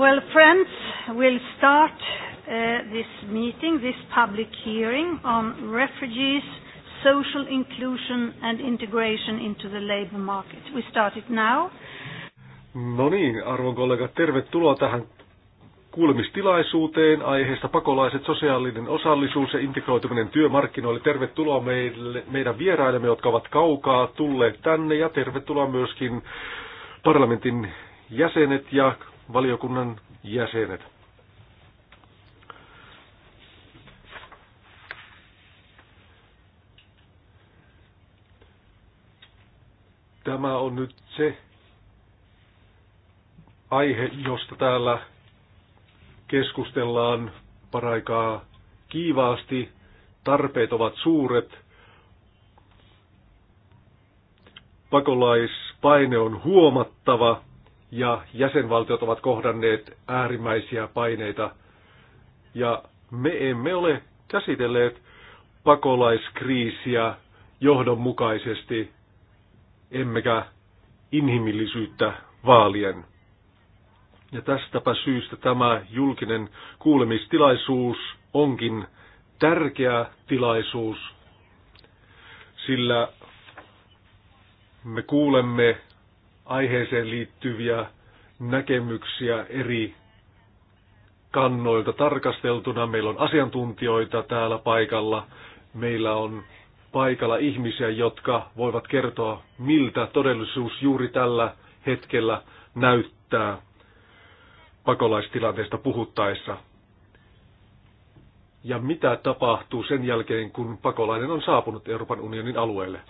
Well, friends, we'll start uh, this meeting, this public hearing on refugees, social inclusion and integration into the labor market. We start it now. No niin, arvon kollegat, tervetuloa tähän kuulemistilaisuuteen aiheesta pakolaiset, sosiaalinen osallisuus ja integroituminen työmarkkinoille. Tervetuloa meille, meidän vierailemme, jotka ovat kaukaa tulleet tänne ja tervetuloa myöskin parlamentin jäsenet ja valiokunnan jäsenet. Tämä on nyt se aihe, josta täällä keskustellaan paraikaa kiivaasti. Tarpeet ovat suuret. Pakolaispaine on huomattava ja jäsenvaltiot ovat kohdanneet äärimmäisiä paineita ja me emme ole käsitelleet pakolaiskriisiä johdonmukaisesti emmekä inhimillisyyttä vaalien. Ja tästäpä syystä tämä julkinen kuulemistilaisuus onkin tärkeä tilaisuus, sillä me kuulemme aiheeseen liittyviä näkemyksiä eri kannoilta tarkasteltuna. Meillä on asiantuntijoita täällä paikalla. Meillä on paikalla ihmisiä, jotka voivat kertoa, miltä todellisuus juuri tällä hetkellä näyttää pakolaistilanteesta puhuttaessa. Ja mitä tapahtuu sen jälkeen, kun pakolainen on saapunut Euroopan unionin alueelle?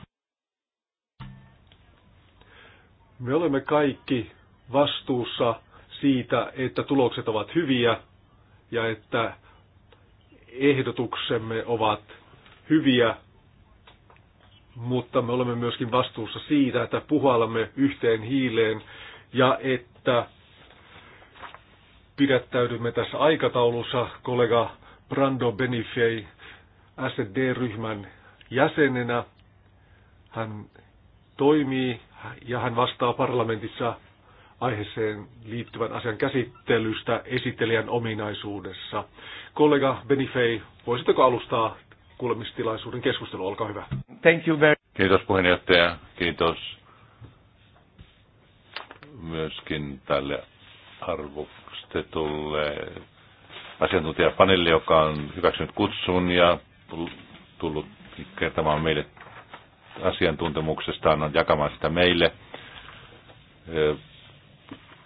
Me olemme kaikki vastuussa siitä, että tulokset ovat hyviä ja että ehdotuksemme ovat hyviä, mutta me olemme myöskin vastuussa siitä, että puhallamme yhteen hiileen ja että pidättäydymme tässä aikataulussa kollega Brando Benifei SD-ryhmän jäsenenä. Hän toimii ja hän vastaa parlamentissa aiheeseen liittyvän asian käsittelystä esittelijän ominaisuudessa. Kollega Benifei, voisitteko alustaa kuulemistilaisuuden keskustelu? Olkaa hyvä. Thank you very... Kiitos puheenjohtaja, kiitos myöskin tälle arvostetulle asiantuntijapaneelille, joka on hyväksynyt kutsun ja tullut kertomaan meille asiantuntemuksestaan on jakamaan sitä meille.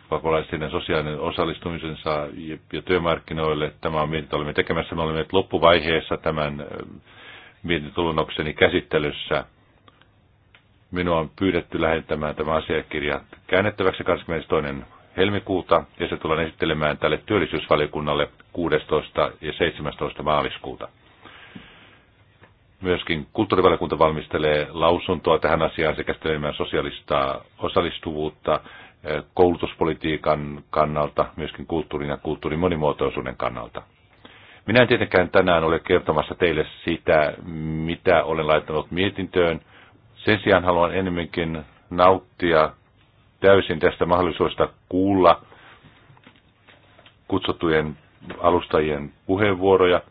Pakolaisten sosiaalinen osallistumisensa ja työmarkkinoille. Tämä on mietintö, olemme tekemässä. Me olemme nyt loppuvaiheessa tämän mietintöluonnokseni käsittelyssä. Minua on pyydetty lähettämään tämä asiakirja käännettäväksi 22 helmikuuta ja se tullaan esittelemään tälle työllisyysvaliokunnalle 16. ja 17. maaliskuuta. Myöskin kulttuurivaliokunta valmistelee lausuntoa tähän asiaan sekä käsittelemään sosiaalista osallistuvuutta eh, koulutuspolitiikan kannalta, myöskin kulttuurin ja kulttuurin monimuotoisuuden kannalta. Minä en tietenkään tänään ole kertomassa teille sitä, mitä olen laittanut mietintöön. Sen sijaan haluan enemmänkin nauttia täysin tästä mahdollisuudesta kuulla kutsuttujen alustajien puheenvuoroja –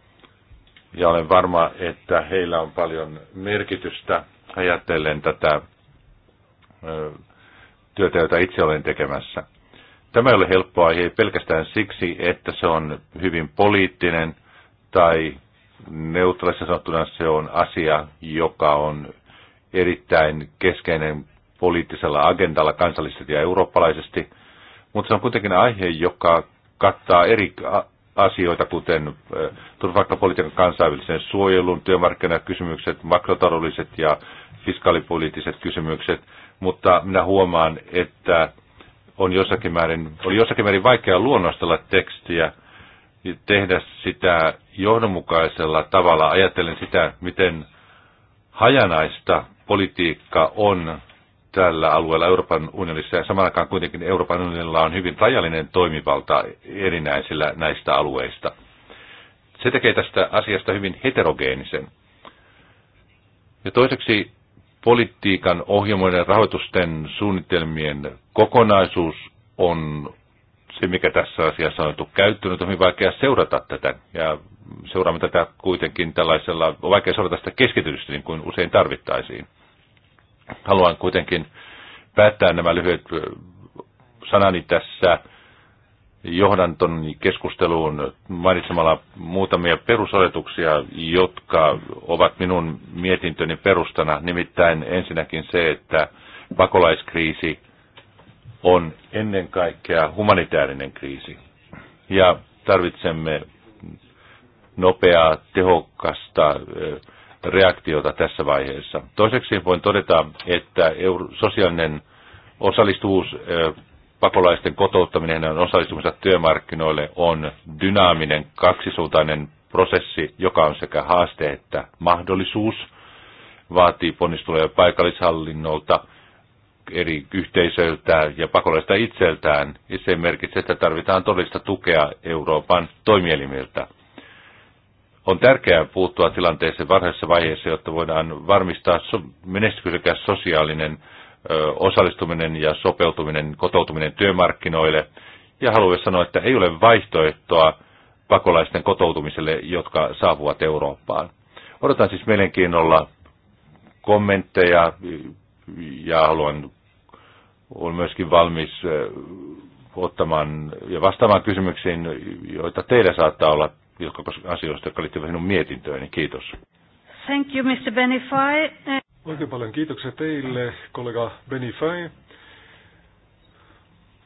ja olen varma, että heillä on paljon merkitystä ajatellen tätä työtä, jota itse olen tekemässä. Tämä ei ole helppo aihe pelkästään siksi, että se on hyvin poliittinen tai neutraalissa sanottuna se on asia, joka on erittäin keskeinen poliittisella agendalla kansallisesti ja eurooppalaisesti, mutta se on kuitenkin aihe, joka kattaa eri asioita, kuten turvapaikkapolitiikan kansainvälisen suojelun, työmarkkinakysymykset, makrotaloudelliset ja fiskaalipoliittiset kysymykset, mutta minä huomaan, että on jossakin määrin, oli jossakin määrin vaikea luonnostella tekstiä, ja tehdä sitä johdonmukaisella tavalla. Ajattelen sitä, miten hajanaista politiikka on tällä alueella Euroopan unionissa ja samanakaan kuitenkin Euroopan unionilla on hyvin rajallinen toimivalta erinäisillä näistä alueista. Se tekee tästä asiasta hyvin heterogeenisen. Ja toiseksi politiikan ohjelmoiden rahoitusten suunnitelmien kokonaisuus on se, mikä tässä asiassa on otettu käyttöön, on hyvin vaikea seurata tätä. Ja seuraamme tätä kuitenkin tällaisella, on vaikea seurata sitä keskitystä niin kuin usein tarvittaisiin. Haluan kuitenkin päättää nämä lyhyet sanani tässä johdanton keskusteluun mainitsemalla muutamia perusoletuksia, jotka ovat minun mietintöni perustana. Nimittäin ensinnäkin se, että pakolaiskriisi on ennen kaikkea humanitaarinen kriisi. Ja tarvitsemme nopeaa, tehokasta reaktiota tässä vaiheessa. Toiseksi voin todeta, että sosiaalinen osallistuvuus, pakolaisten kotouttaminen ja osallistumista työmarkkinoille on dynaaminen kaksisuuntainen prosessi, joka on sekä haaste että mahdollisuus. Vaatii ponnisteluja paikallishallinnolta, eri yhteisöiltä ja pakolaista itseltään. Ja se merkitsee, että tarvitaan todellista tukea Euroopan toimielimiltä. On tärkeää puuttua tilanteeseen varhaisessa vaiheessa, jotta voidaan varmistaa menestyksekäs sosiaalinen osallistuminen ja sopeutuminen, kotoutuminen työmarkkinoille. Ja haluan sanoa, että ei ole vaihtoehtoa pakolaisten kotoutumiselle, jotka saapuvat Eurooppaan. Odotan siis mielenkiinnolla kommentteja ja haluan olen myöskin valmis ottamaan ja vastaamaan kysymyksiin, joita teillä saattaa olla jotka, asioista, jotka liittyvät mietintöön, niin Kiitos. Thank you, Mr. Benify. Oikein paljon kiitoksia teille, kollega Benify.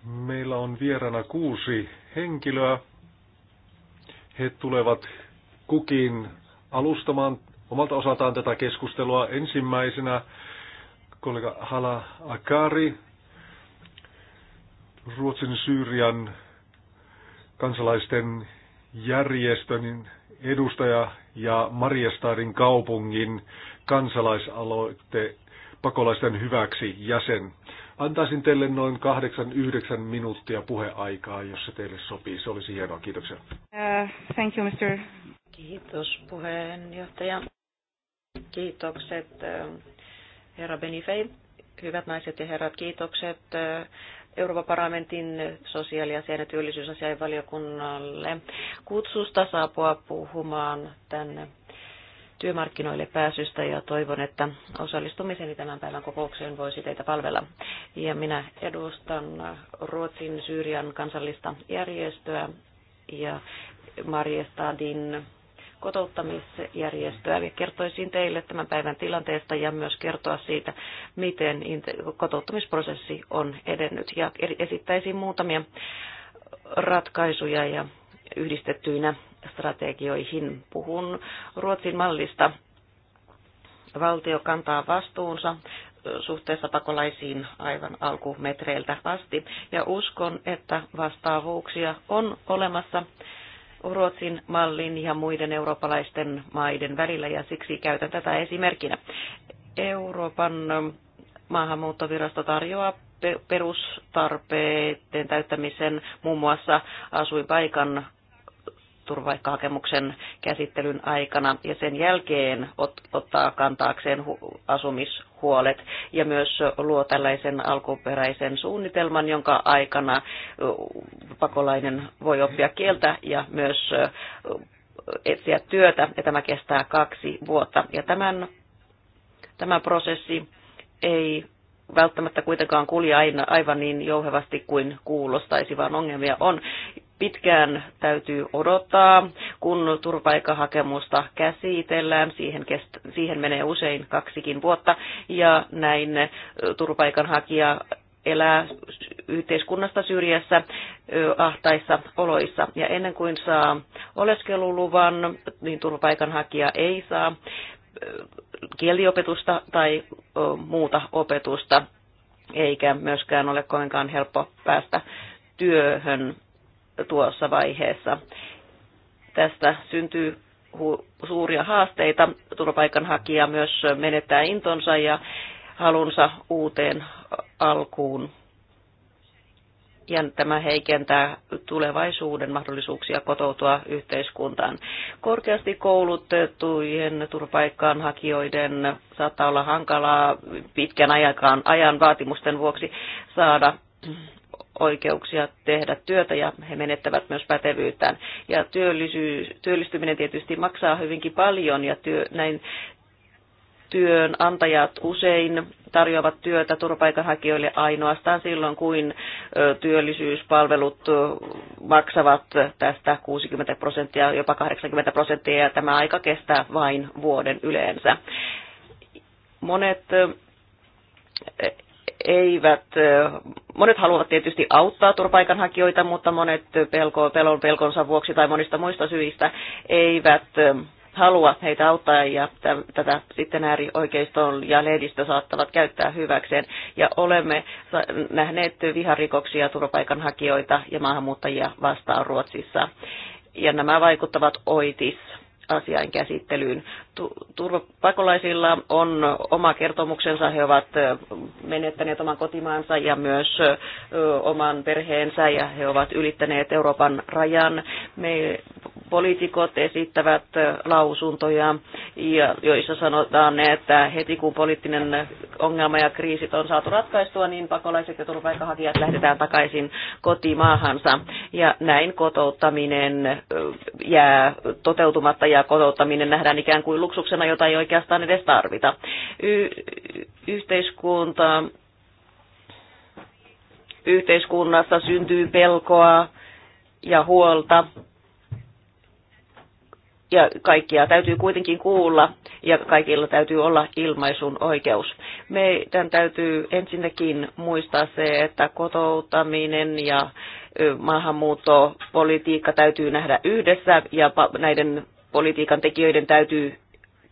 Meillä on vieraana kuusi henkilöä. He tulevat kukin alustamaan omalta osaltaan tätä keskustelua. Ensimmäisenä kollega Hala Akari, Ruotsin Syyrian kansalaisten järjestön niin edustaja ja Mariestarin kaupungin kansalaisaloitte pakolaisten hyväksi jäsen. Antaisin teille noin 8-9 minuuttia puheaikaa, jos se teille sopii. Se olisi hienoa. Kiitoksia. Uh, thank you, Mr. Kiitos puheenjohtaja. Kiitokset uh, herra Benifei. Hyvät naiset ja herrat, kiitokset uh, Euroopan parlamentin sosiaali- ja työllisyysasian valiokunnalle kutsusta saapua puhumaan tänne työmarkkinoille pääsystä ja toivon, että osallistumiseni tämän päivän kokoukseen voisi teitä palvella. Ja minä edustan Ruotsin Syyrian kansallista järjestöä ja Marjestadin kotouttamisjärjestöä. ja kertoisin teille tämän päivän tilanteesta ja myös kertoa siitä, miten kotouttamisprosessi on edennyt. Ja esittäisin muutamia ratkaisuja ja yhdistettyinä strategioihin. Puhun Ruotsin mallista. Valtio kantaa vastuunsa suhteessa pakolaisiin aivan alkumetreiltä asti. Ja uskon, että vastaavuuksia on olemassa Ruotsin mallin ja muiden eurooppalaisten maiden välillä ja siksi käytän tätä esimerkkinä. Euroopan maahanmuuttovirasto tarjoaa perustarpeiden täyttämisen muun muassa asuinpaikan turvaikkahakemuksen käsittelyn aikana ja sen jälkeen ot, ottaa kantaakseen hu, asumishuolet ja myös luo tällaisen alkuperäisen suunnitelman, jonka aikana pakolainen voi oppia kieltä ja myös etsiä työtä ja tämä kestää kaksi vuotta. Ja tämän, tämä prosessi ei välttämättä kuitenkaan kulje aina, aivan niin jouhevasti kuin kuulostaisi, vaan ongelmia on pitkään täytyy odottaa, kun turvapaikkahakemusta käsitellään. Siihen, kest- siihen menee usein kaksikin vuotta ja näin turvapaikanhakija elää yhteiskunnasta syrjässä ahtaissa oloissa. Ja ennen kuin saa oleskeluluvan, niin turvapaikanhakija ei saa kieliopetusta tai muuta opetusta, eikä myöskään ole kovinkaan helppo päästä työhön tuossa vaiheessa. Tästä syntyy suuria haasteita. Turvapaikanhakija myös menettää intonsa ja halunsa uuteen alkuun. Ja tämä heikentää tulevaisuuden mahdollisuuksia kotoutua yhteiskuntaan. Korkeasti koulutettujen hakijoiden saattaa olla hankalaa pitkän ajan vaatimusten vuoksi saada oikeuksia tehdä työtä ja he menettävät myös pätevyyttään. Ja työllisyys, työllistyminen tietysti maksaa hyvinkin paljon ja työ, näin työnantajat usein tarjoavat työtä turvapaikanhakijoille ainoastaan silloin, kuin työllisyyspalvelut maksavat tästä 60 prosenttia, jopa 80 prosenttia, ja tämä aika kestää vain vuoden yleensä. Monet eivät, monet haluavat tietysti auttaa turvapaikanhakijoita, mutta monet pelko, pelon pelkonsa vuoksi tai monista muista syistä eivät halua heitä auttaa ja tätä sitten äärioikeistoon ja lehdistö saattavat käyttää hyväkseen. Ja olemme nähneet viharikoksia turvapaikanhakijoita ja maahanmuuttajia vastaan Ruotsissa. Ja nämä vaikuttavat oitis asian käsittelyyn. Turvapakolaisilla on oma kertomuksensa, he ovat menettäneet oman kotimaansa ja myös oman perheensä ja he ovat ylittäneet Euroopan rajan. Me poliitikot esittävät lausuntoja, joissa sanotaan, että heti kun poliittinen ongelma ja kriisit on saatu ratkaistua, niin pakolaiset ja turvapaikanhakijat lähdetään takaisin kotimaahansa. Ja näin kotouttaminen jää toteutumatta ja kotouttaminen nähdään ikään kuin luksuksena, jota ei oikeastaan edes tarvita. Y- yhteiskunta yhteiskunnassa syntyy pelkoa ja huolta ja kaikkia täytyy kuitenkin kuulla ja kaikilla täytyy olla ilmaisun oikeus. Meidän täytyy ensinnäkin muistaa se, että kotouttaminen ja maahanmuuttopolitiikka täytyy nähdä yhdessä ja näiden politiikan tekijöiden täytyy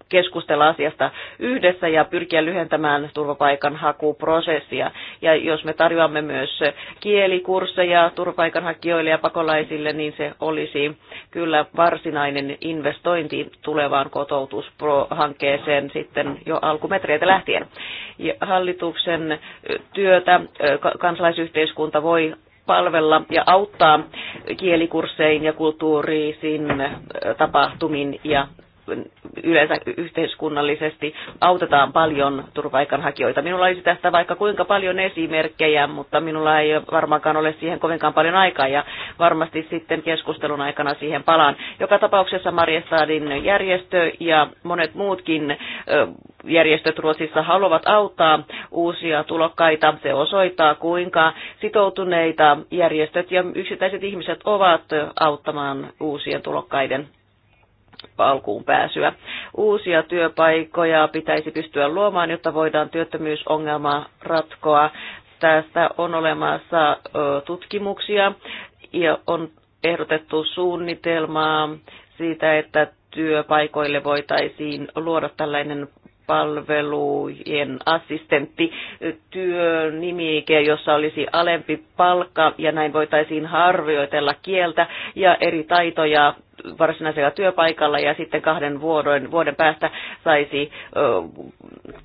keskustella asiasta yhdessä ja pyrkiä lyhentämään turvapaikan hakuprosessia. Ja jos me tarjoamme myös kielikursseja turvapaikanhakijoille ja pakolaisille, niin se olisi kyllä varsinainen investointi tulevaan kotoutushankkeeseen sitten jo alkumetreitä lähtien. Ja hallituksen työtä kansalaisyhteiskunta voi palvella ja auttaa kielikurssein ja kulttuurisiin tapahtumin ja yleensä yhteiskunnallisesti autetaan paljon turvaikanhakijoita. Minulla olisi tästä vaikka kuinka paljon esimerkkejä, mutta minulla ei varmaankaan ole siihen kovinkaan paljon aikaa ja varmasti sitten keskustelun aikana siihen palaan. Joka tapauksessa Marjestadin järjestö ja monet muutkin järjestöt Ruotsissa haluavat auttaa uusia tulokkaita. Se osoittaa, kuinka sitoutuneita järjestöt ja yksittäiset ihmiset ovat auttamaan uusien tulokkaiden alkuun pääsyä. Uusia työpaikkoja pitäisi pystyä luomaan, jotta voidaan työttömyysongelmaa ratkoa. Tästä on olemassa tutkimuksia ja on ehdotettu suunnitelmaa siitä, että työpaikoille voitaisiin luoda tällainen palvelujen assistentti työnimike, jossa olisi alempi palkka ja näin voitaisiin harjoitella kieltä ja eri taitoja varsinaisella työpaikalla ja sitten kahden vuoden, vuoden päästä saisi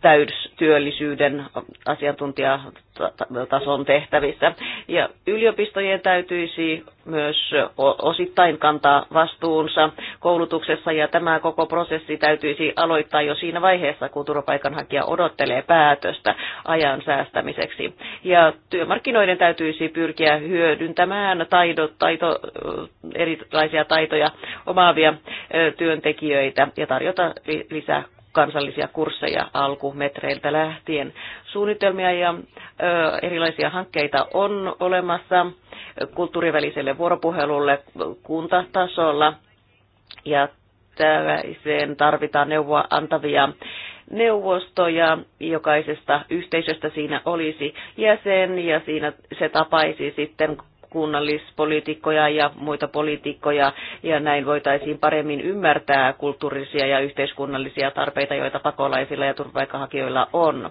täystyöllisyyden asiantuntijatason tehtävissä. Ja yliopistojen täytyisi myös osittain kantaa vastuunsa koulutuksessa ja tämä koko prosessi täytyisi aloittaa jo siinä vaiheessa, kun turvapaikanhakija odottelee päätöstä ajan säästämiseksi. Ja työmarkkinoiden täytyisi pyrkiä hyödyntämään taito, taito, erilaisia taitoja omaavia työntekijöitä ja tarjota lisää kansallisia kursseja alkumetreiltä lähtien. Suunnitelmia ja ö, erilaisia hankkeita on olemassa kulttuuriväliselle vuoropuhelulle kuntatasolla ja sen tarvitaan neuvoa antavia neuvostoja jokaisesta yhteisöstä siinä olisi jäsen ja siinä se tapaisi sitten kunnallispoliitikkoja ja muita poliitikkoja, ja näin voitaisiin paremmin ymmärtää kulttuurisia ja yhteiskunnallisia tarpeita, joita pakolaisilla ja turvapaikanhakijoilla on.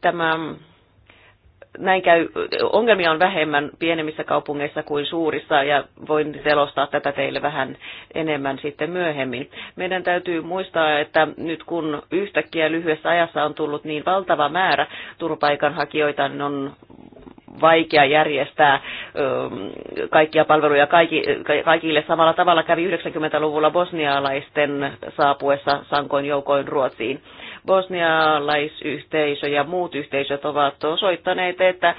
Tämä näin käy, ongelmia on vähemmän pienemmissä kaupungeissa kuin suurissa ja voin selostaa tätä teille vähän enemmän sitten myöhemmin. Meidän täytyy muistaa, että nyt kun yhtäkkiä lyhyessä ajassa on tullut niin valtava määrä turvapaikanhakijoita, niin on vaikea järjestää kaikkia palveluja kaikille samalla tavalla. Kävi 90-luvulla bosnialaisten saapuessa sankoin joukoin Ruotsiin. Bosnialaisyhteisö ja muut yhteisöt ovat osoittaneet, että,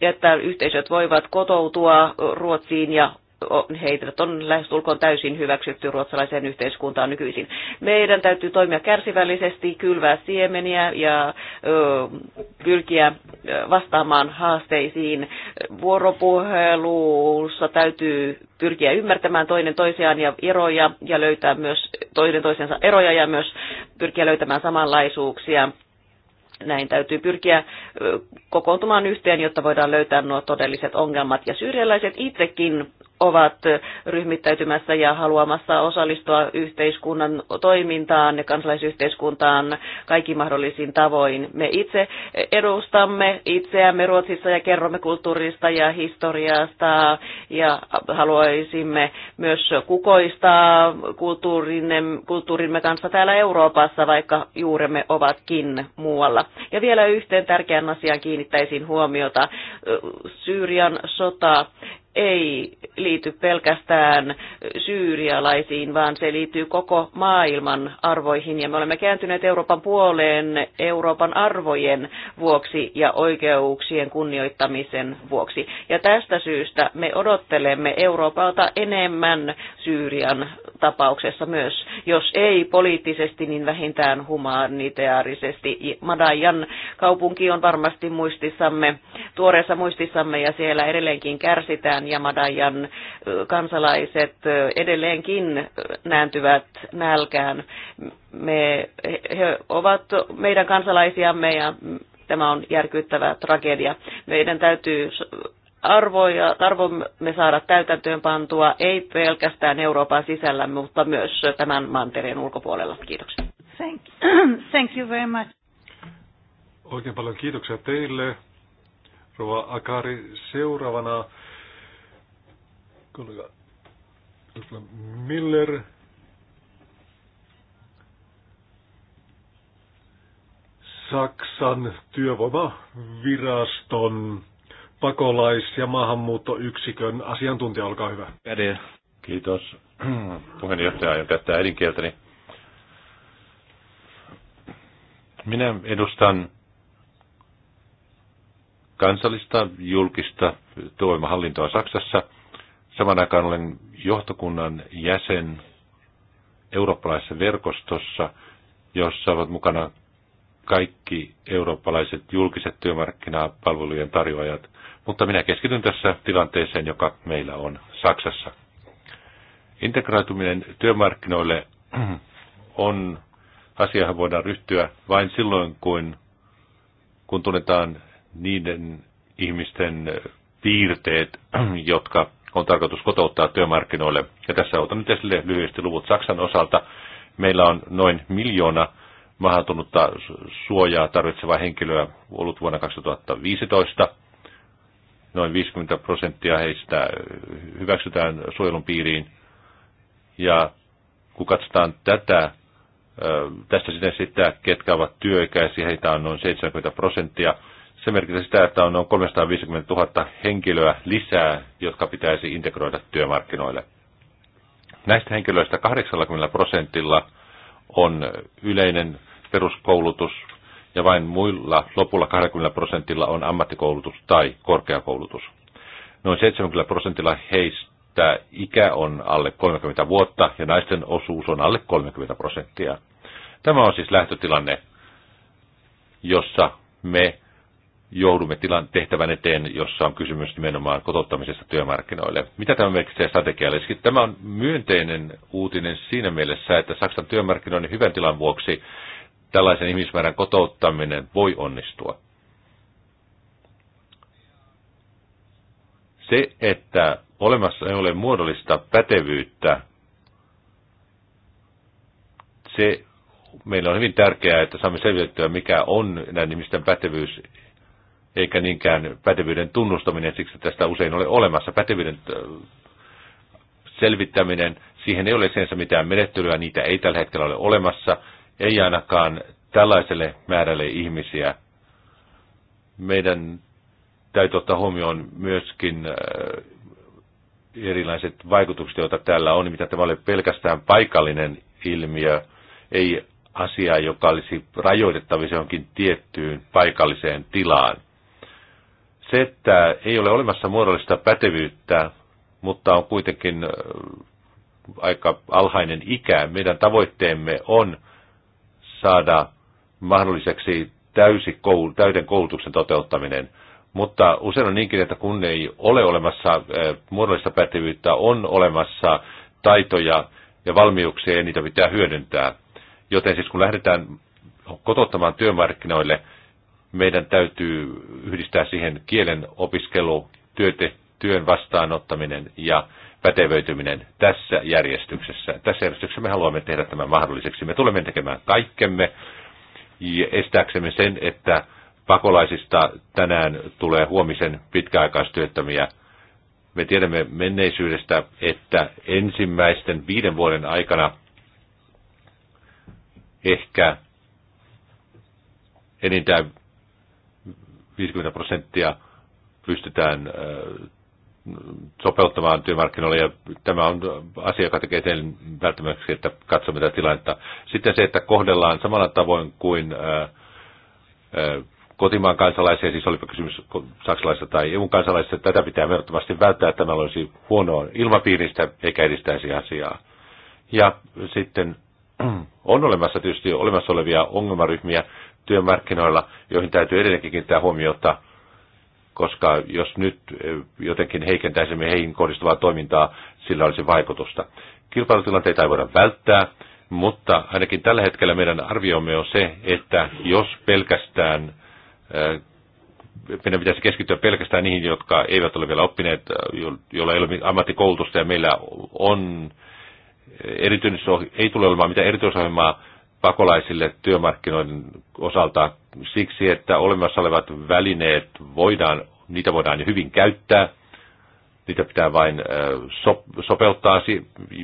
että yhteisöt voivat kotoutua Ruotsiin ja heitä on lähestulkoon täysin hyväksytty ruotsalaiseen yhteiskuntaan nykyisin. Meidän täytyy toimia kärsivällisesti, kylvää siemeniä ja ö, pyrkiä vastaamaan haasteisiin. Vuoropuhelussa täytyy pyrkiä ymmärtämään toinen toisiaan ja eroja ja löytää myös toinen toisensa eroja ja myös pyrkiä löytämään samanlaisuuksia näin täytyy pyrkiä kokoontumaan yhteen, jotta voidaan löytää nuo todelliset ongelmat. Ja syyrialaiset itsekin ovat ryhmittäytymässä ja haluamassa osallistua yhteiskunnan toimintaan ja kansalaisyhteiskuntaan kaikki mahdollisin tavoin. Me itse edustamme itseämme Ruotsissa ja kerromme kulttuurista ja historiasta ja haluaisimme myös kukoistaa kulttuurimme kanssa täällä Euroopassa, vaikka juuremme ovatkin muualla. Ja vielä yhteen tärkeän asian kiinnittäisin huomiota. Syyrian sota ei liity pelkästään syyrialaisiin, vaan se liittyy koko maailman arvoihin. Ja me olemme kääntyneet Euroopan puoleen Euroopan arvojen vuoksi ja oikeuksien kunnioittamisen vuoksi. Ja tästä syystä me odottelemme Euroopalta enemmän Syyrian tapauksessa myös, jos ei poliittisesti, niin vähintään humanitaarisesti. Madajan kaupunki on varmasti muistissamme, tuoreessa muistissamme ja siellä edelleenkin kärsitään Venäjän ja Madajan kansalaiset edelleenkin nääntyvät nälkään. Me, he ovat meidän kansalaisiamme ja tämä on järkyttävä tragedia. Meidän täytyy arvoja, arvomme saada täytäntöön pantua, ei pelkästään Euroopan sisällä, mutta myös tämän mantereen ulkopuolella. Kiitoksia. Thank, thank you very much. Oikein paljon kiitoksia teille. Rova Akari, seuraavana kollega Miller. Saksan työvoimaviraston pakolais- ja maahanmuuttoyksikön asiantuntija, olkaa hyvä. Päde. Kiitos. Puheenjohtaja aion käyttää äidinkieltäni. Minä edustan kansallista julkista työvoimahallintoa Saksassa – Saman aikaan olen johtokunnan jäsen eurooppalaisessa verkostossa, jossa ovat mukana kaikki eurooppalaiset julkiset työmarkkinapalvelujen tarjoajat, mutta minä keskityn tässä tilanteeseen, joka meillä on Saksassa. Integraituminen työmarkkinoille on asiahan voidaan ryhtyä vain silloin, kun, kun tunnetaan niiden ihmisten piirteet, jotka on tarkoitus kotouttaa työmarkkinoille. Ja tässä otan nyt esille lyhyesti luvut Saksan osalta. Meillä on noin miljoona maahantunutta suojaa tarvitsevaa henkilöä ollut vuonna 2015. Noin 50 prosenttia heistä hyväksytään suojelun piiriin. Ja kun katsotaan tätä, tästä sitten sitä, ketkä ovat työikäisiä, heitä on noin 70 prosenttia – se merkitsee sitä, että on noin 350 000 henkilöä lisää, jotka pitäisi integroida työmarkkinoille. Näistä henkilöistä 80 prosentilla on yleinen peruskoulutus ja vain muilla lopulla 20 prosentilla on ammattikoulutus tai korkeakoulutus. Noin 70 prosentilla heistä ikä on alle 30 vuotta ja naisten osuus on alle 30 prosenttia. Tämä on siis lähtötilanne, jossa me joudumme tilan tehtävän eteen, jossa on kysymys nimenomaan kotouttamisesta työmarkkinoille. Mitä tämä merkitsee strategialle? Siis tämä on myönteinen uutinen siinä mielessä, että Saksan työmarkkinoiden hyvän tilan vuoksi tällaisen ihmismäärän kotouttaminen voi onnistua. Se, että olemassa ei ole muodollista pätevyyttä, se meillä on hyvin tärkeää, että saamme selvitettyä, mikä on näiden ihmisten pätevyys eikä niinkään pätevyyden tunnustaminen, siksi tästä usein ole olemassa. Pätevyyden äh, selvittäminen, siihen ei ole sensä mitään menettelyä, niitä ei tällä hetkellä ole olemassa, ei ainakaan tällaiselle määrälle ihmisiä. Meidän täytyy ottaa huomioon myöskin äh, erilaiset vaikutukset, joita täällä on, mitä tämä oli pelkästään paikallinen ilmiö, ei asia, joka olisi rajoitettavissa johonkin tiettyyn paikalliseen tilaan. Se, että ei ole olemassa muodollista pätevyyttä, mutta on kuitenkin aika alhainen ikä. Meidän tavoitteemme on saada mahdolliseksi täysi koul täyden koulutuksen toteuttaminen. Mutta usein on niinkin, että kun ei ole olemassa muodollista pätevyyttä, on olemassa taitoja ja valmiuksia ja niitä pitää hyödyntää. Joten siis kun lähdetään kotouttamaan työmarkkinoille, meidän täytyy yhdistää siihen kielen opiskelu, työte, työn vastaanottaminen ja pätevöityminen tässä järjestyksessä. Tässä järjestyksessä me haluamme tehdä tämän mahdolliseksi. Me tulemme tekemään kaikkemme ja estääksemme sen, että pakolaisista tänään tulee huomisen pitkäaikaistyöttömiä. Me tiedämme menneisyydestä, että ensimmäisten viiden vuoden aikana ehkä enintään 50 prosenttia pystytään sopeuttamaan työmarkkinoille, ja tämä on asia, joka tekee sen välttämättä, että katsomme tätä tilannetta. Sitten se, että kohdellaan samalla tavoin kuin kotimaan kansalaisia, siis olipa kysymys saksalaisista tai EU-kansalaisista, tätä pitää verrattomasti välttää, että tämä olisi huonoa ilmapiiristä eikä edistäisi asiaa. Ja sitten on olemassa tietysti olemassa olevia ongelmaryhmiä, työmarkkinoilla, joihin täytyy edelleenkin kiinnittää huomiota, koska jos nyt eh, jotenkin heikentäisimme heihin kohdistuvaa toimintaa, sillä olisi vaikutusta. Kilpailutilanteita ei voida välttää, mutta ainakin tällä hetkellä meidän arviomme on se, että jos pelkästään eh, meidän pitäisi keskittyä pelkästään niihin, jotka eivät ole vielä oppineet, eh, joilla ei ole ammattikoulutusta ja meillä on erityis, ei tule olemaan mitään erityisohjelmaa pakolaisille työmarkkinoiden osalta siksi, että olemassa olevat välineet voidaan, niitä voidaan hyvin käyttää, niitä pitää vain sopeuttaa,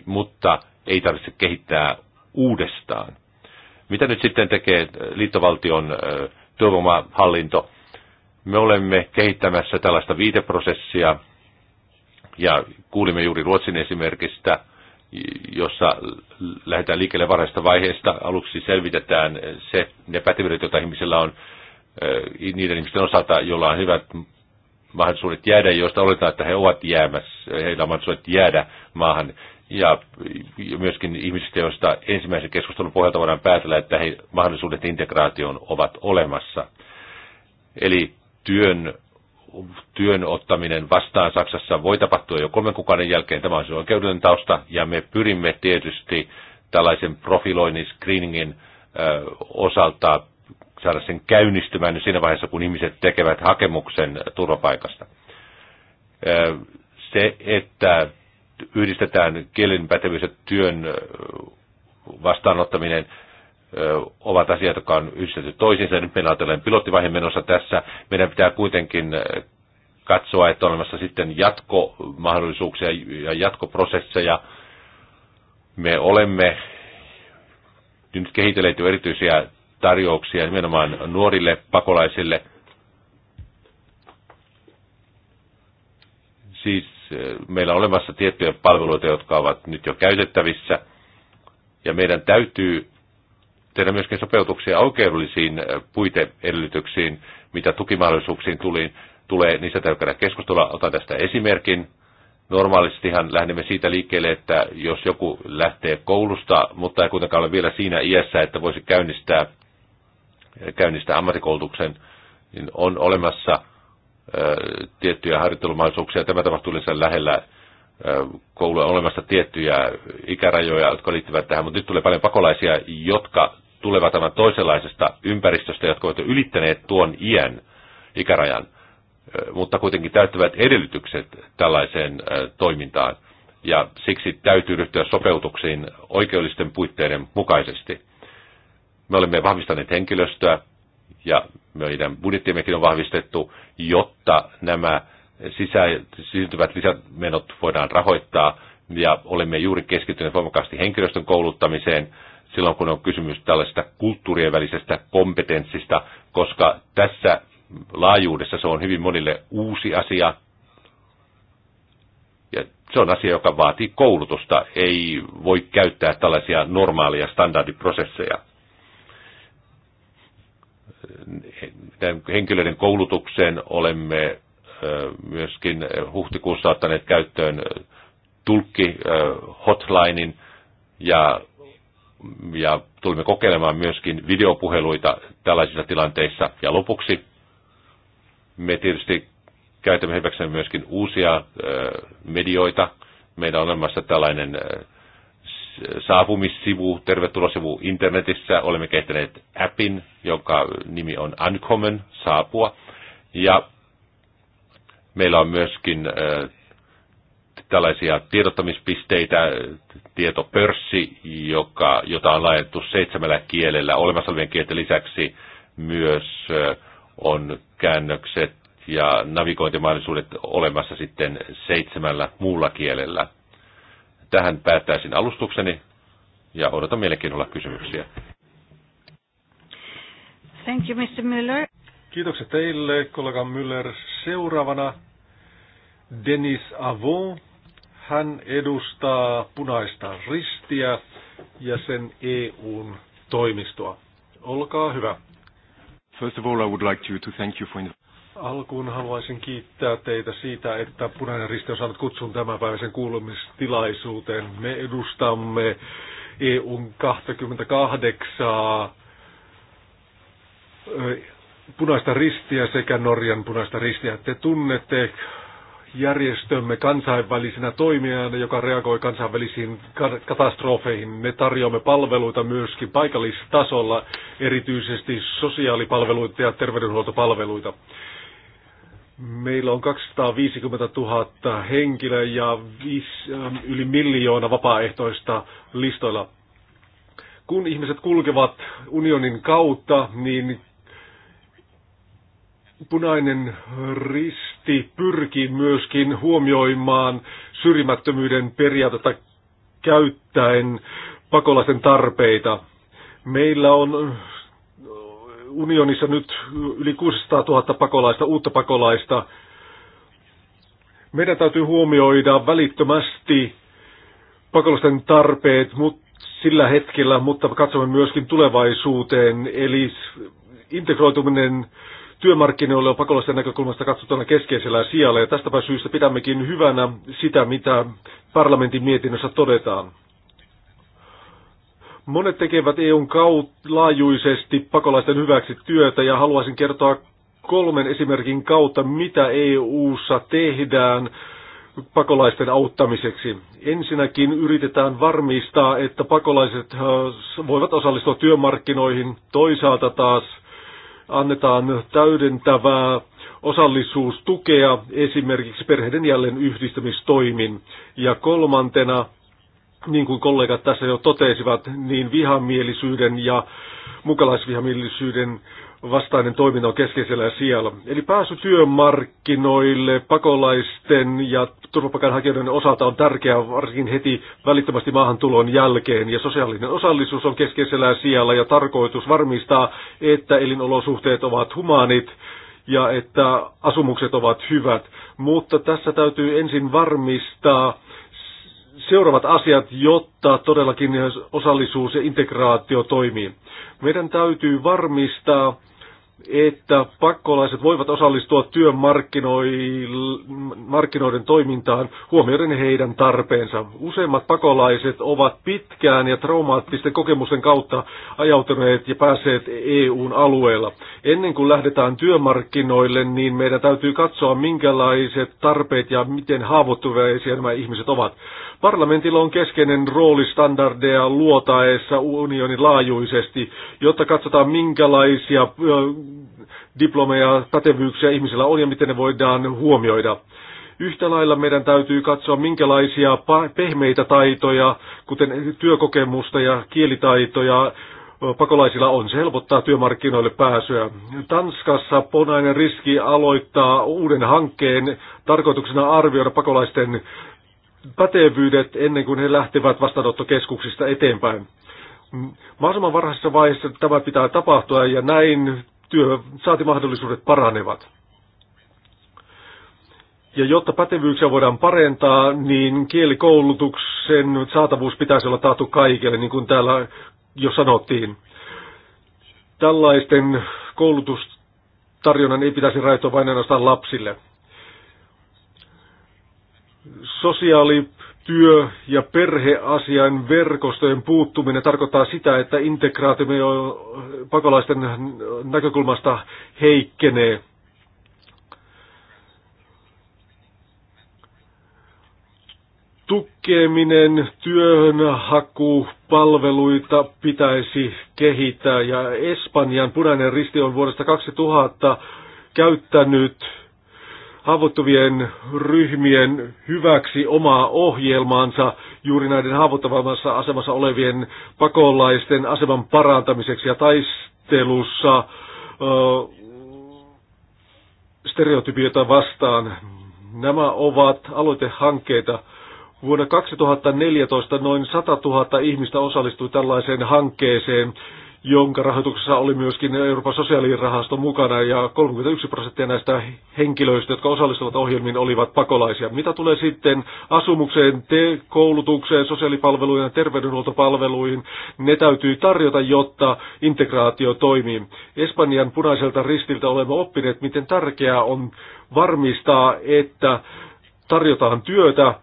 mutta ei tarvitse kehittää uudestaan. Mitä nyt sitten tekee liittovaltion työvoimahallinto? Me olemme kehittämässä tällaista viiteprosessia, ja kuulimme juuri Ruotsin esimerkistä – jossa lähdetään liikkeelle varhaisesta vaiheesta. Aluksi selvitetään se, ne pätevyydet, joita ihmisillä on, niiden ihmisten osalta, joilla on hyvät mahdollisuudet jäädä, joista oletetaan, että he ovat jäämässä, heillä on mahdollisuudet jäädä maahan. Ja myöskin ihmisistä, joista ensimmäisen keskustelun pohjalta voidaan päätellä, että he mahdollisuudet integraatioon ovat olemassa. Eli työn työn ottaminen vastaan Saksassa voi tapahtua jo kolmen kuukauden jälkeen. Tämä on se oikeudellinen tausta ja me pyrimme tietysti tällaisen profiloinnin, screeningin osalta saada sen käynnistymään siinä vaiheessa, kun ihmiset tekevät hakemuksen turvapaikasta. Se, että yhdistetään kielen pätevyys ja työn vastaanottaminen, ovat asiat, jotka on yhdistetty toisiinsa. Nyt meillä on tällainen pilottivaihe menossa tässä. Meidän pitää kuitenkin katsoa, että on olemassa sitten jatkomahdollisuuksia ja jatkoprosesseja. Me olemme nyt kehitelleet jo erityisiä tarjouksia nimenomaan nuorille pakolaisille. Siis meillä on olemassa tiettyjä palveluita, jotka ovat nyt jo käytettävissä. Ja meidän täytyy tehdä myöskin sopeutuksia oikeudellisiin eh, puiteedellytyksiin, mitä tukimahdollisuuksiin tuli, tulee, niistä täytyy käydä keskustella. Otan tästä esimerkin. Normaalistihan lähdemme siitä liikkeelle, että jos joku lähtee koulusta, mutta ei kuitenkaan ole vielä siinä iässä, että voisi käynnistää, eh, käynnistää ammattikoulutuksen, niin on olemassa ö, eh, tiettyjä harjoittelumahdollisuuksia. Tämä tapahtuu yleensä lähellä kouluja on olemassa tiettyjä ikärajoja, jotka liittyvät tähän, mutta nyt tulee paljon pakolaisia, jotka tulevat aivan toisenlaisesta ympäristöstä, jotka ovat ylittäneet tuon iän ikärajan, mutta kuitenkin täyttävät edellytykset tällaiseen toimintaan. Ja siksi täytyy ryhtyä sopeutuksiin oikeudellisten puitteiden mukaisesti. Me olemme vahvistaneet henkilöstöä ja meidän budjettimmekin on vahvistettu, jotta nämä sisältyvät lisämenot voidaan rahoittaa ja olemme juuri keskittyneet voimakkaasti henkilöstön kouluttamiseen silloin, kun on kysymys tällaisesta kulttuurien välisestä kompetenssista, koska tässä laajuudessa se on hyvin monille uusi asia. Ja se on asia, joka vaatii koulutusta. Ei voi käyttää tällaisia normaaleja standardiprosesseja. Henkilöiden koulutukseen olemme myöskin huhtikuussa ottaneet käyttöön tulkki hotlinein ja ja tulimme kokeilemaan myöskin videopuheluita tällaisissa tilanteissa. Ja lopuksi me tietysti käytämme hyväksemme myöskin uusia medioita. Meillä on olemassa tällainen saapumissivu, tervetulosivu internetissä. Olemme kehittäneet appin, jonka nimi on Uncommon, saapua. Ja meillä on myöskin tällaisia tiedottamispisteitä, tietopörssi, joka, jota on laajennettu seitsemällä kielellä, olemassa olevien kielten lisäksi myös on käännökset ja navigointimahdollisuudet olemassa sitten seitsemällä muulla kielellä. Tähän päättäisin alustukseni ja odotan mielenkiinnolla kysymyksiä. Thank you, Mr. Müller. Kiitokset teille, kollega Müller. Seuraavana Denis Avon hän edustaa punaista ristiä ja sen EUn toimistoa. Olkaa hyvä. First of all, I would like you to thank you for Alkuun haluaisin kiittää teitä siitä, että Punainen Risti on saanut kutsun tämänpäiväisen kuulumistilaisuuteen. Me edustamme EUn 28 punaista ristiä sekä Norjan punaista ristiä. Te tunnette järjestömme kansainvälisenä toimijana, joka reagoi kansainvälisiin katastrofeihin. Me tarjoamme palveluita myöskin paikallistasolla, erityisesti sosiaalipalveluita ja terveydenhuoltopalveluita. Meillä on 250 000 henkilöä ja ähm, yli miljoona vapaaehtoista listoilla. Kun ihmiset kulkevat unionin kautta, niin punainen risti selkeästi pyrki myöskin huomioimaan syrjimättömyyden periaatetta käyttäen pakolaisten tarpeita. Meillä on unionissa nyt yli 600 000 pakolaista, uutta pakolaista. Meidän täytyy huomioida välittömästi pakolaisten tarpeet mut, sillä hetkellä, mutta katsomme myöskin tulevaisuuteen. Eli integroituminen työmarkkinoille on pakolaisten näkökulmasta katsottuna keskeisellä sijalla ja tästäpä syystä pidämmekin hyvänä sitä, mitä parlamentin mietinnössä todetaan. Monet tekevät EUn laajuisesti pakolaisten hyväksi työtä ja haluaisin kertoa kolmen esimerkin kautta, mitä EU:ssa tehdään pakolaisten auttamiseksi. Ensinnäkin yritetään varmistaa, että pakolaiset äh, voivat osallistua työmarkkinoihin. Toisaalta taas annetaan täydentävää osallisuustukea esimerkiksi perheiden jälleen yhdistämistoimin. Ja kolmantena, niin kuin kollegat tässä jo totesivat, niin vihamielisyyden ja mukalaisvihamielisyyden vastainen toiminta on keskeisellä sijalla. Eli pääsy työmarkkinoille pakolaisten ja turvapaikanhakijoiden osalta on tärkeää varsinkin heti välittömästi maahantulon jälkeen. Ja sosiaalinen osallisuus on keskeisellä sijalla ja tarkoitus varmistaa, että elinolosuhteet ovat humaanit ja että asumukset ovat hyvät. Mutta tässä täytyy ensin varmistaa, seuraavat asiat, jotta todellakin osallisuus ja integraatio toimii. Meidän täytyy varmistaa, että pakkolaiset voivat osallistua työmarkkinoiden toimintaan huomioiden heidän tarpeensa. Useimmat pakolaiset ovat pitkään ja traumaattisten kokemusten kautta ajautuneet ja päässeet EUn alueella. Ennen kuin lähdetään työmarkkinoille, niin meidän täytyy katsoa, minkälaiset tarpeet ja miten haavoittuvaisia nämä ihmiset ovat. Parlamentilla on keskeinen rooli standardeja luotaessa unionin laajuisesti, jotta katsotaan minkälaisia diplomeja, pätevyyksiä ihmisillä on ja miten ne voidaan huomioida. Yhtä lailla meidän täytyy katsoa, minkälaisia pehmeitä taitoja, kuten työkokemusta ja kielitaitoja, pakolaisilla on. Se helpottaa työmarkkinoille pääsyä. Tanskassa Ponainen riski aloittaa uuden hankkeen tarkoituksena arvioida pakolaisten pätevyydet ennen kuin he lähtevät vastaanottokeskuksista eteenpäin. Mahdollisimman varhaisessa vaiheessa tämä pitää tapahtua ja näin työ, mahdollisuudet paranevat. Ja jotta pätevyyksiä voidaan parentaa, niin kielikoulutuksen saatavuus pitäisi olla taattu kaikille, niin kuin täällä jo sanottiin. Tällaisten koulutustarjonnan ei pitäisi rajoittua vain ainoastaan lapsille. Sosiaali, työ- ja perheasian verkostojen puuttuminen tarkoittaa sitä, että integraatio pakolaisten näkökulmasta heikkenee. tukeminen, työnhaku, palveluita pitäisi kehittää ja Espanjan punainen risti on vuodesta 2000 käyttänyt haavoittuvien ryhmien hyväksi omaa ohjelmaansa juuri näiden haavoittavammassa asemassa olevien pakolaisten aseman parantamiseksi ja taistelussa ö, stereotypioita vastaan. Nämä ovat aloitehankkeita. Vuonna 2014 noin 100 000 ihmistä osallistui tällaiseen hankkeeseen jonka rahoituksessa oli myöskin Euroopan sosiaalirahasto mukana, ja 31 prosenttia näistä henkilöistä, jotka osallistuvat ohjelmiin, olivat pakolaisia. Mitä tulee sitten asumukseen, te, koulutukseen, sosiaalipalveluihin ja terveydenhuoltopalveluihin, ne täytyy tarjota, jotta integraatio toimii. Espanjan punaiselta ristiltä olemme oppineet, miten tärkeää on varmistaa, että tarjotaan työtä,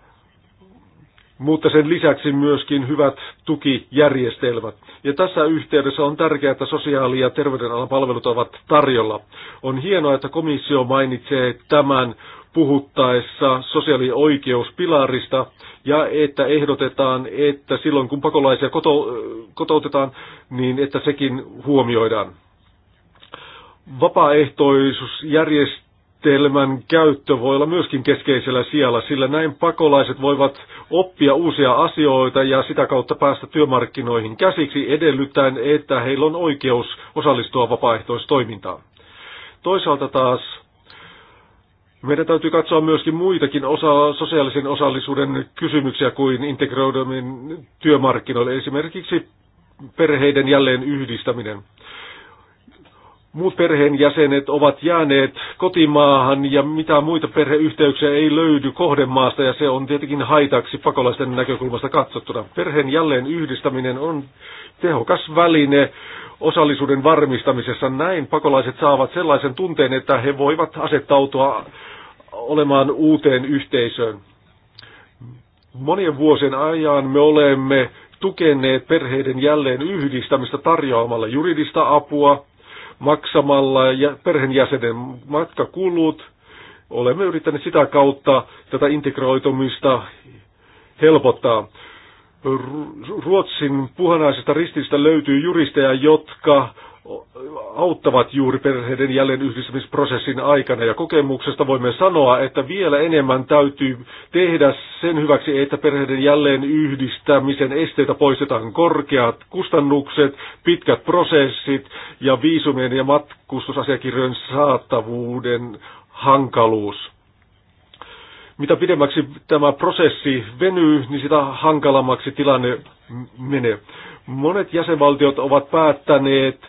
mutta sen lisäksi myöskin hyvät tukijärjestelmät. Ja tässä yhteydessä on tärkeää, että sosiaali- ja terveydenalan palvelut ovat tarjolla. On hienoa, että komissio mainitsee tämän puhuttaessa sosiaalioikeuspilarista ja että ehdotetaan, että silloin kun pakolaisia koto, kotoutetaan, niin että sekin huomioidaan. Vapaaehtoisuusjärjestelmä järjestelmän käyttö voi olla myöskin keskeisellä sijalla, sillä näin pakolaiset voivat oppia uusia asioita ja sitä kautta päästä työmarkkinoihin käsiksi edellyttäen, että heillä on oikeus osallistua vapaaehtoistoimintaan. Toisaalta taas meidän täytyy katsoa myöskin muitakin osa, sosiaalisen osallisuuden kysymyksiä kuin integroidumin työmarkkinoille, esimerkiksi perheiden jälleen yhdistäminen muut perheenjäsenet ovat jääneet kotimaahan ja mitä muita perheyhteyksiä ei löydy kohdemaasta ja se on tietenkin haitaksi pakolaisten näkökulmasta katsottuna. Perheen jälleen yhdistäminen on tehokas väline osallisuuden varmistamisessa. Näin pakolaiset saavat sellaisen tunteen, että he voivat asettautua olemaan uuteen yhteisöön. Monien vuosien ajan me olemme tukeneet perheiden jälleen yhdistämistä tarjoamalla juridista apua, maksamalla ja perheenjäsenen matkakulut. Olemme yrittäneet sitä kautta tätä integroitumista helpottaa. Ruotsin puhanaisesta rististä löytyy juristeja, jotka auttavat juuri perheiden jälleen yhdistämisprosessin aikana. Ja kokemuksesta voimme sanoa, että vielä enemmän täytyy tehdä sen hyväksi, että perheiden jälleen yhdistämisen esteitä poistetaan korkeat kustannukset, pitkät prosessit ja viisumien ja matkustusasiakirjojen saatavuuden hankaluus mitä pidemmäksi tämä prosessi venyy, niin sitä hankalammaksi tilanne menee. Monet jäsenvaltiot ovat päättäneet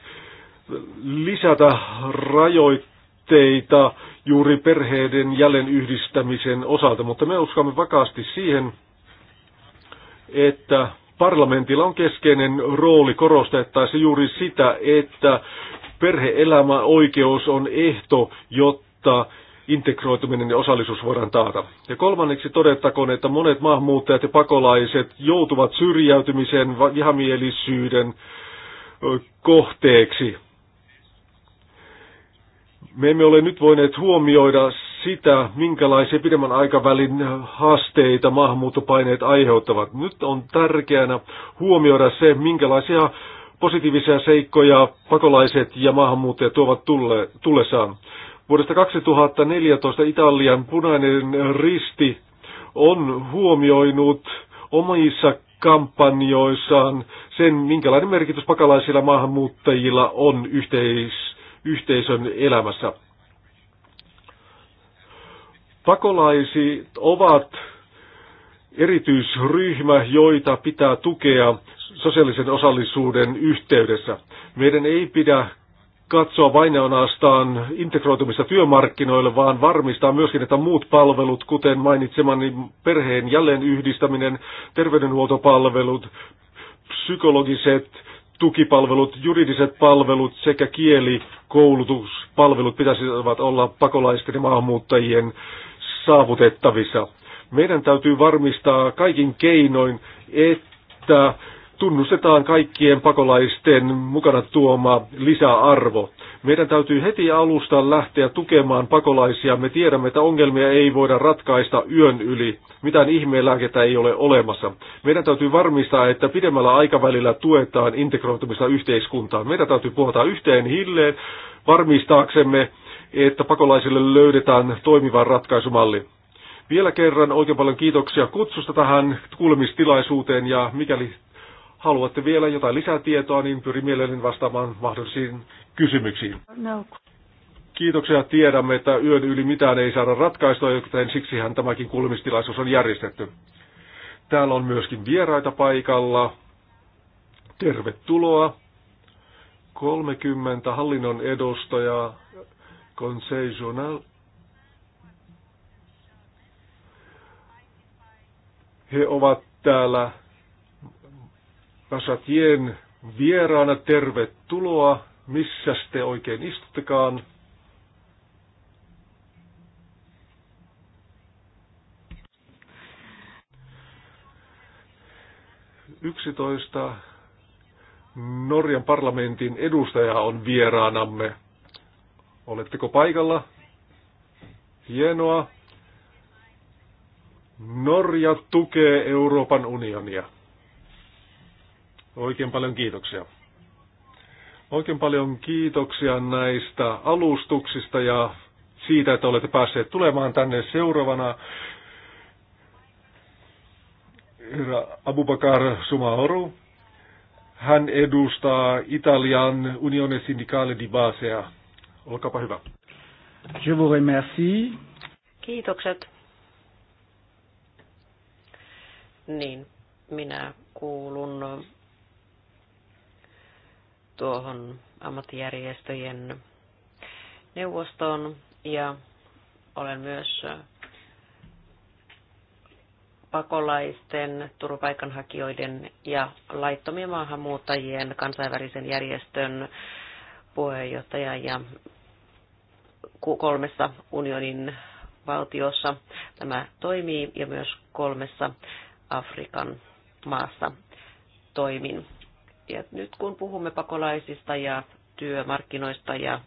lisätä rajoitteita juuri perheiden jälleen yhdistämisen osalta, mutta me uskomme vakaasti siihen, että parlamentilla on keskeinen rooli korostettaessa juuri sitä, että perheelämä oikeus on ehto, jotta integroituminen ja osallisuus voidaan taata. Ja kolmanneksi todettakoon, että monet maahanmuuttajat ja pakolaiset joutuvat syrjäytymisen, vihamielisyyden kohteeksi. Me emme ole nyt voineet huomioida sitä, minkälaisia pidemmän aikavälin haasteita maahanmuuttopaineet aiheuttavat. Nyt on tärkeänä huomioida se, minkälaisia positiivisia seikkoja pakolaiset ja maahanmuuttajat tuovat tulle, tullessaan. Vuodesta 2014 Italian punainen risti on huomioinut omissa kampanjoissaan sen, minkälainen merkitys pakalaisilla maahanmuuttajilla on yhteis- yhteisön elämässä. Pakolaiset ovat erityisryhmä, joita pitää tukea sosiaalisen osallisuuden yhteydessä. Meidän ei pidä katsoa vain ainoastaan integroitumista työmarkkinoille, vaan varmistaa myöskin, että muut palvelut, kuten mainitsemani perheen jälleen yhdistäminen, terveydenhuoltopalvelut, psykologiset tukipalvelut, juridiset palvelut sekä kielikoulutuspalvelut pitäisi olla pakolaisten ja maahanmuuttajien saavutettavissa. Meidän täytyy varmistaa kaikin keinoin, että tunnustetaan kaikkien pakolaisten mukana tuoma lisäarvo. Meidän täytyy heti alusta lähteä tukemaan pakolaisia. Me tiedämme, että ongelmia ei voida ratkaista yön yli. Mitään ihmeelääkettä ei ole olemassa. Meidän täytyy varmistaa, että pidemmällä aikavälillä tuetaan integroitumista yhteiskuntaan. Meidän täytyy puhuta yhteen hilleen varmistaaksemme, että pakolaisille löydetään toimiva ratkaisumalli. Vielä kerran oikein paljon kiitoksia kutsusta tähän kuulemistilaisuuteen ja mikäli haluatte vielä jotain lisätietoa, niin pyrin mielelläni vastaamaan mahdollisiin kysymyksiin. No. Kiitoksia. Tiedämme, että yön yli mitään ei saada ratkaistua, joten siksihän tämäkin kuulemistilaisuus on järjestetty. Täällä on myöskin vieraita paikalla. Tervetuloa. 30 hallinnon edustajaa. Conseil He ovat täällä Kasatien vieraana tervetuloa. Missä te oikein istuttekaan? Yksitoista Norjan parlamentin edustaja on vieraanamme. Oletteko paikalla? Hienoa. Norja tukee Euroopan unionia. Oikein paljon kiitoksia. Oikein paljon kiitoksia näistä alustuksista ja siitä, että olette päässeet tulemaan tänne seuraavana. Herra Abubakar Sumaoru, hän edustaa Italian Unione Sindicale di Basea. Olkaapa hyvä. Je vous remercie. Kiitokset. Niin, minä kuulun tuohon ammattijärjestöjen neuvostoon ja olen myös äh, pakolaisten, turvapaikanhakijoiden ja laittomien maahanmuuttajien kansainvälisen järjestön puheenjohtaja ja kolmessa unionin valtiossa tämä toimii ja myös kolmessa Afrikan maassa toimin että nyt kun puhumme pakolaisista ja työmarkkinoista ja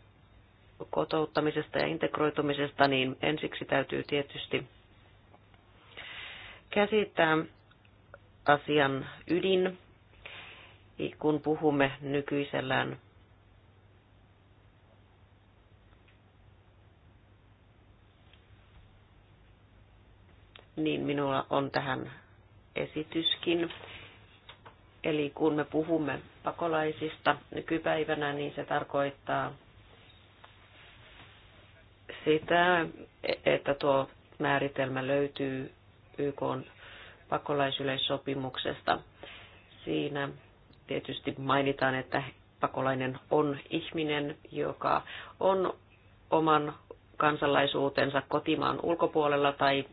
kotouttamisesta ja integroitumisesta, niin ensiksi täytyy tietysti käsittää asian ydin, kun puhumme nykyisellään niin minulla on tähän esityskin Eli kun me puhumme pakolaisista nykypäivänä, niin se tarkoittaa sitä, että tuo määritelmä löytyy YK pakolaisyleissopimuksesta. Siinä tietysti mainitaan, että pakolainen on ihminen, joka on oman kansalaisuutensa kotimaan ulkopuolella tai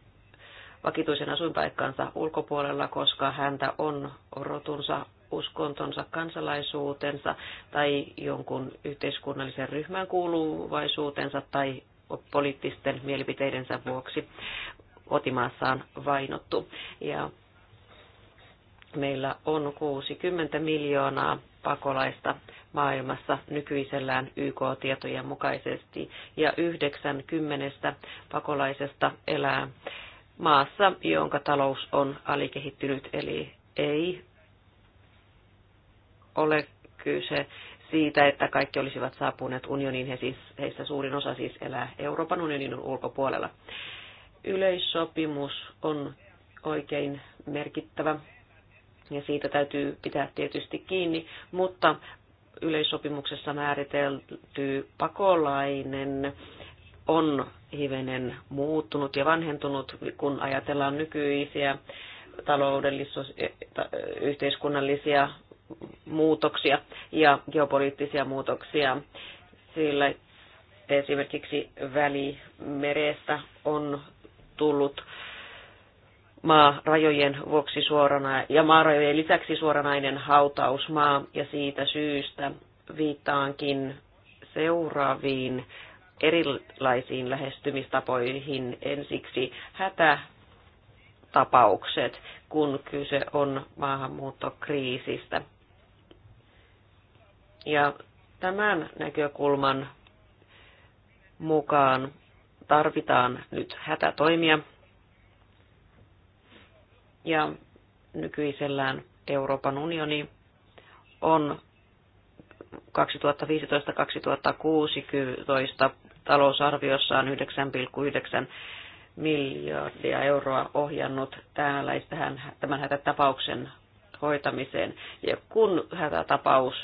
vakituisen asuinpaikkansa ulkopuolella, koska häntä on rotunsa, uskontonsa, kansalaisuutensa tai jonkun yhteiskunnallisen ryhmän kuuluvaisuutensa tai poliittisten mielipiteidensä vuoksi kotimaassaan vainottu. Ja meillä on 60 miljoonaa pakolaista maailmassa nykyisellään YK-tietojen mukaisesti ja 90 pakolaisesta elää maassa, jonka talous on alikehittynyt, eli ei ole kyse siitä, että kaikki olisivat saapuneet unioniin, he siis, heistä suurin osa siis elää Euroopan unionin ulkopuolella. Yleissopimus on oikein merkittävä ja siitä täytyy pitää tietysti kiinni, mutta yleissopimuksessa määritelty pakolainen on hivenen muuttunut ja vanhentunut, kun ajatellaan nykyisiä taloudellis- eh, eh, yhteiskunnallisia muutoksia ja geopoliittisia muutoksia, sillä esimerkiksi välimerestä on tullut maarajojen vuoksi suorana ja maarajojen lisäksi suoranainen hautausmaa ja siitä syystä viittaankin seuraaviin erilaisiin lähestymistapoihin ensiksi hätä tapaukset, kun kyse on maahanmuuttokriisistä. Ja tämän näkökulman mukaan tarvitaan nyt hätätoimia. Ja nykyisellään Euroopan unioni on 2015-2016 talousarviossaan 9,9 miljardia euroa ohjannut tähän, tämän hätätapauksen hoitamiseen. Ja kun hätätapaus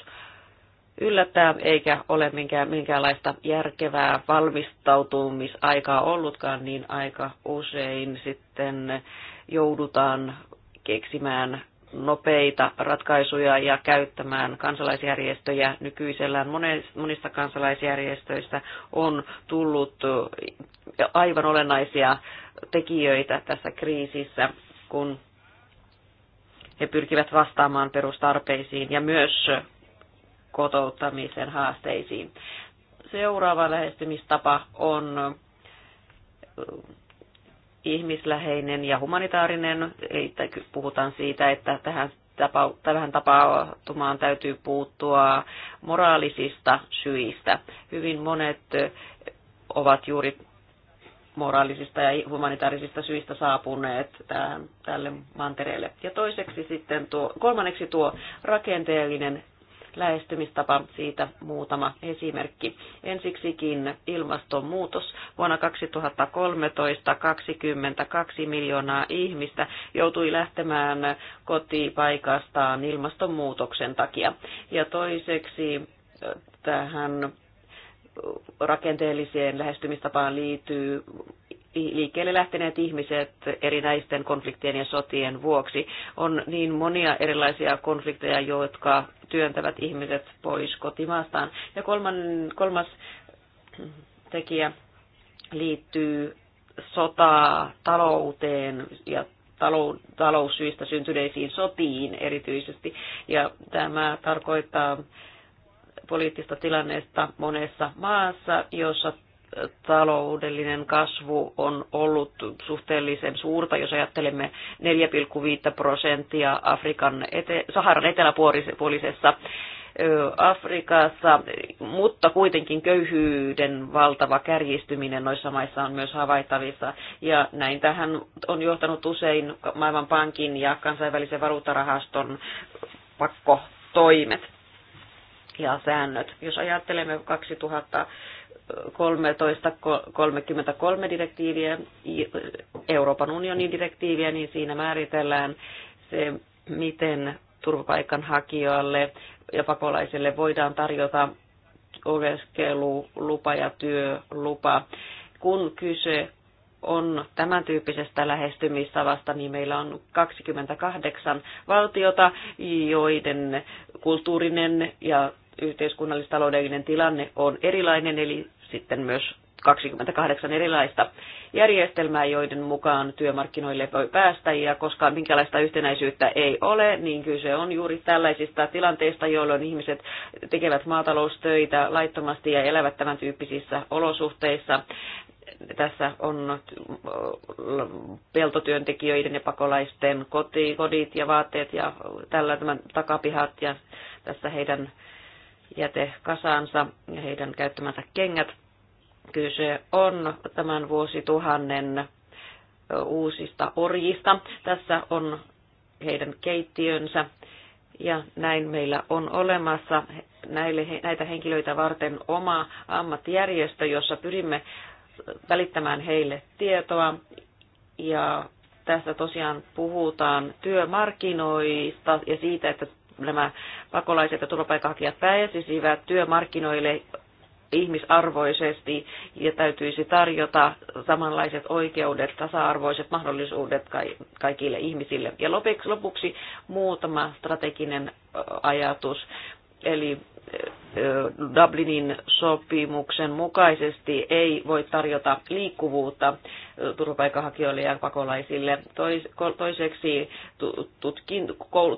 yllättää eikä ole minkään, minkäänlaista järkevää valmistautumisaikaa ollutkaan, niin aika usein sitten joudutaan keksimään nopeita ratkaisuja ja käyttämään kansalaisjärjestöjä nykyisellään. Monista kansalaisjärjestöistä on tullut aivan olennaisia tekijöitä tässä kriisissä, kun he pyrkivät vastaamaan perustarpeisiin ja myös kotouttamisen haasteisiin. Seuraava lähestymistapa on ihmisläheinen ja humanitaarinen. että puhutaan siitä, että tähän tähän tapahtumaan täytyy puuttua moraalisista syistä. Hyvin monet ovat juuri moraalisista ja humanitaarisista syistä saapuneet tälle mantereelle. Ja toiseksi sitten tuo, kolmanneksi tuo rakenteellinen lähestymistapa. Siitä muutama esimerkki. Ensiksikin ilmastonmuutos. Vuonna 2013 22 miljoonaa ihmistä joutui lähtemään kotipaikastaan ilmastonmuutoksen takia. Ja toiseksi tähän rakenteelliseen lähestymistapaan liittyy liikkeelle lähteneet ihmiset erinäisten konfliktien ja sotien vuoksi. On niin monia erilaisia konflikteja, jotka työntävät ihmiset pois kotimaastaan. Ja kolman, kolmas tekijä liittyy sotaa talouteen ja talou, taloussyistä syntyneisiin sotiin erityisesti. Ja tämä tarkoittaa poliittista tilannetta monessa maassa, jossa taloudellinen kasvu on ollut suhteellisen suurta, jos ajattelemme 4,5 prosenttia Afrikan ete- Saharan eteläpuolisessa Afrikassa, mutta kuitenkin köyhyyden valtava kärjistyminen noissa maissa on myös havaittavissa. Ja näin tähän on johtanut usein Maailmanpankin ja kansainvälisen valuuttarahaston pakkotoimet ja säännöt. Jos ajattelemme 2000 13.33 direktiiviä, Euroopan unionin direktiiviä, niin siinä määritellään se, miten turvapaikanhakijoille ja pakolaisille voidaan tarjota oleskelulupa ja työlupa. Kun kyse on tämän tyyppisestä lähestymistavasta, niin meillä on 28 valtiota, joiden kulttuurinen ja yhteiskunnallistaloudellinen tilanne on erilainen, eli sitten myös 28 erilaista järjestelmää, joiden mukaan työmarkkinoille voi päästä, ja koska minkälaista yhtenäisyyttä ei ole, niin kyse on juuri tällaisista tilanteista, jolloin ihmiset tekevät maataloustöitä laittomasti ja elävät tämän tyyppisissä olosuhteissa. Tässä on peltotyöntekijöiden ja pakolaisten koti, kodit ja vaatteet ja tällä tämän takapihat ja tässä heidän jätekasansa ja heidän käyttämänsä kengät. Kyse on tämän vuosituhannen uusista orjista. Tässä on heidän keittiönsä ja näin meillä on olemassa näille, näitä henkilöitä varten oma ammattijärjestö, jossa pyrimme välittämään heille tietoa ja tässä tosiaan puhutaan työmarkkinoista ja siitä, että nämä pakolaiset ja turvapaikanhakijat pääsisivät työmarkkinoille ihmisarvoisesti ja täytyisi tarjota samanlaiset oikeudet, tasa-arvoiset mahdollisuudet kaikille ihmisille. Ja lopuksi muutama strateginen ajatus. Eli Dublinin sopimuksen mukaisesti ei voi tarjota liikkuvuutta turvapaikanhakijoille ja pakolaisille. Toiseksi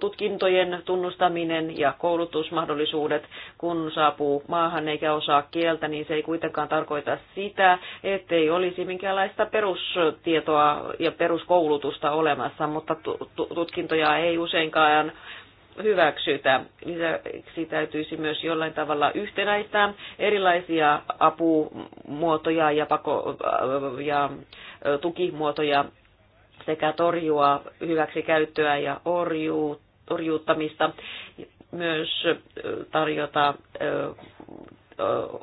tutkintojen tunnustaminen ja koulutusmahdollisuudet, kun saapuu maahan eikä osaa kieltä, niin se ei kuitenkaan tarkoita sitä, ettei olisi minkäänlaista perustietoa ja peruskoulutusta olemassa, mutta tutkintoja ei useinkaan hyväksytä. Lisäksi täytyisi myös jollain tavalla yhtenäistää erilaisia apumuotoja ja, pako- ja tukimuotoja sekä torjua hyväksikäyttöä ja orjuuttamista, myös tarjota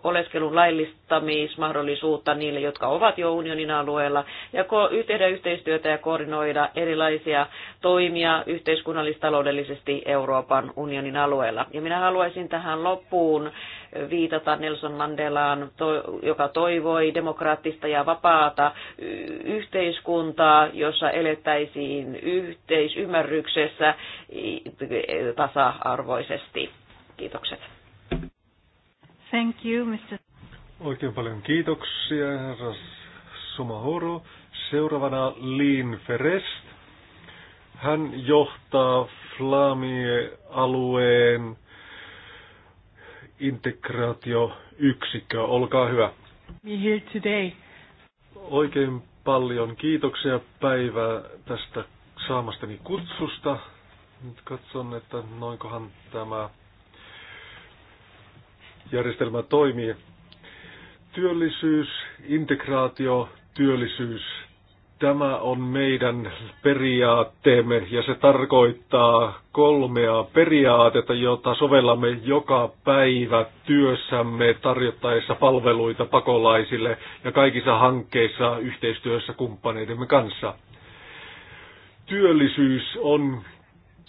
oleskelun laillistamismahdollisuutta niille, jotka ovat jo unionin alueella, ja tehdä yhteistyötä ja koordinoida erilaisia toimia yhteiskunnallistaloudellisesti Euroopan unionin alueella. Ja minä haluaisin tähän loppuun viitata Nelson Mandelaan, joka toivoi demokraattista ja vapaata yhteiskuntaa, jossa elettäisiin yhteisymmärryksessä tasa-arvoisesti. Kiitokset. Thank you, Mr. Oikein paljon kiitoksia, herra Sumahoro. Seuraavana Lin Ferest. Hän johtaa Flamie-alueen integraatioyksikköä. Olkaa hyvä. Be here today. Oikein paljon kiitoksia päivää tästä saamastani kutsusta. Nyt katson, että noinkohan tämä järjestelmä toimii. Työllisyys, integraatio, työllisyys. Tämä on meidän periaatteemme ja se tarkoittaa kolmea periaatetta, jota sovellamme joka päivä työssämme tarjottaessa palveluita pakolaisille ja kaikissa hankkeissa yhteistyössä kumppaneidemme kanssa. Työllisyys on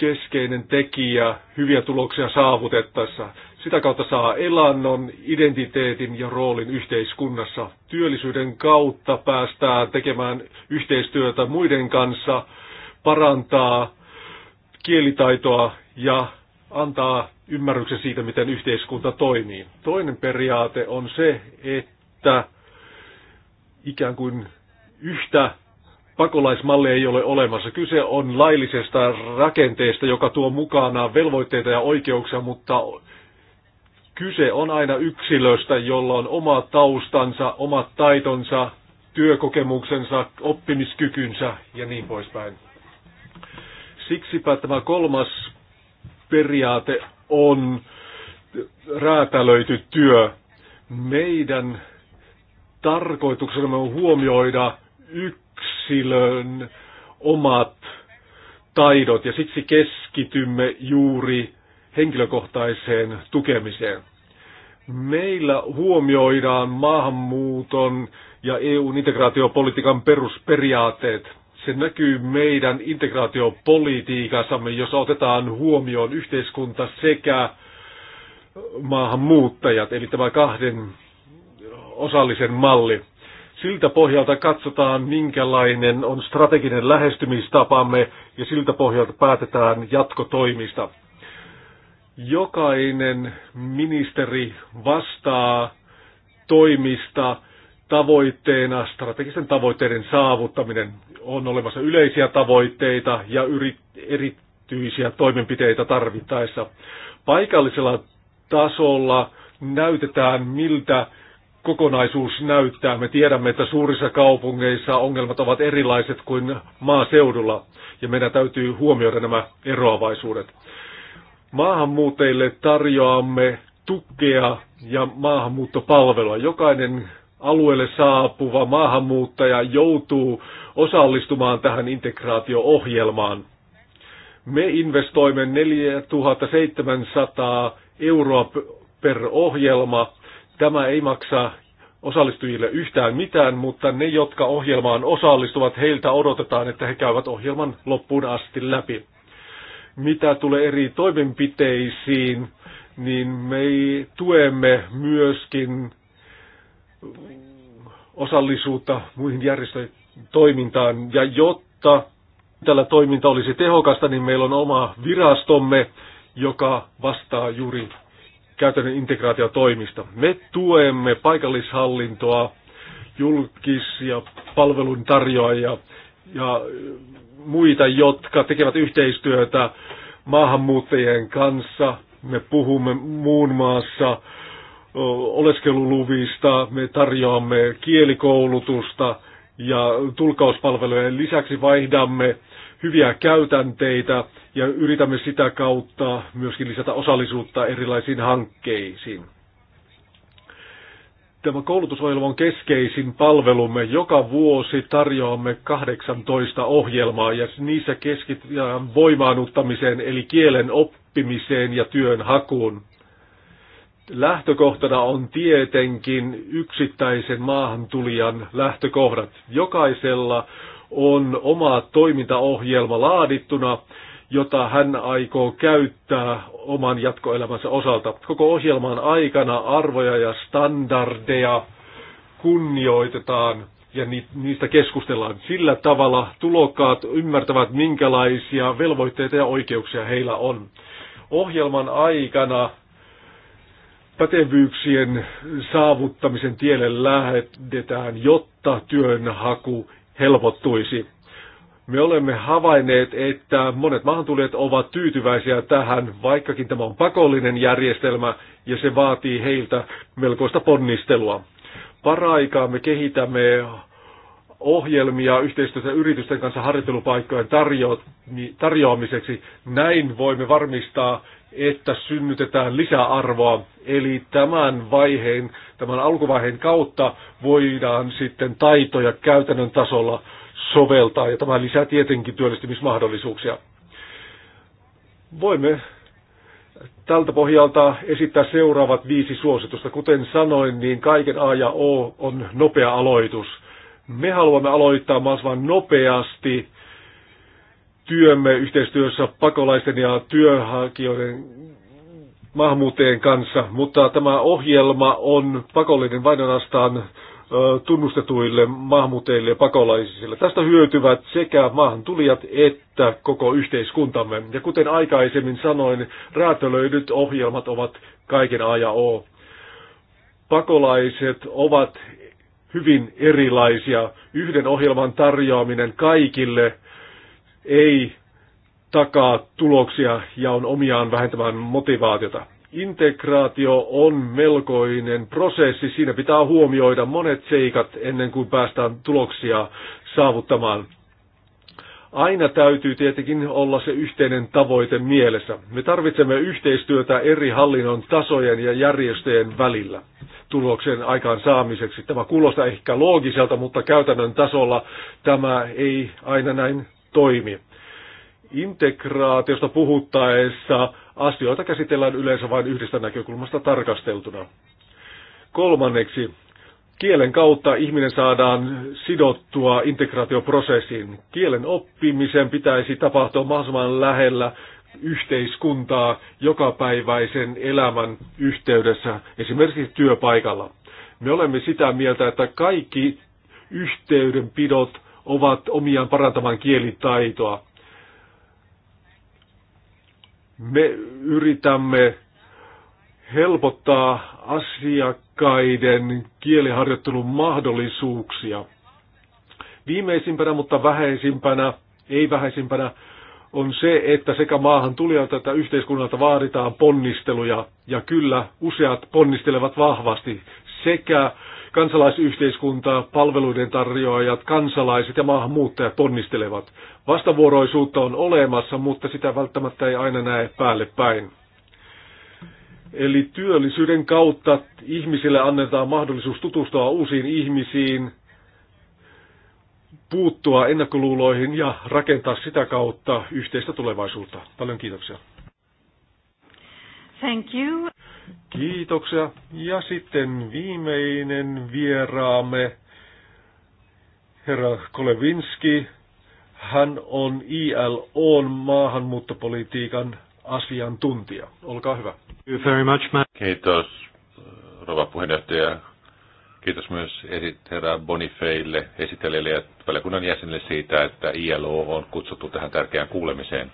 keskeinen tekijä hyviä tuloksia saavutettaessa. Sitä kautta saa elannon, identiteetin ja roolin yhteiskunnassa. Työllisyyden kautta päästään tekemään yhteistyötä muiden kanssa, parantaa kielitaitoa ja antaa ymmärryksen siitä, miten yhteiskunta toimii. Toinen periaate on se, että ikään kuin yhtä pakolaismalli ei ole olemassa. Kyse on laillisesta rakenteesta, joka tuo mukanaan velvoitteita ja oikeuksia, mutta Kyse on aina yksilöstä, jolla on oma taustansa, omat taitonsa, työkokemuksensa, oppimiskykynsä ja niin poispäin. Siksipä tämä kolmas periaate on räätälöity työ. Meidän tarkoituksena on huomioida yksilön omat taidot ja siksi keskitymme juuri henkilökohtaiseen tukemiseen. Meillä huomioidaan maahanmuuton ja EUn integraatiopolitiikan perusperiaatteet. Se näkyy meidän integraatiopolitiikassamme, jossa otetaan huomioon yhteiskunta sekä maahanmuuttajat, eli tämä kahden osallisen malli. Siltä pohjalta katsotaan, minkälainen on strateginen lähestymistapamme ja siltä pohjalta päätetään jatkotoimista. Jokainen ministeri vastaa toimista tavoitteena strategisten tavoitteiden saavuttaminen. On olemassa yleisiä tavoitteita ja erityisiä toimenpiteitä tarvittaessa. Paikallisella tasolla näytetään, miltä kokonaisuus näyttää. Me tiedämme, että suurissa kaupungeissa ongelmat ovat erilaiset kuin maaseudulla, ja meidän täytyy huomioida nämä eroavaisuudet maahanmuuteille tarjoamme tukea ja maahanmuuttopalvelua. Jokainen alueelle saapuva maahanmuuttaja joutuu osallistumaan tähän integraatio-ohjelmaan. Me investoimme 4700 euroa per ohjelma. Tämä ei maksa osallistujille yhtään mitään, mutta ne, jotka ohjelmaan osallistuvat, heiltä odotetaan, että he käyvät ohjelman loppuun asti läpi. Mitä tulee eri toimenpiteisiin, niin me tuemme myöskin osallisuutta muihin järjestötoimintaan. Ja jotta tällä toiminta olisi tehokasta, niin meillä on oma virastomme, joka vastaa juuri käytännön integraatiotoimista. Me tuemme paikallishallintoa, julkisia palveluntarjoajia ja muita, jotka tekevät yhteistyötä maahanmuuttajien kanssa. Me puhumme muun maassa oleskeluluvista, me tarjoamme kielikoulutusta ja tulkauspalvelujen lisäksi vaihdamme hyviä käytänteitä ja yritämme sitä kautta myöskin lisätä osallisuutta erilaisiin hankkeisiin. Tämä koulutusohjelma on keskeisin palvelumme. Joka vuosi tarjoamme 18 ohjelmaa ja niissä keskitytään voimaanuttamiseen eli kielen oppimiseen ja työn hakuun. Lähtökohtana on tietenkin yksittäisen maahantulijan lähtökohdat. Jokaisella on oma toimintaohjelma laadittuna jota hän aikoo käyttää oman jatkoelämänsä osalta. Koko ohjelman aikana arvoja ja standardeja kunnioitetaan ja niistä keskustellaan. Sillä tavalla tulokkaat ymmärtävät, minkälaisia velvoitteita ja oikeuksia heillä on. Ohjelman aikana pätevyyksien saavuttamisen tielle lähdetään, jotta työnhaku helpottuisi. Me olemme havainneet, että monet maahantulijat ovat tyytyväisiä tähän, vaikkakin tämä on pakollinen järjestelmä ja se vaatii heiltä melkoista ponnistelua. Paraikaa me kehitämme ohjelmia yhteistyössä yritysten kanssa harjoittelupaikkojen tarjo- tarjoamiseksi. Näin voimme varmistaa, että synnytetään lisäarvoa. Eli tämän vaiheen, tämän alkuvaiheen kautta voidaan sitten taitoja käytännön tasolla soveltaa, ja tämä lisää tietenkin työllistymismahdollisuuksia. Voimme tältä pohjalta esittää seuraavat viisi suositusta. Kuten sanoin, niin kaiken A ja O on nopea aloitus. Me haluamme aloittaa mahdollisimman nopeasti työmme yhteistyössä pakolaisten ja työhakijoiden maahanmuuttajien kanssa, mutta tämä ohjelma on pakollinen vain ainoastaan tunnustetuille maahanmuuttajille ja pakolaisille. Tästä hyötyvät sekä maahantulijat että koko yhteiskuntamme. Ja kuten aikaisemmin sanoin, räätälöidyt ohjelmat ovat kaiken A ja O. Pakolaiset ovat hyvin erilaisia. Yhden ohjelman tarjoaminen kaikille ei takaa tuloksia ja on omiaan vähentämään motivaatiota integraatio on melkoinen prosessi. Siinä pitää huomioida monet seikat ennen kuin päästään tuloksia saavuttamaan. Aina täytyy tietenkin olla se yhteinen tavoite mielessä. Me tarvitsemme yhteistyötä eri hallinnon tasojen ja järjestöjen välillä tuloksen aikaan saamiseksi. Tämä kuulostaa ehkä loogiselta, mutta käytännön tasolla tämä ei aina näin toimi. Integraatiosta puhuttaessa Asioita käsitellään yleensä vain yhdestä näkökulmasta tarkasteltuna. Kolmanneksi, kielen kautta ihminen saadaan sidottua integraatioprosessiin. Kielen oppimisen pitäisi tapahtua mahdollisimman lähellä yhteiskuntaa jokapäiväisen elämän yhteydessä, esimerkiksi työpaikalla. Me olemme sitä mieltä, että kaikki yhteydenpidot ovat omiaan parantamaan kielitaitoa. Me yritämme helpottaa asiakkaiden kieliharjoittelun mahdollisuuksia. Viimeisimpänä, mutta vähäisimpänä, ei vähäisimpänä, on se, että sekä maahan tulijalta että yhteiskunnalta vaaditaan ponnisteluja, ja kyllä useat ponnistelevat vahvasti sekä kansalaisyhteiskunta, palveluiden tarjoajat, kansalaiset ja maahanmuuttajat ponnistelevat. Vastavuoroisuutta on olemassa, mutta sitä välttämättä ei aina näe päälle päin. Eli työllisyyden kautta ihmisille annetaan mahdollisuus tutustua uusiin ihmisiin, puuttua ennakkoluuloihin ja rakentaa sitä kautta yhteistä tulevaisuutta. Paljon kiitoksia. Thank you. Kiitoksia. Ja sitten viimeinen vieraamme, herra Kolevinski. Hän on ILOn maahanmuuttopolitiikan asiantuntija. Olkaa hyvä. Very much, Kiitos, rouva puheenjohtaja. Kiitos myös herra Bonifeille, esittelijälle ja valiokunnan jäsenille siitä, että ILO on kutsuttu tähän tärkeään kuulemiseen.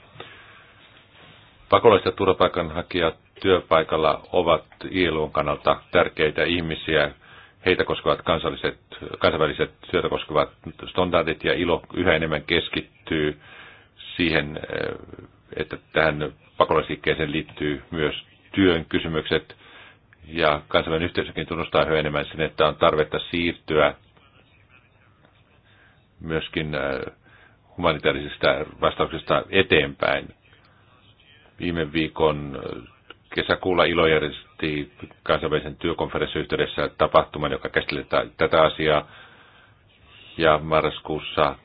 Pakolaiset ja turvapaikanhakijat työpaikalla ovat ILUn kannalta tärkeitä ihmisiä. Heitä koskevat kansalliset, kansainväliset työtä koskevat standardit ja ILO yhä enemmän keskittyy siihen, eh, että tähän pakolaisliikkeeseen liittyy myös työn kysymykset. Ja kansainvälinen yhteisökin tunnustaa yhä enemmän sen, että on tarvetta siirtyä myöskin eh, humanitaarisista vastauksista eteenpäin. Viime viikon eh, kesäkuulla ILO järjesti kansainvälisen työkonferenssin yhteydessä tapahtuman, joka käsitteli tätä asiaa. Ja marraskuussa eh,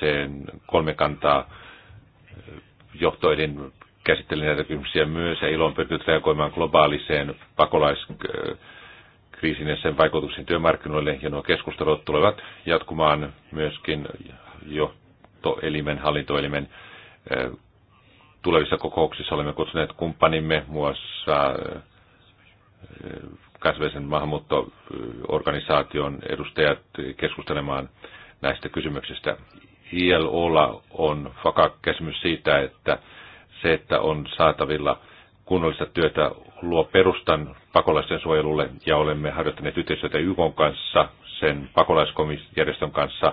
sen kolme kantaa eh, johtoiden käsitteli näitä kysymyksiä myös, ja ILO on pyrkinyt reagoimaan globaaliseen pakolaiskriisin ja sen vaikutuksiin työmarkkinoille, ja nuo keskustelut tulevat jatkumaan myöskin johtoelimen, hallintoelimen eh, tulevissa kokouksissa olemme kutsuneet kumppanimme muassa äh, kansainvälisen maahanmuuttoorganisaation edustajat keskustelemaan näistä kysymyksistä. ILOlla on vakaa käsimys siitä, että se, että on saatavilla kunnollista työtä, luo perustan pakolaisten suojelulle ja olemme harjoittaneet yhteistyötä YK kanssa, sen pakolaiskomisjärjestön kanssa äh,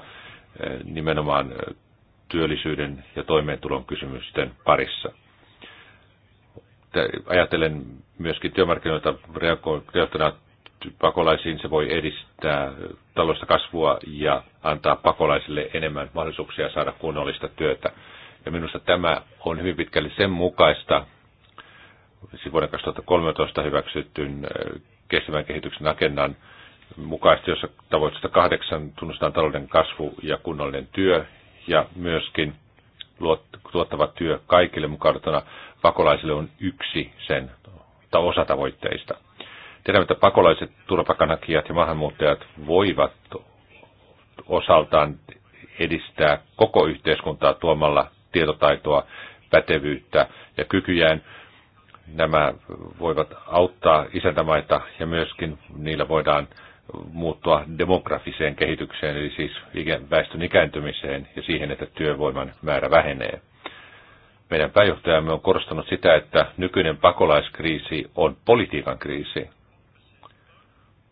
nimenomaan työllisyyden ja toimeentulon kysymysten parissa. Ajatellen myöskin työmarkkinoita reagoitana pakolaisiin se voi edistää taloudellista kasvua ja antaa pakolaisille enemmän mahdollisuuksia saada kunnollista työtä. Ja minusta tämä on hyvin pitkälle sen mukaista, siis vuoden 2013 hyväksytyn äh, kestävän kehityksen agendan mukaista, jossa tavoitteesta kahdeksan tunnustetaan talouden kasvu ja kunnollinen työ, ja myöskin tuottava työ kaikille mukautuna pakolaisille on yksi sen osatavoitteista. Tiedämme, että pakolaiset, turvapakanakijat ja maahanmuuttajat voivat osaltaan edistää koko yhteiskuntaa tuomalla tietotaitoa, pätevyyttä ja kykyjään. Nämä voivat auttaa isäntämaita ja myöskin niillä voidaan muuttua demografiseen kehitykseen, eli siis väestön ikääntymiseen ja siihen, että työvoiman määrä vähenee. Meidän pääjohtajamme on korostanut sitä, että nykyinen pakolaiskriisi on politiikan kriisi.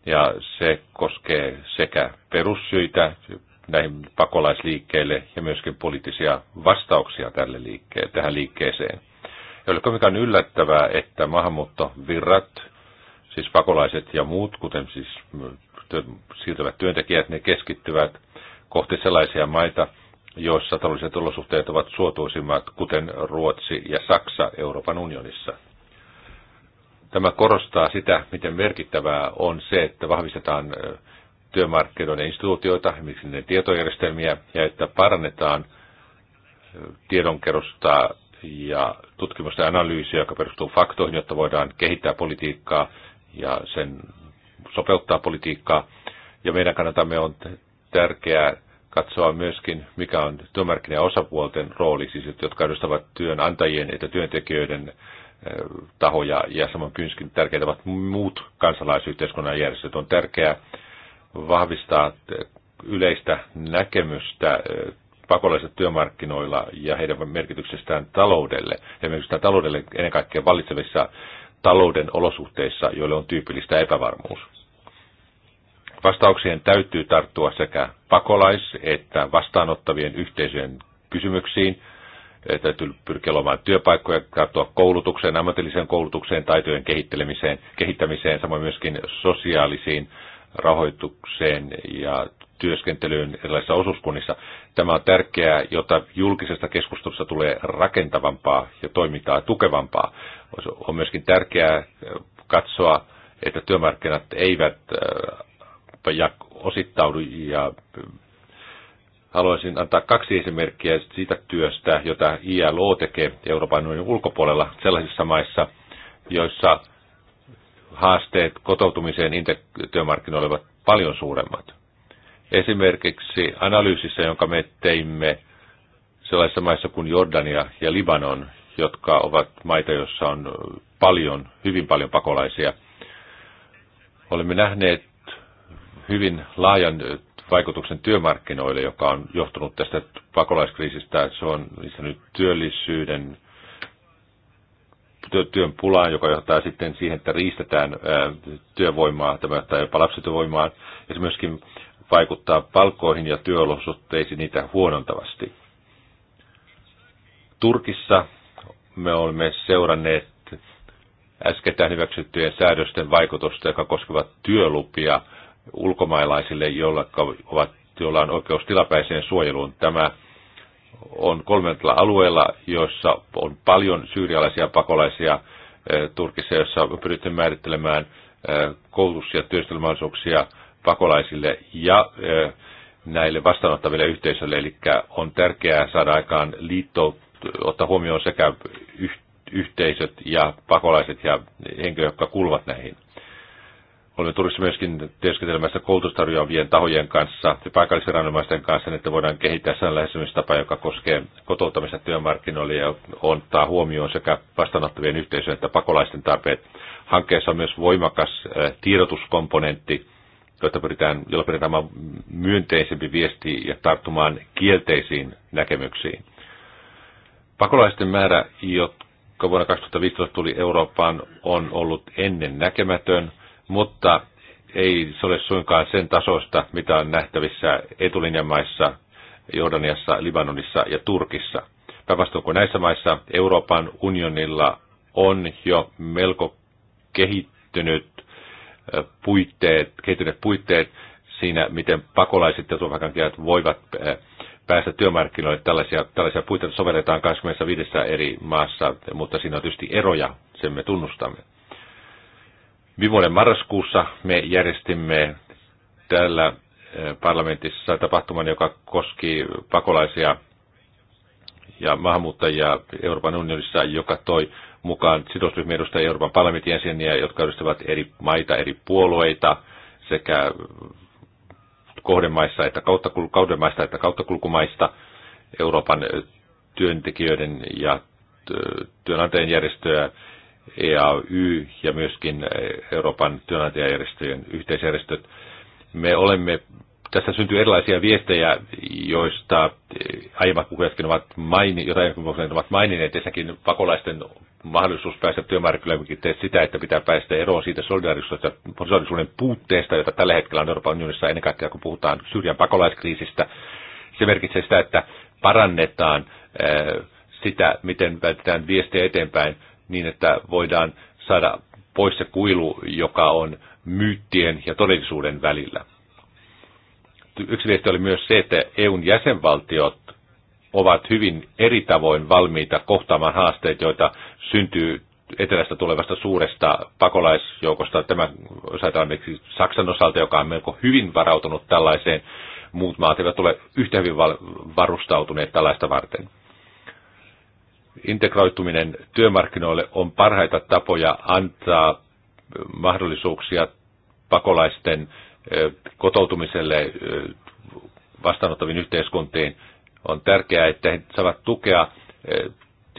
Ja se koskee sekä perussyitä näihin pakolaisliikkeille ja myöskin poliittisia vastauksia tälle liikkeen, tähän liikkeeseen. Ja oliko mikään yllättävää, että maahanmuuttovirrat, siis pakolaiset ja muut, kuten siis siirtyvät työntekijät, ne keskittyvät kohti sellaisia maita, joissa taloudelliset olosuhteet ovat suotuisimmat, kuten Ruotsi ja Saksa Euroopan unionissa. Tämä korostaa sitä, miten merkittävää on se, että vahvistetaan työmarkkinoiden instituutioita, miksi ne tietojärjestelmiä, ja että parannetaan tiedonkerusta ja tutkimusta ja analyysiä, joka perustuu faktoihin, jotta voidaan kehittää politiikkaa ja sen sopeuttaa politiikkaa. Ja meidän kannatamme on tärkeää katsoa myöskin, mikä on työmarkkinaosapuolten rooli, siis jotka edustavat työnantajien että työntekijöiden tahoja ja samoin kynskin tärkeitä ovat muut kansalaisyhteiskunnan järjestöt. On tärkeää vahvistaa yleistä näkemystä pakolaiset työmarkkinoilla ja heidän merkityksestään taloudelle. Ja myös taloudelle ennen kaikkea vallitsevissa talouden olosuhteissa, joille on tyypillistä epävarmuus. Vastauksien täytyy tarttua sekä pakolais- että vastaanottavien yhteisöjen kysymyksiin. Täytyy pyrkiä luomaan työpaikkoja, tarttua koulutukseen, ammatilliseen koulutukseen, taitojen kehittämiseen, kehittämiseen, samoin myöskin sosiaalisiin rahoitukseen ja työskentelyyn erilaisissa osuuskunnissa. Tämä on tärkeää, jotta julkisesta keskustelusta tulee rakentavampaa ja toimintaa tukevampaa. On myöskin tärkeää katsoa, että työmarkkinat eivät jak- osittaudu ja haluaisin antaa kaksi esimerkkiä siitä työstä, jota ILO tekee Euroopan unionin ulkopuolella sellaisissa maissa, joissa haasteet kotoutumiseen työmarkkinoille ovat paljon suuremmat. Esimerkiksi analyysissä, jonka me teimme sellaisissa maissa kuin Jordania ja Libanon, jotka ovat maita, joissa on paljon, hyvin paljon pakolaisia, olemme nähneet hyvin laajan vaikutuksen työmarkkinoille, joka on johtunut tästä pakolaiskriisistä. Se on lisännyt työllisyyden työn pulaan, joka johtaa sitten siihen, että riistetään työvoimaa, tämä johtaa jopa lapsityövoimaan, ja se myöskin vaikuttaa palkkoihin ja työolosuhteisiin niitä huonontavasti. Turkissa me olemme seuranneet äskettäin hyväksyttyjen säädösten vaikutusta, joka koskevat työlupia – ulkomaalaisille, joilla, ovat, joilla on oikeus tilapäiseen suojeluun. Tämä on kolmella alueella, joissa on paljon syyrialaisia pakolaisia eh, Turkissa, jossa on pyritty määrittelemään eh, koulutus- ja työskentelymahdollisuuksia pakolaisille ja eh, näille vastaanottaville yhteisöille. Eli on tärkeää saada aikaan liitto, ottaa huomioon sekä yhteisöt ja pakolaiset ja henkilöt, jotka kuuluvat näihin. Olemme Turissa myöskin työskentelemässä koulutustarjoavien tahojen kanssa ja paikallisviranomaisten kanssa, niin että voidaan kehittää sen lähestymistapa, joka koskee kotouttamista työmarkkinoille ja ottaa huomioon sekä vastaanottavien yhteisöjen että pakolaisten tarpeet. Hankkeessa on myös voimakas eh, tiedotuskomponentti, jotta pyritään, jolla pyritään myönteisempi viesti ja tarttumaan kielteisiin näkemyksiin. Pakolaisten määrä, jotka vuonna 2015 tuli Eurooppaan, on ollut ennen näkemätön – mutta ei se ole suinkaan sen tasosta, mitä on nähtävissä etulinjamaissa, Jordaniassa, Libanonissa ja Turkissa. Päinvastoin kuin näissä maissa Euroopan unionilla on jo melko kehittynyt puitteet, kehittyneet puitteet siinä, miten pakolaiset ja turvapaikanhakijat voivat päästä työmarkkinoille. Tällaisia, tällaisia puitteita sovelletaan 25 eri maassa, mutta siinä on tietysti eroja, sen me tunnustamme. Viime vuoden marraskuussa me järjestimme täällä eh, parlamentissa tapahtuman, joka koski pakolaisia ja maahanmuuttajia Euroopan unionissa, joka toi mukaan sidosryhmien edustajia Euroopan parlamentin jäseniä, jotka edustavat eri maita, eri puolueita sekä kohdemaissa että kautta, että kauttakulkumaista Euroopan työntekijöiden ja eh, työnantajien järjestöjä, EAY ja myöskin eh, Euroopan työnantajajärjestöjen yhteisjärjestöt. Me olemme, tässä syntyy erilaisia viestejä, joista eh, aiemmat puhujatkin ovat, maini, jotain ovat maininneet, ensinnäkin pakolaisten mahdollisuus päästä työmarkkinoille tee sitä, että pitää päästä eroon siitä solidaarisuuden puutteesta, jota tällä hetkellä on Euroopan unionissa ennen kaikkea, kun puhutaan Syyrian pakolaiskriisistä. Se merkitsee sitä, että parannetaan eh, sitä, miten päätetään viestejä eteenpäin niin, että voidaan saada pois se kuilu, joka on myyttien ja todellisuuden välillä. Yksi viesti oli myös se, että EUn jäsenvaltiot ovat hyvin eri tavoin valmiita kohtaamaan haasteet, joita syntyy etelästä tulevasta suuresta pakolaisjoukosta. Tämä saadaan esimerkiksi Saksan osalta, joka on melko hyvin varautunut tällaiseen. Muut maat eivät ole yhtä hyvin varustautuneet tällaista varten integroituminen työmarkkinoille on parhaita tapoja antaa mahdollisuuksia pakolaisten kotoutumiselle vastaanottaviin yhteiskuntiin. On tärkeää, että he saavat tukea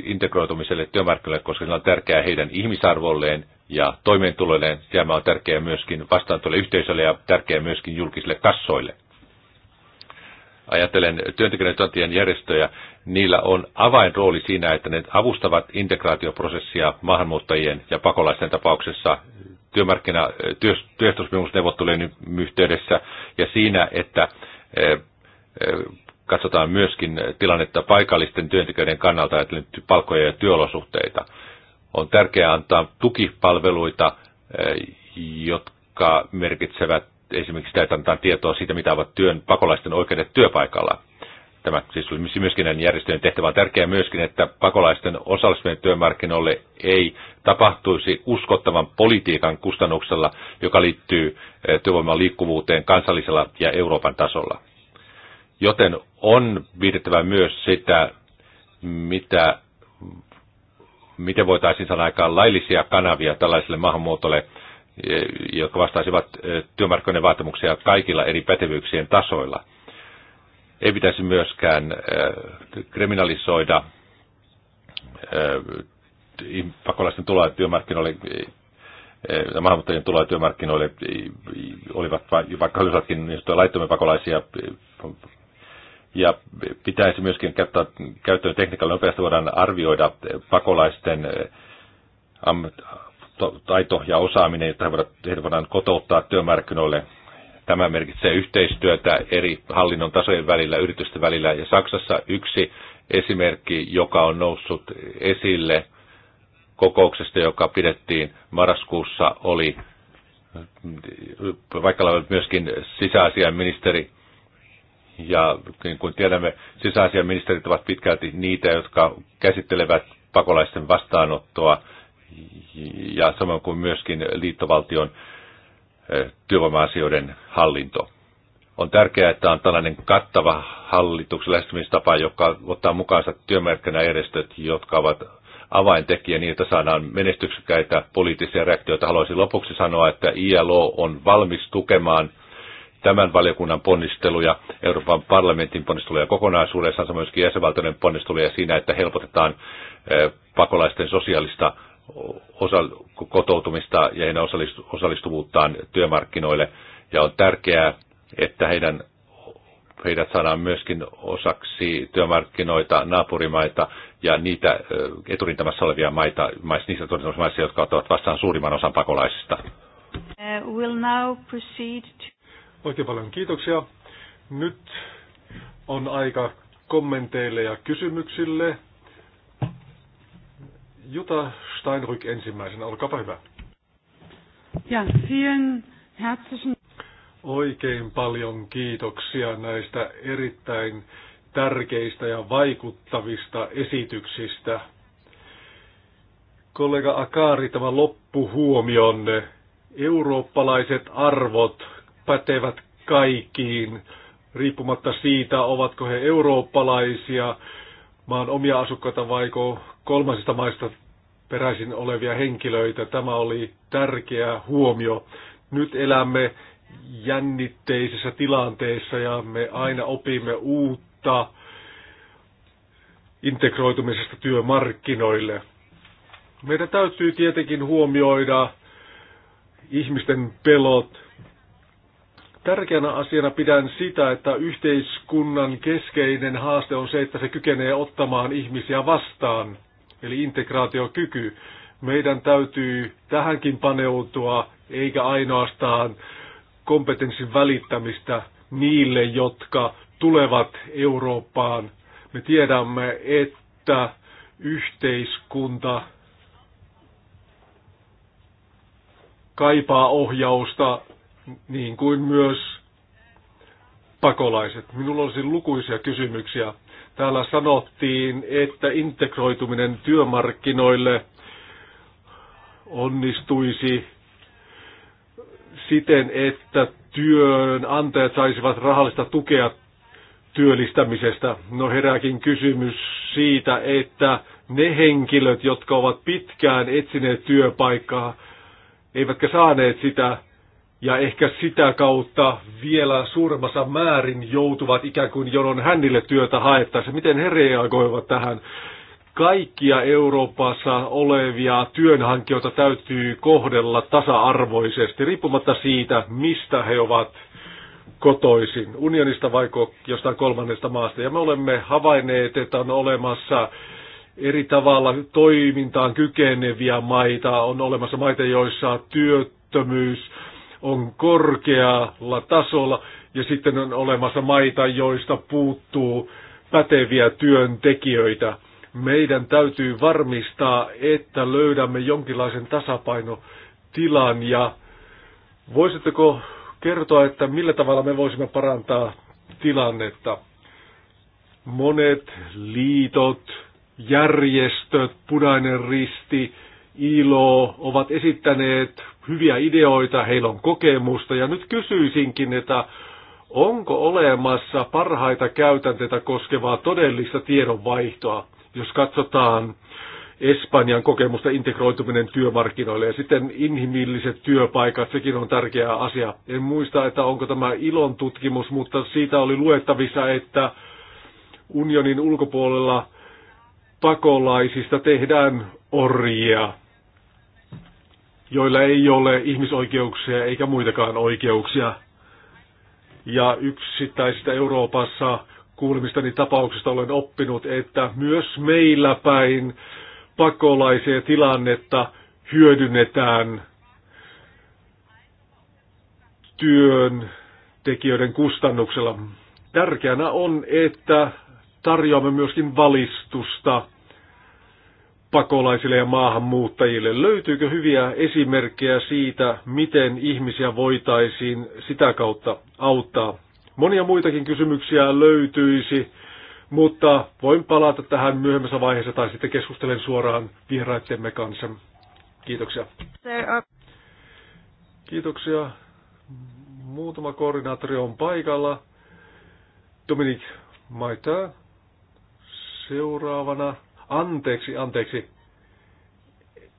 integroitumiselle työmarkkinoille, koska se on tärkeää heidän ihmisarvolleen ja toimeentuloilleen. Tämä on tärkeää myöskin vastaanotolle yhteisölle ja tärkeää myöskin julkisille kassoille ajatellen työntekijöiden järjestöjä, niillä on avainrooli siinä, että ne avustavat integraatioprosessia maahanmuuttajien ja pakolaisten tapauksessa työmarkkina, työ, työehtosopimusneuvottelujen yhteydessä ja siinä, että eh, eh, katsotaan myöskin tilannetta paikallisten työntekijöiden kannalta, että palkkoja ja työolosuhteita. On tärkeää antaa tukipalveluita, eh, jotka merkitsevät esimerkiksi sitä, että antaa tietoa siitä, mitä ovat työn, pakolaisten oikeudet työpaikalla. Tämä siis oli myöskin näiden järjestöjen tehtävä. On tärkeää myöskin, että pakolaisten osallistuminen työmarkkinoille ei tapahtuisi uskottavan politiikan kustannuksella, joka liittyy eh, työvoiman liikkuvuuteen kansallisella ja Euroopan tasolla. Joten on viitettävä myös sitä, mitä, miten voitaisiin saada aikaan laillisia kanavia tällaiselle maahanmuutolle – E, jotka vastaisivat e, työmarkkinoiden vaatimuksia kaikilla eri pätevyyksien tasoilla. Ei pitäisi myöskään e, kriminalisoida pakolaisten tuloa työmarkkinoille maahanmuuttajien tuloa työmarkkinoille olivat vaikka olisivatkin niin laittomia pakolaisia. Ja pitäisi myöskin käyttää käyttöön tekniikalla nopeasti voidaan arvioida pakolaisten taito ja osaaminen, jota heidät voidaan kotouttaa työmarkkinoille. Tämä merkitsee yhteistyötä eri hallinnon tasojen välillä, yritysten välillä. Ja Saksassa yksi esimerkki, joka on noussut esille kokouksesta, joka pidettiin marraskuussa, oli vaikka myöskin sisäasiainministeri ja niin kuin tiedämme, sisäasiainministerit ovat pitkälti niitä, jotka käsittelevät pakolaisten vastaanottoa ja samoin kuin myöskin liittovaltion eh, työvoima-asioiden hallinto. On tärkeää, että on tällainen kattava hallituksen lähestymistapa, joka ottaa mukaansa työmarkkinajärjestöt, jotka ovat avaintekijä niin, että saadaan menestyksekäitä poliittisia reaktioita. Haluaisin lopuksi sanoa, että ILO on valmis tukemaan tämän valiokunnan ponnisteluja, Euroopan parlamentin ponnisteluja kokonaisuudessaan, samoin myöskin jäsenvaltioiden ponnisteluja siinä, että helpotetaan eh, pakolaisten sosiaalista osa, kotoutumista ja heidän osallistuvuuttaan työmarkkinoille. Ja on tärkeää, että heidän, heidät saadaan myöskin osaksi työmarkkinoita, naapurimaita ja niitä eturintamassa olevia maita, niissä maissa, jotka ottavat vastaan suurimman osan pakolaisista. Uh, we'll now proceed to... Oikein paljon kiitoksia. Nyt on aika kommenteille ja kysymyksille. Jutta Steinrück ensimmäisenä, olkaapa hyvä. Ja, vielen herzlichen... Oikein paljon kiitoksia näistä erittäin tärkeistä ja vaikuttavista esityksistä. Kollega Akaari, tämä loppuhuomionne. Eurooppalaiset arvot pätevät kaikkiin, riippumatta siitä, ovatko he eurooppalaisia, maan omia asukkaita vaiko kolmansista maista peräisin olevia henkilöitä. Tämä oli tärkeä huomio. Nyt elämme jännitteisessä tilanteessa ja me aina opimme uutta integroitumisesta työmarkkinoille. Meidän täytyy tietenkin huomioida ihmisten pelot Tärkeänä asiana pidän sitä, että yhteiskunnan keskeinen haaste on se, että se kykenee ottamaan ihmisiä vastaan, eli integraatiokyky. Meidän täytyy tähänkin paneutua, eikä ainoastaan kompetenssin välittämistä niille, jotka tulevat Eurooppaan. Me tiedämme, että yhteiskunta kaipaa ohjausta niin kuin myös pakolaiset. Minulla olisi lukuisia kysymyksiä. Täällä sanottiin, että integroituminen työmarkkinoille onnistuisi siten, että työnantajat saisivat rahallista tukea työllistämisestä. No herääkin kysymys siitä, että ne henkilöt, jotka ovat pitkään etsineet työpaikkaa, eivätkä saaneet sitä, ja ehkä sitä kautta vielä suuremmassa määrin joutuvat ikään kuin jonon hännille työtä haettaessa. Miten he reagoivat tähän? Kaikkia Euroopassa olevia työnhankijoita täytyy kohdella tasa-arvoisesti, riippumatta siitä, mistä he ovat kotoisin, unionista vai jostain kolmannesta maasta. Ja me olemme havainneet, että on olemassa eri tavalla toimintaan kykeneviä maita, on olemassa maita, joissa työttömyys on korkealla tasolla ja sitten on olemassa maita, joista puuttuu päteviä työntekijöitä. Meidän täytyy varmistaa, että löydämme jonkinlaisen tasapainotilan ja voisitteko kertoa, että millä tavalla me voisimme parantaa tilannetta? Monet liitot, järjestöt, punainen risti, ILO ovat esittäneet hyviä ideoita, heillä on kokemusta ja nyt kysyisinkin, että onko olemassa parhaita käytänteitä koskevaa todellista tiedonvaihtoa, jos katsotaan Espanjan kokemusta integroituminen työmarkkinoille ja sitten inhimilliset työpaikat, sekin on tärkeä asia. En muista, että onko tämä ilon tutkimus, mutta siitä oli luettavissa, että unionin ulkopuolella pakolaisista tehdään orjia joilla ei ole ihmisoikeuksia eikä muitakaan oikeuksia. Ja yksittäisistä Euroopassa kuulemistani tapauksista olen oppinut, että myös meillä päin pakolaisia tilannetta hyödynnetään työn tekijöiden kustannuksella. Tärkeänä on, että tarjoamme myöskin valistusta pakolaisille ja maahanmuuttajille. Löytyykö hyviä esimerkkejä siitä, miten ihmisiä voitaisiin sitä kautta auttaa? Monia muitakin kysymyksiä löytyisi, mutta voin palata tähän myöhemmässä vaiheessa tai sitten keskustelen suoraan vieraittemme kanssa. Kiitoksia. Kiitoksia. Muutama koordinaattori on paikalla. Dominik Maita seuraavana. Anteeksi, anteeksi.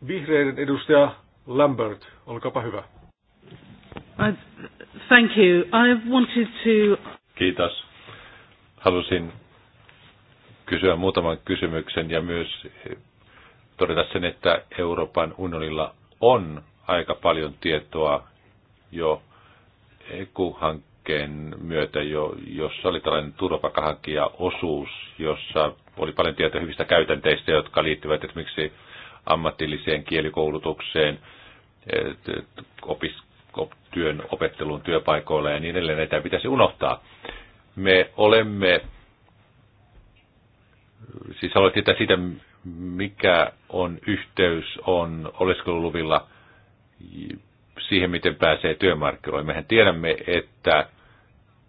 Vihreiden edustaja Lambert, olkaapa hyvä. thank you. I wanted to... Kiitos. Halusin kysyä muutaman kysymyksen ja myös todeta sen, että Euroopan unionilla on aika paljon tietoa jo EQ-hankkeen hankkeen myötä, jo, jossa oli tällainen turvapaikanhakija-osuus, jossa oli paljon tietoa hyvistä käytänteistä, jotka liittyvät esimerkiksi ammatilliseen kielikoulutukseen, opis, työn opetteluun työpaikoilla ja niin edelleen. Näitä pitäisi unohtaa. Me olemme, siis haluat tietää siitä, mikä on yhteys on oleskeluluvilla siihen, miten pääsee työmarkkinoille. Mehän tiedämme, että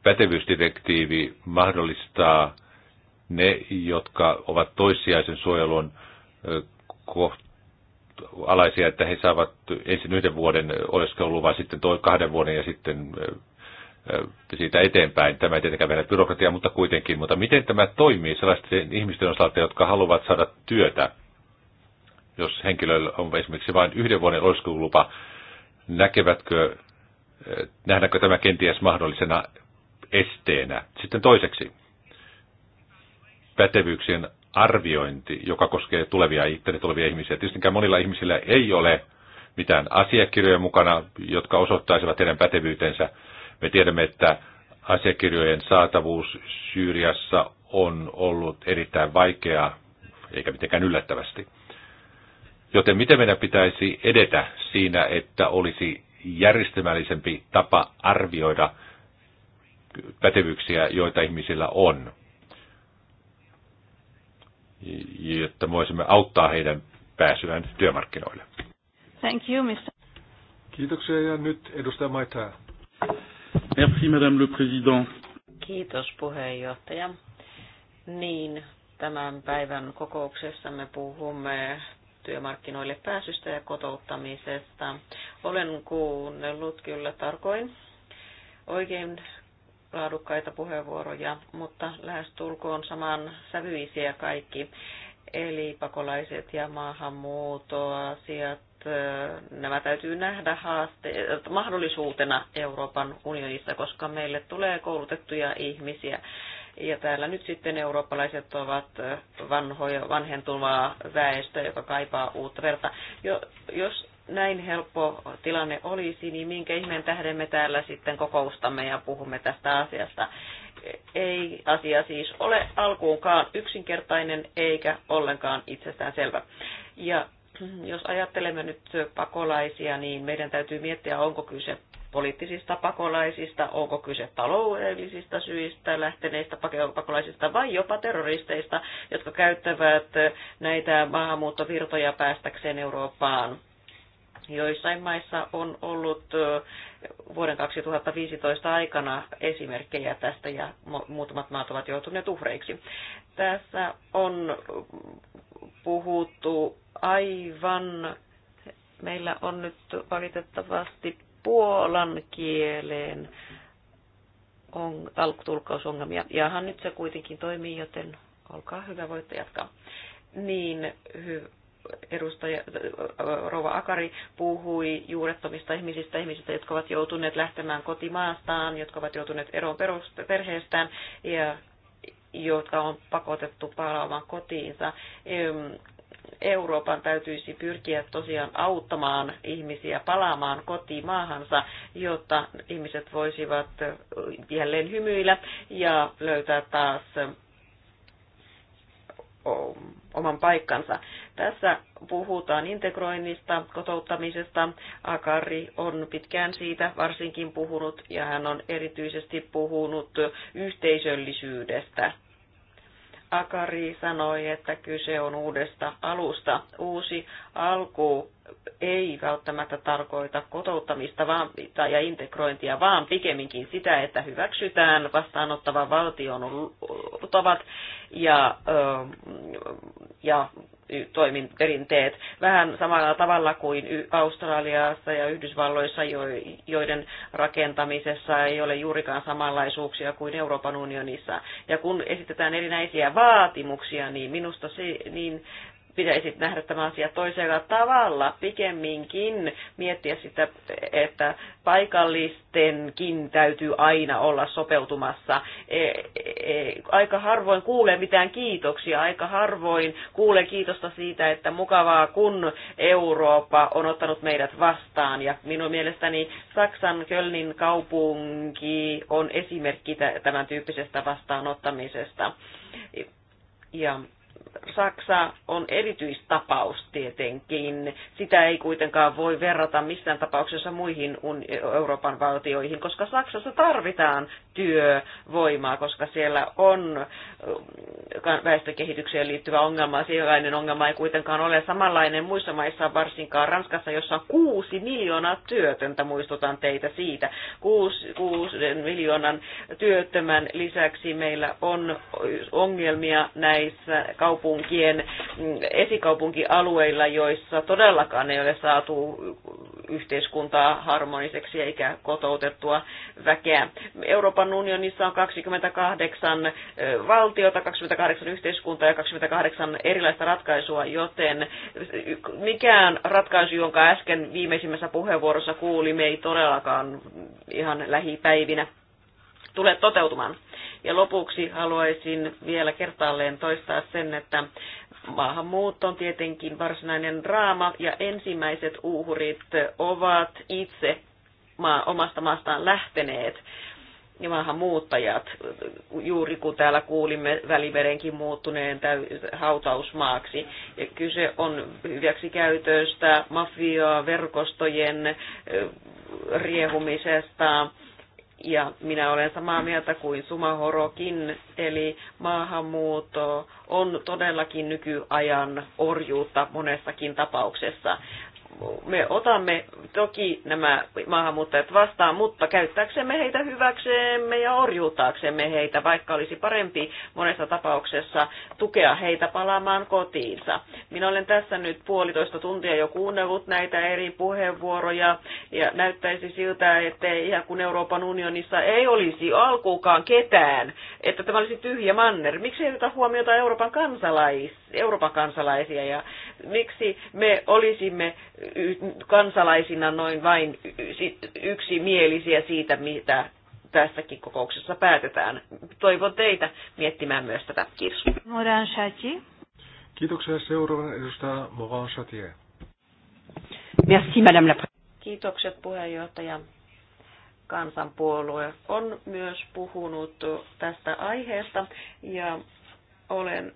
pätevyysdirektiivi mahdollistaa ne, jotka ovat toissijaisen suojelun alaisia, että he saavat ensin yhden vuoden oleskeluluvan, sitten toi kahden vuoden ja sitten siitä eteenpäin. Tämä ei tietenkään vielä byrokratia, mutta kuitenkin. Mutta miten tämä toimii sellaisten ihmisten osalta, jotka haluavat saada työtä? Jos henkilöllä on esimerkiksi vain yhden vuoden oleskelulupa, näkevätkö, eh, nähdäänkö tämä kenties mahdollisena esteenä. Sitten toiseksi, pätevyyksien arviointi, joka koskee tulevia itse tulevia ihmisiä. Tietysti monilla ihmisillä ei ole mitään asiakirjoja mukana, jotka osoittaisivat heidän pätevyytensä. Me tiedämme, että asiakirjojen saatavuus Syyriassa on ollut erittäin vaikeaa, eikä mitenkään yllättävästi. Joten miten meidän pitäisi edetä siinä, että olisi järjestelmällisempi tapa arvioida pätevyyksiä, joita ihmisillä on, jotta voisimme auttaa heidän pääsyään työmarkkinoille. Thank you, Mr. Kiitoksia ja nyt edustaja Maitaa. Merci, Madame le Président. Kiitos puheenjohtaja. Niin, tämän päivän kokouksessa me puhumme työmarkkinoille pääsystä ja kotouttamisesta. Olen kuunnellut kyllä tarkoin oikein laadukkaita puheenvuoroja, mutta tulkoon saman sävyisiä kaikki. Eli pakolaiset ja maahanmuutoasiat, nämä täytyy nähdä haaste, mahdollisuutena Euroopan unionissa, koska meille tulee koulutettuja ihmisiä ja täällä nyt sitten eurooppalaiset ovat vanhoja, vanhentuvaa väestöä, joka kaipaa uutta verta. Jo, jos näin helppo tilanne olisi, niin minkä ihmeen tähden me täällä sitten kokoustamme ja puhumme tästä asiasta. Ei asia siis ole alkuunkaan yksinkertainen eikä ollenkaan itsestään selvä. Ja jos ajattelemme nyt pakolaisia, niin meidän täytyy miettiä, onko kyse poliittisista pakolaisista, onko kyse taloudellisista syistä lähteneistä pakolaisista vai jopa terroristeista, jotka käyttävät näitä maahanmuuttovirtoja päästäkseen Eurooppaan. Joissain maissa on ollut vuoden 2015 aikana esimerkkejä tästä ja muutamat maat ovat joutuneet uhreiksi. Tässä on puhuttu aivan, meillä on nyt valitettavasti puolan kieleen on alkutulkkausongelmia. Jahan nyt se kuitenkin toimii, joten olkaa hyvä, voitte jatkaa. Niin, hy, edustaja äh, Rova Akari puhui juurettomista ihmisistä, ihmisistä, jotka ovat joutuneet lähtemään kotimaastaan, jotka ovat joutuneet eroon perheestään ja jotka on pakotettu palaamaan kotiinsa. Euroopan täytyisi pyrkiä tosiaan auttamaan ihmisiä palaamaan kotimaahansa, jotta ihmiset voisivat jälleen hymyillä ja löytää taas oman paikkansa. Tässä puhutaan integroinnista, kotouttamisesta. Akari on pitkään siitä varsinkin puhunut ja hän on erityisesti puhunut yhteisöllisyydestä Akari sanoi, että kyse on uudesta alusta. Uusi alku ei välttämättä tarkoita kotouttamista vaan, ja integrointia, vaan pikemminkin sitä, että hyväksytään vastaanottavan valtion tavat ja, ähm, ja toimin perinteet vähän samalla tavalla kuin Australiassa ja Yhdysvalloissa, joiden rakentamisessa ei ole juurikaan samanlaisuuksia kuin Euroopan unionissa. Ja kun esitetään erinäisiä vaatimuksia, niin minusta se, niin pitäisi nähdä tämä asia toisella tavalla, pikemminkin miettiä sitä, että paikallistenkin täytyy aina olla sopeutumassa. E, e, aika harvoin kuulee mitään kiitoksia, aika harvoin kuulee kiitosta siitä, että mukavaa kun Eurooppa on ottanut meidät vastaan. Ja minun mielestäni Saksan Kölnin kaupunki on esimerkki tämän tyyppisestä vastaanottamisesta. Ja Saksa on erityistapaus tietenkin. Sitä ei kuitenkaan voi verrata missään tapauksessa muihin Euroopan valtioihin, koska Saksassa tarvitaan työvoimaa, koska siellä on väestökehitykseen liittyvä ongelma. Sellainen ongelma ei kuitenkaan ole samanlainen muissa maissa, varsinkaan Ranskassa, jossa on kuusi miljoonaa työtöntä, muistutan teitä siitä. Kuusi, kuusi miljoonan työttömän lisäksi meillä on ongelmia näissä kaupungeissa kaupunkien mm, esikaupunkialueilla, joissa todellakaan ei ole saatu yhteiskuntaa harmoniseksi eikä kotoutettua väkeä. Euroopan unionissa on 28 valtiota, 28 yhteiskuntaa ja 28 erilaista ratkaisua, joten mikään ratkaisu, jonka äsken viimeisimmässä puheenvuorossa kuulimme, ei todellakaan ihan lähipäivinä tule toteutumaan. Ja lopuksi haluaisin vielä kertaalleen toistaa sen, että maahanmuutto on tietenkin varsinainen draama ja ensimmäiset uuhurit ovat itse maa, omasta maastaan lähteneet ja maahanmuuttajat, juuri kun täällä kuulimme välimerenkin muuttuneen täy- hautausmaaksi. Ja kyse on hyväksikäytöstä, mafiaa, verkostojen riehumisesta, ja minä olen samaa mieltä kuin Sumahorokin, eli maahanmuutto on todellakin nykyajan orjuutta monessakin tapauksessa me otamme toki nämä maahanmuuttajat vastaan, mutta käyttääksemme heitä hyväksemme ja orjuutaaksemme heitä, vaikka olisi parempi monessa tapauksessa tukea heitä palaamaan kotiinsa. Minä olen tässä nyt puolitoista tuntia jo kuunnellut näitä eri puheenvuoroja ja näyttäisi siltä, että ihan kun Euroopan unionissa ei olisi alkuukaan ketään, että tämä olisi tyhjä manner. Miksi ei oteta huomiota Euroopan, kansalais, Euroopan kansalaisia ja miksi me olisimme kansalaisina noin vain yksimielisiä siitä, mitä tässäkin kokouksessa päätetään. Toivon teitä miettimään myös tätä. Kiitos. Kiitoksia. Seuraavana edustaja Moran Chatier. Merci, madame la Kiitokset puheenjohtaja. Kansanpuolue on myös puhunut tästä aiheesta ja olen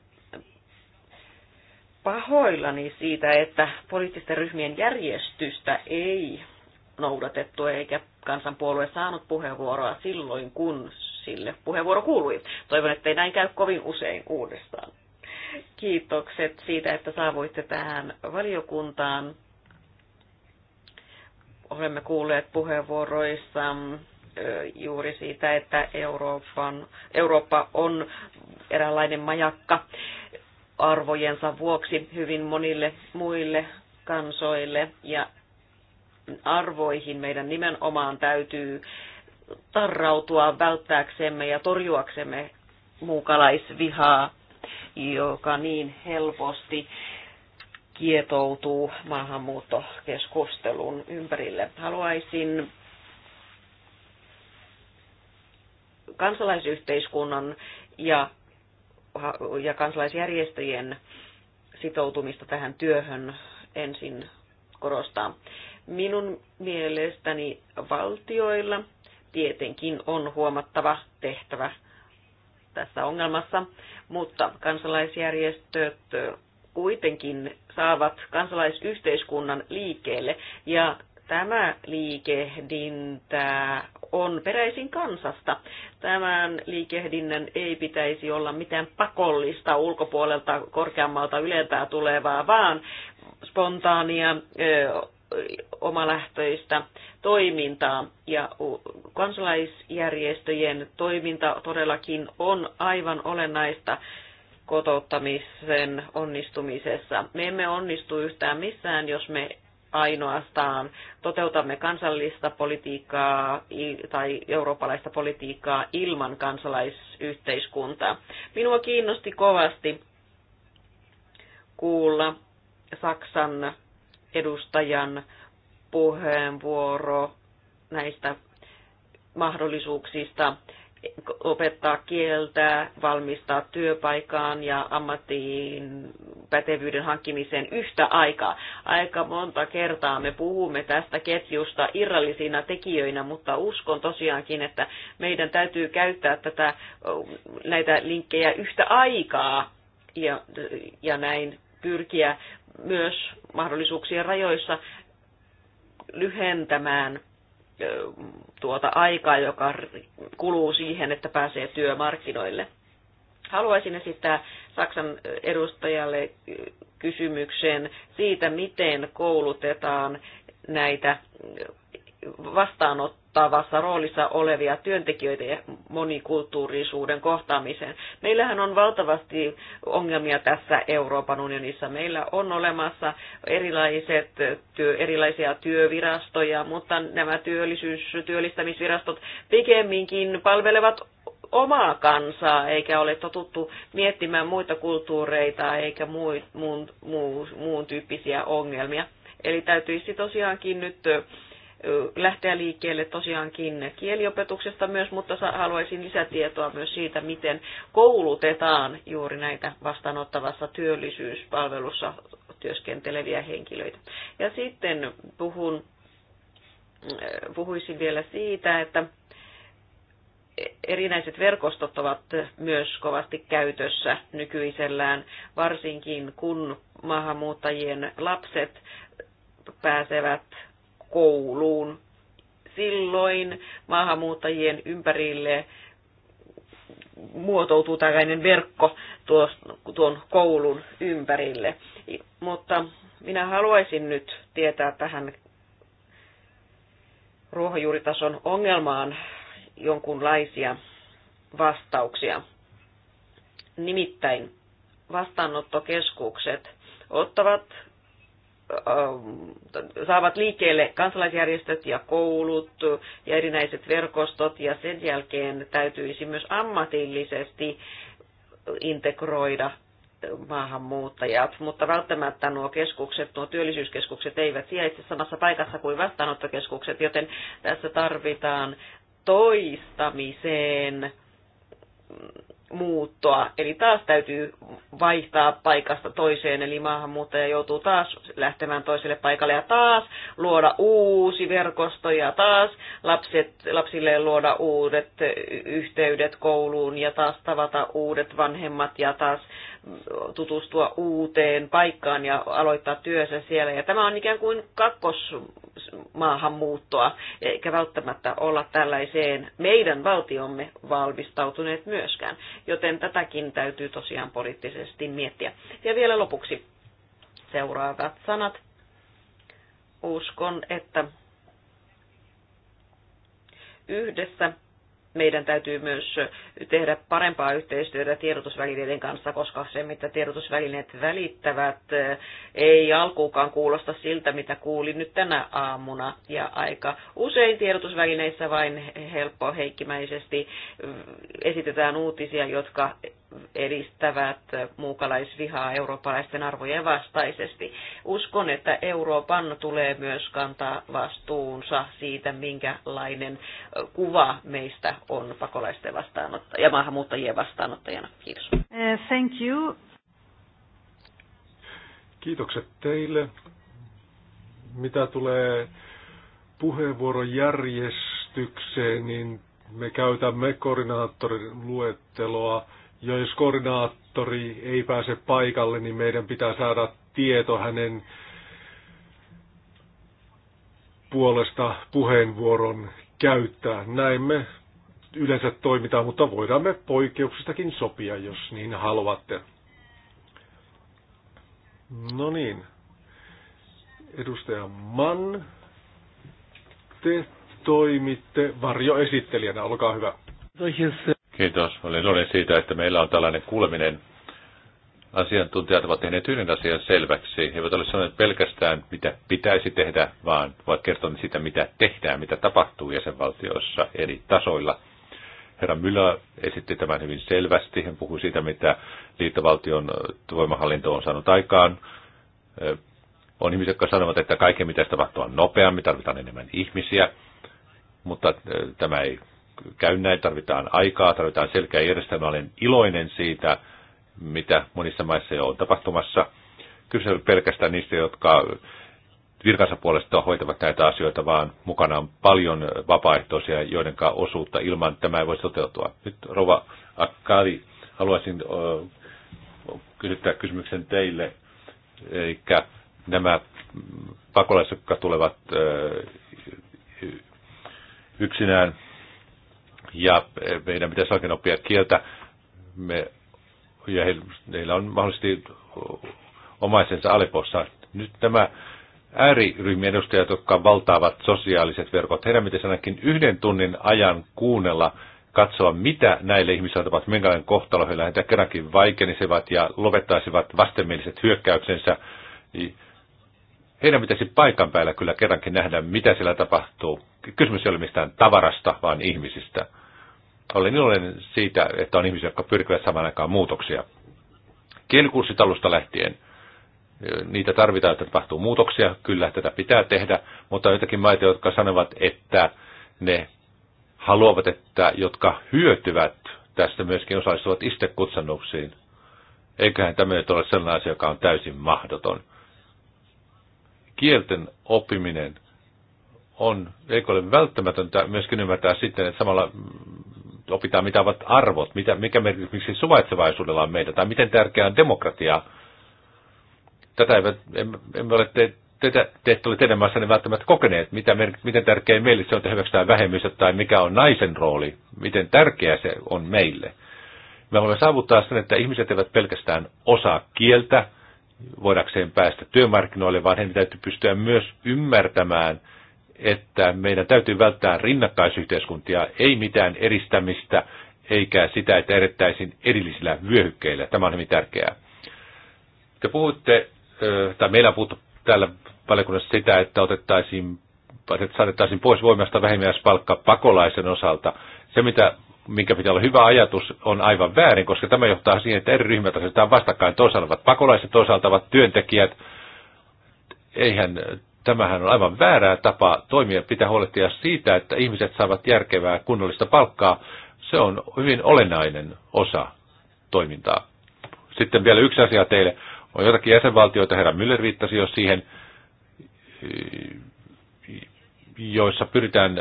pahoillani siitä, että poliittisten ryhmien järjestystä ei noudatettu eikä kansanpuolue saanut puheenvuoroa silloin, kun sille puheenvuoro kuului. Toivon, ettei näin käy kovin usein uudestaan. Kiitokset siitä, että saavuitte tähän valiokuntaan. Olemme kuulleet puheenvuoroissa juuri siitä, että Euroopan, Eurooppa on eräänlainen majakka arvojensa vuoksi hyvin monille muille kansoille ja arvoihin meidän nimenomaan täytyy tarrautua välttääksemme ja torjuaksemme muukalaisvihaa, joka niin helposti kietoutuu maahanmuuttokeskustelun ympärille. Haluaisin kansalaisyhteiskunnan ja ja kansalaisjärjestöjen sitoutumista tähän työhön ensin korostaa. Minun mielestäni valtioilla tietenkin on huomattava tehtävä tässä ongelmassa, mutta kansalaisjärjestöt kuitenkin saavat kansalaisyhteiskunnan liikkeelle ja Tämä liikehdintä on peräisin kansasta. Tämän liikehdinnän ei pitäisi olla mitään pakollista ulkopuolelta korkeammalta ylempää tulevaa, vaan spontaania omalähtöistä toimintaa ja kansalaisjärjestöjen toiminta todellakin on aivan olennaista kotouttamisen onnistumisessa. Me emme onnistu yhtään missään, jos me ainoastaan toteutamme kansallista politiikkaa tai eurooppalaista politiikkaa ilman kansalaisyhteiskuntaa. Minua kiinnosti kovasti kuulla Saksan edustajan puheenvuoro näistä mahdollisuuksista opettaa kieltä, valmistaa työpaikaan ja ammattiin pätevyyden hankkimiseen yhtä aikaa. Aika monta kertaa me puhumme tästä ketjusta irrallisina tekijöinä, mutta uskon tosiaankin, että meidän täytyy käyttää tätä, näitä linkkejä yhtä aikaa ja, ja näin pyrkiä myös mahdollisuuksien rajoissa lyhentämään tuota aikaa, joka kuluu siihen, että pääsee työmarkkinoille. Haluaisin esittää Saksan edustajalle kysymyksen siitä, miten koulutetaan näitä vastaanottavassa roolissa olevia työntekijöitä ja monikulttuurisuuden kohtaamiseen. Meillähän on valtavasti ongelmia tässä Euroopan unionissa. Meillä on olemassa erilaiset, työ, erilaisia työvirastoja, mutta nämä työllisyys, työllistämisvirastot pikemminkin palvelevat omaa kansaa, eikä ole totuttu miettimään muita kulttuureita eikä muun, muun, muun, muun tyyppisiä ongelmia. Eli täytyisi tosiaankin nyt lähteä liikkeelle tosiaankin kieliopetuksesta myös, mutta haluaisin lisätietoa myös siitä, miten koulutetaan juuri näitä vastaanottavassa työllisyyspalvelussa työskenteleviä henkilöitä. Ja sitten puhun, puhuisin vielä siitä, että erinäiset verkostot ovat myös kovasti käytössä nykyisellään, varsinkin kun maahanmuuttajien lapset pääsevät kouluun. Silloin maahanmuuttajien ympärille muotoutuu tällainen verkko tuon koulun ympärille. Mutta minä haluaisin nyt tietää tähän ruohonjuuritason ongelmaan jonkunlaisia vastauksia. Nimittäin vastaanottokeskukset ottavat Äh, saavat liikkeelle kansalaisjärjestöt ja koulut ja erinäiset verkostot ja sen jälkeen täytyisi myös ammatillisesti integroida maahanmuuttajat, mutta välttämättä nuo keskukset, nuo työllisyyskeskukset eivät sijaitse samassa paikassa kuin vastaanottokeskukset, joten tässä tarvitaan toistamiseen muuttoa. Eli taas täytyy vaihtaa paikasta toiseen, eli maahanmuuttaja joutuu taas lähtemään toiselle paikalle ja taas luoda uusi verkosto ja taas lapset, lapsille luoda uudet yhteydet kouluun ja taas tavata uudet vanhemmat ja taas tutustua uuteen paikkaan ja aloittaa työnsä siellä. Ja tämä on ikään kuin kakkosmaahanmuuttoa, eikä välttämättä olla tällaiseen meidän valtiomme valmistautuneet myöskään. Joten tätäkin täytyy tosiaan poliittisesti miettiä. Ja vielä lopuksi seuraavat sanat. Uskon, että yhdessä meidän täytyy myös tehdä parempaa yhteistyötä tiedotusvälineiden kanssa, koska se, mitä tiedotusvälineet välittävät, ei alkuukaan kuulosta siltä, mitä kuulin nyt tänä aamuna. Ja aika usein tiedotusvälineissä vain helppo heikkimäisesti mm, esitetään uutisia, jotka edistävät muukalaisvihaa eurooppalaisten arvojen vastaisesti. Uskon, että Euroopan tulee myös kantaa vastuunsa siitä, minkälainen kuva meistä on pakolaisten vastaanottaja ja maahanmuuttajien vastaanottajana. Kiitos. Eh, thank you. Kiitokset teille. Mitä tulee puheenvuorojärjestykseen, niin me käytämme koordinaattorin luetteloa ja jos koordinaattori ei pääse paikalle, niin meidän pitää saada tieto hänen puolesta puheenvuoron käyttää. Näin me yleensä toimitaan, mutta voidaan me poikkeuksistakin sopia, jos niin haluatte. No niin. Edustaja Mann, te toimitte varjoesittelijänä, olkaa hyvä. Toisessa. Kiitos. Olen iloinen siitä, että meillä on tällainen kuuleminen. Asiantuntijat ovat tehneet yhden asian selväksi. He eivät ole sanoneet pelkästään, mitä pitäisi tehdä, vaan ovat kertoneet sitä, mitä tehdään, mitä tapahtuu jäsenvaltioissa eri tasoilla. Herra Mylä esitti tämän hyvin selvästi. Hän puhui siitä, mitä liittovaltion voimahallinto on saanut aikaan. On ihmisiä, jotka sanovat, että kaiken pitäisi tapahtua nopeammin, tarvitaan enemmän ihmisiä, mutta tämä ei käy näin, tarvitaan aikaa, tarvitaan selkeä järjestelmä. Olen iloinen siitä, mitä monissa maissa jo on tapahtumassa. Kyse on pelkästään niistä, jotka virkansa puolesta hoitavat näitä asioita, vaan mukana on paljon vapaaehtoisia, joiden osuutta ilman tämä ei voisi toteutua. Nyt Rova Akkali, haluaisin kysyttää kysymyksen teille. Eli nämä pakolaiset, jotka tulevat yksinään ja eh, meidän pitäisi oikein oppia kieltä. Me, ja heillä on mahdollisesti omaisensa Alepossa. Nyt nämä ääriryhmien edustajat, jotka valtaavat sosiaaliset verkot, heidän pitäisi ainakin yhden tunnin ajan kuunnella, katsoa, mitä näille ihmisille tapahtuu, minkälainen kohtalo heillä heitä kerrankin vaikenisivat ja lopettaisivat vastenmieliset hyökkäyksensä. Heidän pitäisi paikan päällä kyllä kerrankin nähdä, mitä siellä tapahtuu. Kysymys ei ole mistään tavarasta, vaan ihmisistä olen iloinen siitä, että on ihmisiä, jotka pyrkivät samaan aikaan muutoksia. Kielikurssit alusta lähtien. Niitä tarvitaan, että tapahtuu muutoksia. Kyllä, tätä pitää tehdä, mutta on joitakin maita, jotka sanovat, että ne haluavat, että jotka hyötyvät tästä myöskin osallistuvat itse kutsannuksiin. Eiköhän tämä nyt ole sellainen asia, joka on täysin mahdoton. Kielten oppiminen on, eikö ole välttämätöntä myöskin ymmärtää sitten, että samalla opitaan, mitä ovat arvot, mitä, mikä merkitys suvaitsevaisuudella on meitä, tai miten tärkeää on demokratia. Tätä eivät, emme ole te, te, te te, ole teidän maassanne välttämättä kokeneet, mitä, miten tärkeää meille se on, että hyväksytään vähemmistöt, tai mikä on naisen rooli, miten tärkeää se on meille. Me voimme saavuttaa sen, että ihmiset eivät pelkästään osaa kieltä, voidakseen päästä työmarkkinoille, vaan heidän täytyy pystyä myös ymmärtämään – että meidän täytyy välttää rinnakkaisyhteiskuntia, ei mitään eristämistä, eikä sitä, että erittäisiin erillisillä vyöhykkeillä. Tämä on hyvin tärkeää. Te puhutte, tai meillä on puhuttu täällä valiokunnassa sitä, että otettaisiin, että saatettaisiin pois voimasta vähimmäispalkka pakolaisen osalta. Se, mitä, minkä pitää olla hyvä ajatus, on aivan väärin, koska tämä johtaa siihen, että eri ryhmät asetetaan vastakkain. Toisaalta ovat pakolaiset, toisaalta ovat työntekijät. Eihän Tämähän on aivan väärää tapa toimia. Pitää huolehtia siitä, että ihmiset saavat järkevää kunnollista palkkaa. Se on hyvin olennainen osa toimintaa. Sitten vielä yksi asia teille. On jotakin jäsenvaltioita, herra Müller viittasi jo siihen, joissa pyritään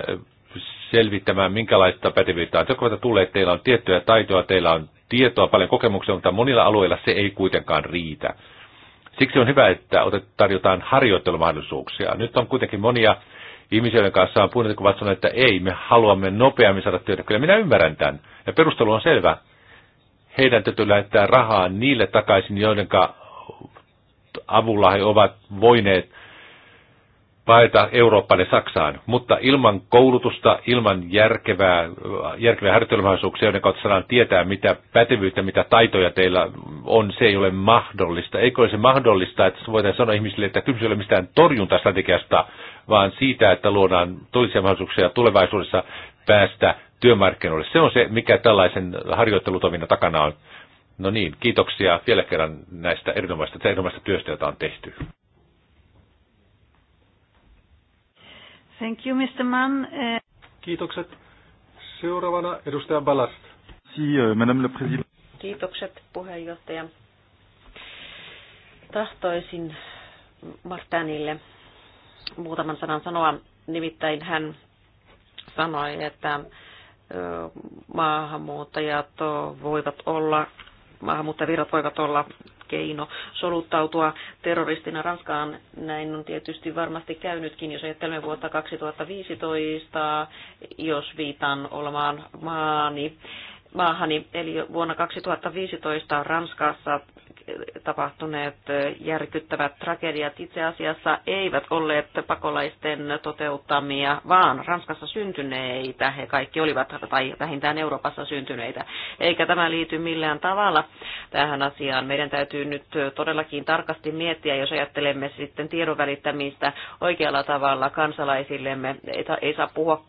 selvittämään, minkälaista pätevyyttä on. Joko tulee, että teillä on tiettyjä taitoja, teillä on tietoa, paljon kokemuksia, mutta monilla alueilla se ei kuitenkaan riitä. Siksi on hyvä, että tarjotaan harjoittelumahdollisuuksia. Nyt on kuitenkin monia ihmisiä, joiden kanssa on puhunut, kun ovat sanoneet, että ei, me haluamme nopeammin saada työtä. Kyllä minä ymmärrän tämän. Ja perustelu on selvä. Heidän täytyy lähettää rahaa niille takaisin, joiden avulla he ovat voineet paeta Eurooppaan ja Saksaan, mutta ilman koulutusta, ilman järkevää, järkevää harjoittelumahdollisuuksia, joiden kautta saadaan tietää, mitä pätevyyttä, mitä taitoja teillä on, se ei ole mahdollista. Eikö ole se mahdollista, että voitaisiin sanoa ihmisille, että kysymys ei ole mistään torjuntastrategiasta, vaan siitä, että luodaan toisia mahdollisuuksia tulevaisuudessa päästä työmarkkinoille. Se on se, mikä tällaisen harjoittelutoiminnan takana on. No niin, kiitoksia vielä kerran näistä erinomaisista, erinomaista työstä, jota on tehty. Thank you, Mr. Mann. Eh, Kiitokset. Seuraavana edustaja Ballast. Si, euh, madame la présidente. Kiitokset puheenjohtaja. Tahtoisin Martinille muutaman sanan sanoa. Nimittäin hän sanoi, että maahanmuuttajat voivat olla, maahanmuuttajavirrat voivat olla keino soluttautua terroristina Ranskaan. Näin on tietysti varmasti käynytkin, jos ajattelemme vuotta 2015, jos viitan olemaan maani maahani. Eli vuonna 2015 Ranskassa tapahtuneet järkyttävät tragediat itse asiassa eivät olleet pakolaisten toteuttamia, vaan Ranskassa syntyneitä. He kaikki olivat, tai vähintään Euroopassa syntyneitä. Eikä tämä liity millään tavalla tähän asiaan. Meidän täytyy nyt todellakin tarkasti miettiä, jos ajattelemme sitten tiedon välittämistä oikealla tavalla kansalaisillemme. Ei saa puhua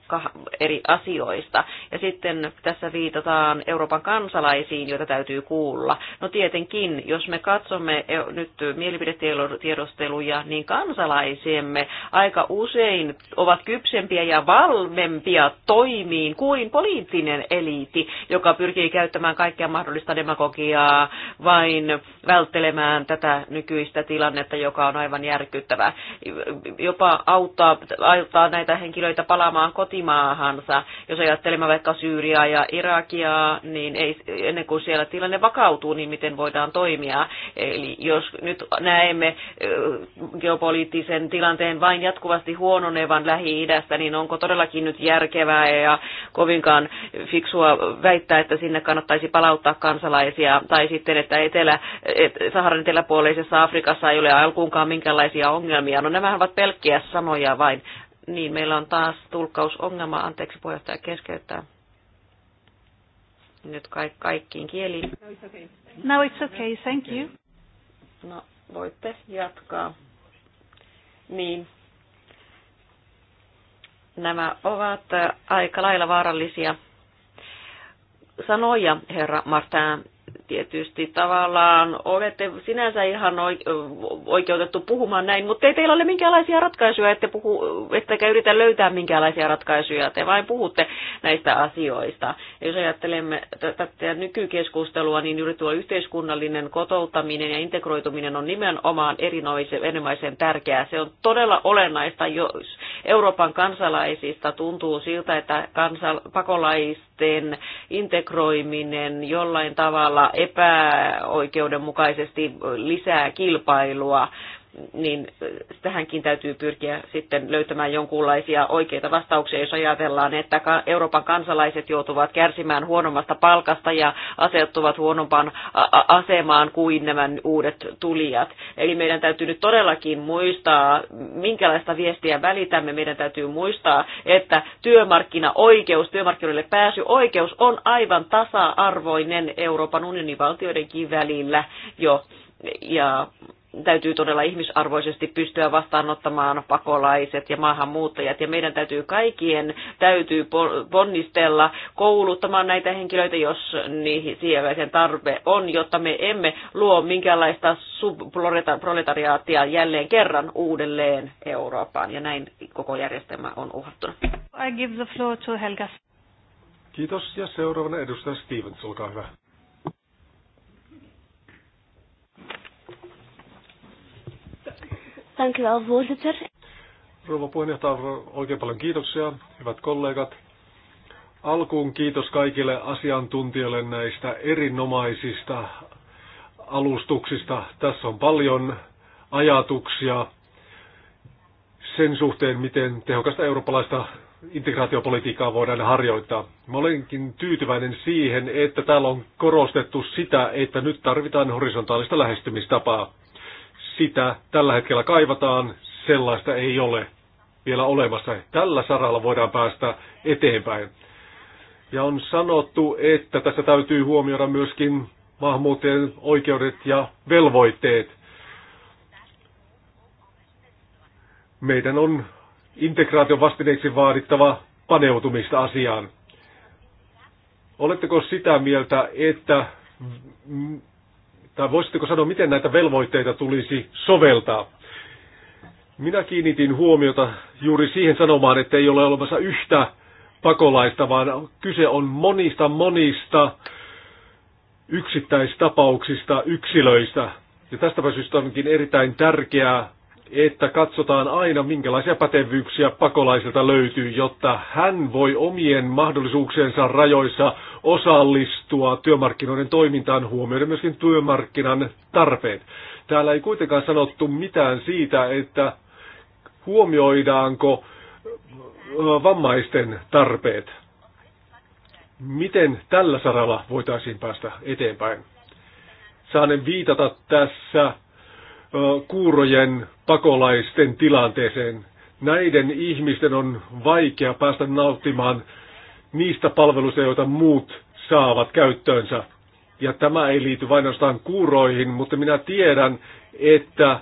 eri asioista. Ja sitten tässä viitataan Euroopan kansalaisiin, joita täytyy kuulla. No tietenkin, jos me katsomme e, nyt mielipidetiedosteluja, niin kansalaisemme aika usein ovat kypsempiä ja valmempia toimiin kuin poliittinen eliitti, joka pyrkii käyttämään kaikkea mahdollista demagogiaa vain välttelemään tätä nykyistä tilannetta, joka on aivan järkyttävä. Jopa auttaa, auttaa näitä henkilöitä palaamaan kotimaahansa. Jos ajattelemme vaikka Syyriaa ja Irakia, niin ei, ennen kuin siellä tilanne vakautuu, niin miten voidaan toimia. Eli jos nyt näemme geopoliittisen tilanteen vain jatkuvasti huononevan Lähi-idästä, niin onko todellakin nyt järkevää ja kovinkaan fiksua väittää, että sinne kannattaisi palauttaa kansalaisia, tai sitten, että etelä, et Saharan eteläpuoleisessa Afrikassa ei ole alkuunkaan minkälaisia ongelmia. No nämä ovat pelkkiä sanoja vain. Niin, meillä on taas tulkkausongelma. Anteeksi, puheenjohtaja keskeyttää nyt ka- kaikkiin kieliin. No it's, okay. no it's okay, thank you. No, voitte jatkaa. Niin. Nämä ovat äh, aika lailla vaarallisia sanoja, herra Martin tietysti tavallaan olette sinänsä ihan oikeutettu puhumaan näin, mutta ei teillä ole minkäänlaisia ratkaisuja, ette puhu, ettekä yritä löytää minkäänlaisia ratkaisuja, te vain puhutte näistä asioista. Ja jos ajattelemme tätä nykykeskustelua, niin juuri tuo yhteiskunnallinen kotouttaminen ja integroituminen on nimenomaan erinomaisen tärkeää. Se on todella olennaista, jos Euroopan kansalaisista tuntuu siltä, että kansal- pakolais ihmisten integroiminen jollain tavalla epäoikeudenmukaisesti lisää kilpailua niin tähänkin täytyy pyrkiä sitten löytämään jonkunlaisia oikeita vastauksia, jos ajatellaan, että Euroopan kansalaiset joutuvat kärsimään huonommasta palkasta ja asettuvat huonompaan asemaan kuin nämä uudet tulijat. Eli meidän täytyy nyt todellakin muistaa, minkälaista viestiä välitämme. Meidän täytyy muistaa, että työmarkkinaoikeus, työmarkkinoille pääsy, oikeus on aivan tasa-arvoinen Euroopan unionin valtioidenkin välillä jo. Ja täytyy todella ihmisarvoisesti pystyä vastaanottamaan pakolaiset ja maahanmuuttajat. Ja meidän täytyy kaikkien täytyy ponnistella kouluttamaan näitä henkilöitä, jos niihin sen tarve on, jotta me emme luo minkäänlaista subproletariaattia jälleen kerran uudelleen Eurooppaan. Ja näin koko järjestelmä on uhattuna. I give the floor to Helga. Kiitos ja seuraavana edustaja Stevens, olkaa hyvä. wel, voorzitter. Rouva puheenjohtaja, oikein paljon kiitoksia. Hyvät kollegat, alkuun kiitos kaikille asiantuntijoille näistä erinomaisista alustuksista. Tässä on paljon ajatuksia sen suhteen, miten tehokasta eurooppalaista integraatiopolitiikkaa voidaan harjoittaa. Mä olenkin tyytyväinen siihen, että täällä on korostettu sitä, että nyt tarvitaan horisontaalista lähestymistapaa sitä tällä hetkellä kaivataan, sellaista ei ole vielä olemassa. Tällä saralla voidaan päästä eteenpäin. Ja on sanottu, että tässä täytyy huomioida myöskin maahanmuuttajien oikeudet ja velvoitteet. Meidän on integraation vastineeksi vaadittava paneutumista asiaan. Oletteko sitä mieltä, että tai voisitteko sanoa, miten näitä velvoitteita tulisi soveltaa? Minä kiinnitin huomiota juuri siihen sanomaan, että ei ole olemassa yhtä pakolaista, vaan kyse on monista monista yksittäistapauksista, yksilöistä. Ja Tästä syystä onkin erittäin tärkeää että katsotaan aina, minkälaisia pätevyyksiä pakolaisilta löytyy, jotta hän voi omien mahdollisuuksiensa rajoissa osallistua työmarkkinoiden toimintaan huomioiden myöskin työmarkkinan tarpeet. Täällä ei kuitenkaan sanottu mitään siitä, että huomioidaanko vammaisten tarpeet. Miten tällä saralla voitaisiin päästä eteenpäin? Saan viitata tässä kuurojen pakolaisten tilanteeseen. Näiden ihmisten on vaikea päästä nauttimaan niistä palveluista, joita muut saavat käyttöönsä. Ja tämä ei liity vain ainoastaan kuuroihin, mutta minä tiedän, että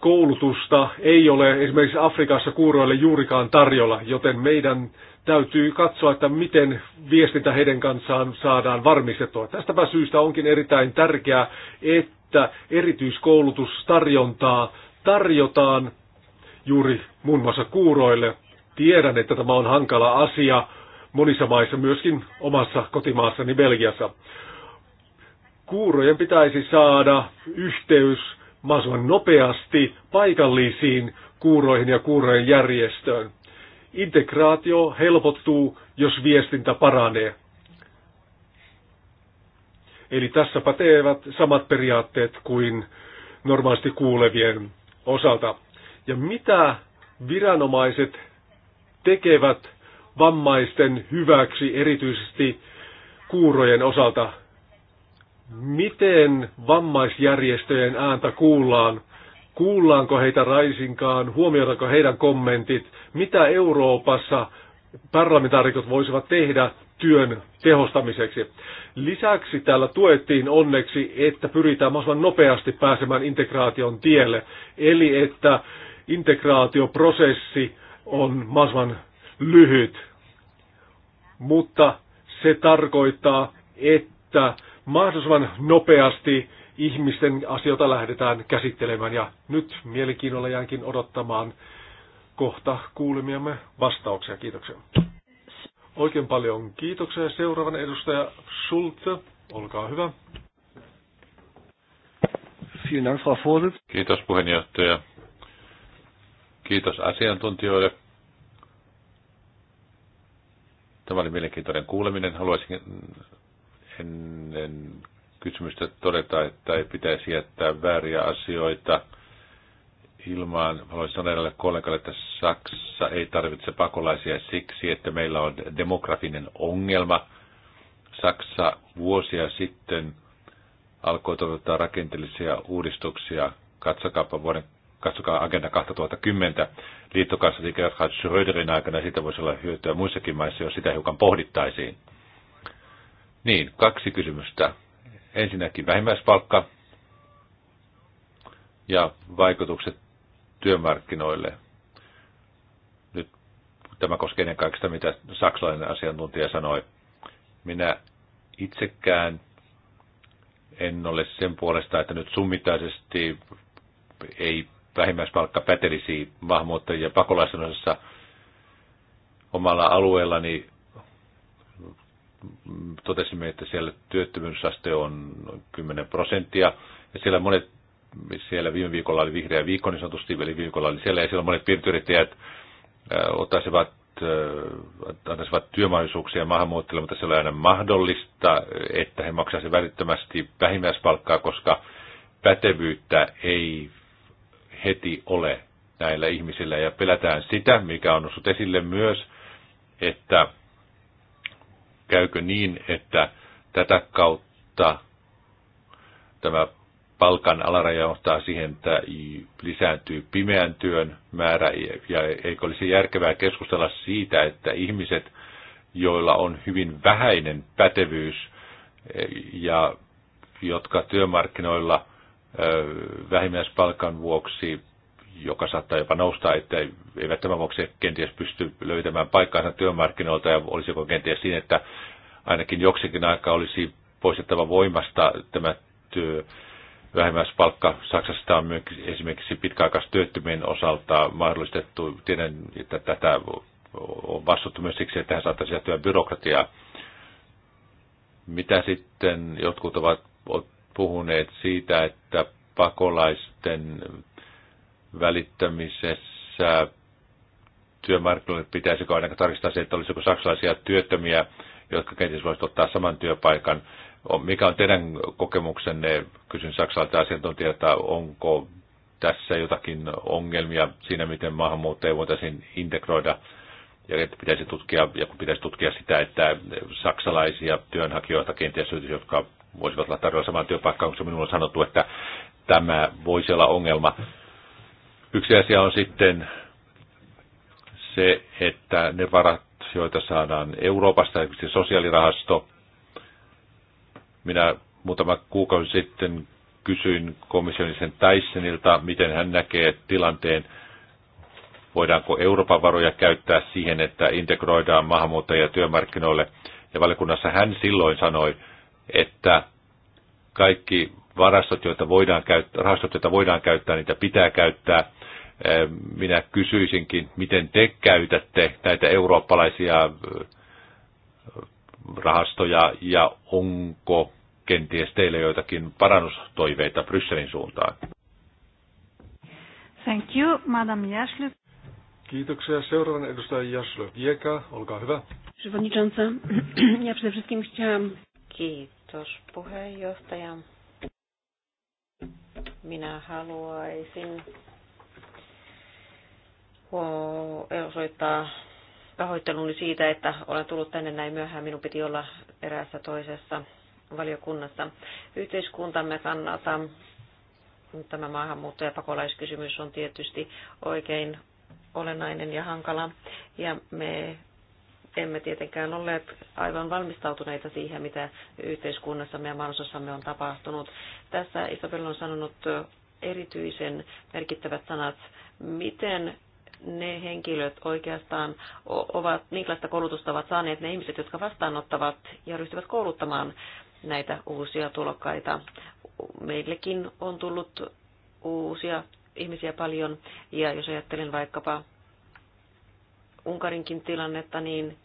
koulutusta ei ole esimerkiksi Afrikassa kuuroille juurikaan tarjolla, joten meidän täytyy katsoa, että miten viestintä heidän kanssaan saadaan varmistettua. Tästäpä syystä onkin erittäin tärkeää, että että erityiskoulutustarjontaa tarjotaan juuri muun muassa kuuroille. Tiedän, että tämä on hankala asia monissa maissa, myöskin omassa kotimaassani Belgiassa. Kuurojen pitäisi saada yhteys mahdollisimman nopeasti paikallisiin kuuroihin ja kuurojen järjestöön. Integraatio helpottuu, jos viestintä paranee. Eli tässä pätevät samat periaatteet kuin normaalisti kuulevien osalta. Ja mitä viranomaiset tekevät vammaisten hyväksi, erityisesti kuurojen osalta? Miten vammaisjärjestöjen ääntä kuullaan? Kuullaanko heitä raisinkaan? Huomioidaanko heidän kommentit? Mitä Euroopassa parlamentaarikot voisivat tehdä, työn tehostamiseksi. Lisäksi täällä tuettiin onneksi, että pyritään mahdollisimman nopeasti pääsemään integraation tielle, eli että integraatioprosessi on mahdollisimman lyhyt, mutta se tarkoittaa, että mahdollisimman nopeasti ihmisten asioita lähdetään käsittelemään ja nyt mielenkiinnolla jäänkin odottamaan kohta kuulemiamme vastauksia. Kiitoksia. Oikein paljon kiitoksia. seuraavan edustaja Schulze, olkaa hyvä. Kiitos puheenjohtaja. Kiitos asiantuntijoille. Tämä oli mielenkiintoinen kuuleminen. Haluaisin ennen kysymystä todeta, että ei pitäisi jättää vääriä asioita – ilmaan. Haluaisin sanoa edelle kollegalle, että Saksa ei tarvitse pakolaisia siksi, että meillä on demografinen ongelma. Saksa vuosia sitten alkoi toteuttaa rakenteellisia uudistuksia. Katsokaapa vuoden katsokaa Agenda 2010 liittokansleri Gerhard Schröderin aikana, siitä voisi olla hyötyä muissakin maissa, jos sitä hiukan pohdittaisiin. Niin, kaksi kysymystä. Ensinnäkin vähimmäispalkka ja vaikutukset työmarkkinoille. Nyt tämä koskee ennen kaikkea mitä saksalainen asiantuntija sanoi. Minä itsekään en ole sen puolesta, että nyt summittaisesti ei vähimmäispalkka pätelisi maahanmuuttajien ja pakolaisen osassa omalla alueellani totesimme, että siellä työttömyysaste on 10 prosenttia. Ja siellä monet siellä viime viikolla oli vihreä viikko, niin sanotusti, eli viime viikolla oli siellä, ja siellä monet pientyrittäjät ottaisivat antaisivat työmahdollisuuksia maahanmuuttajille, mutta se oli aina mahdollista, että he maksaisivat välittömästi vähimmäispalkkaa, koska pätevyyttä ei heti ole näillä ihmisillä. Ja pelätään sitä, mikä on noussut esille myös, että käykö niin, että tätä kautta tämä palkan alaraja johtaa siihen, että lisääntyy pimeän työn määrä, ja eikö olisi järkevää keskustella siitä, että ihmiset, joilla on hyvin vähäinen pätevyys eh, ja jotka työmarkkinoilla vähimmäispalkan vuoksi, joka saattaa jopa nousta, että eivät tämän vuoksi kenties pysty löytämään paikkaansa työmarkkinoilta, ja olisiko kenties siinä, että ainakin joksikin aikaa olisi poistettava voimasta tämä työ, vähimmäispalkka Saksasta on myös esimerkiksi pitkäaikaistyöttömien osalta mahdollistettu. Tiedän, että tätä on vastuuttu myös siksi, että tähän saattaisi jättyä byrokratiaa. Mitä sitten jotkut ovat puhuneet siitä, että pakolaisten välittämisessä työmarkkinoille pitäisikö ainakaan tarkistaa se, että olisiko saksalaisia työttömiä, jotka kenties voisivat ottaa saman työpaikan mikä on teidän kokemuksenne, kysyn saksalta asiantuntijalta, onko tässä jotakin ongelmia siinä, miten maahanmuuttajia voitaisiin integroida ja että pitäisi tutkia, ja kun pitäisi tutkia sitä, että saksalaisia työnhakijoita kenties jotka voisivat olla tarjolla samaan työpaikkaan, kun minulle on sanottu, että tämä voisi olla ongelma. Yksi asia on sitten se, että ne varat, joita saadaan Euroopasta, esimerkiksi sosiaalirahasto, minä muutama kuukausi sitten kysyin komissionisen Tysonilta, miten hän näkee tilanteen, voidaanko Euroopan varoja käyttää siihen, että integroidaan maahanmuuttajia työmarkkinoille. Ja valiokunnassa hän silloin sanoi, että kaikki varastot, joita voidaan käyttää, rahastot, joita voidaan käyttää, niitä pitää käyttää. Minä kysyisinkin, miten te käytätte näitä eurooppalaisia rahastoja ja onko kenties teille joitakin parannustoiveita Brysselin suuntaan? Thank you, Madam Jaslö. Kiitoksia. Seuraavan edustaja Jaslö Jeka, olkaa hyvä. Przewodnicząca, ja przede wszystkim chciałam... Kiitos puheenjohtaja. Minä haluaisin osoittaa pahoitteluni siitä, että olen tullut tänne näin myöhään. Minun piti olla eräässä toisessa valiokunnassa. Yhteiskuntamme kannalta tämä maahanmuutto- ja pakolaiskysymys on tietysti oikein olennainen ja hankala. Ja me emme tietenkään olleet aivan valmistautuneita siihen, mitä yhteiskunnassamme ja maanosassamme on tapahtunut. Tässä Isabel on sanonut erityisen merkittävät sanat, miten ne henkilöt oikeastaan ovat, minkälaista koulutusta ovat saaneet ne ihmiset, jotka vastaanottavat ja ryhtyvät kouluttamaan näitä uusia tulokkaita. Meillekin on tullut uusia ihmisiä paljon, ja jos ajattelen vaikkapa Unkarinkin tilannetta, niin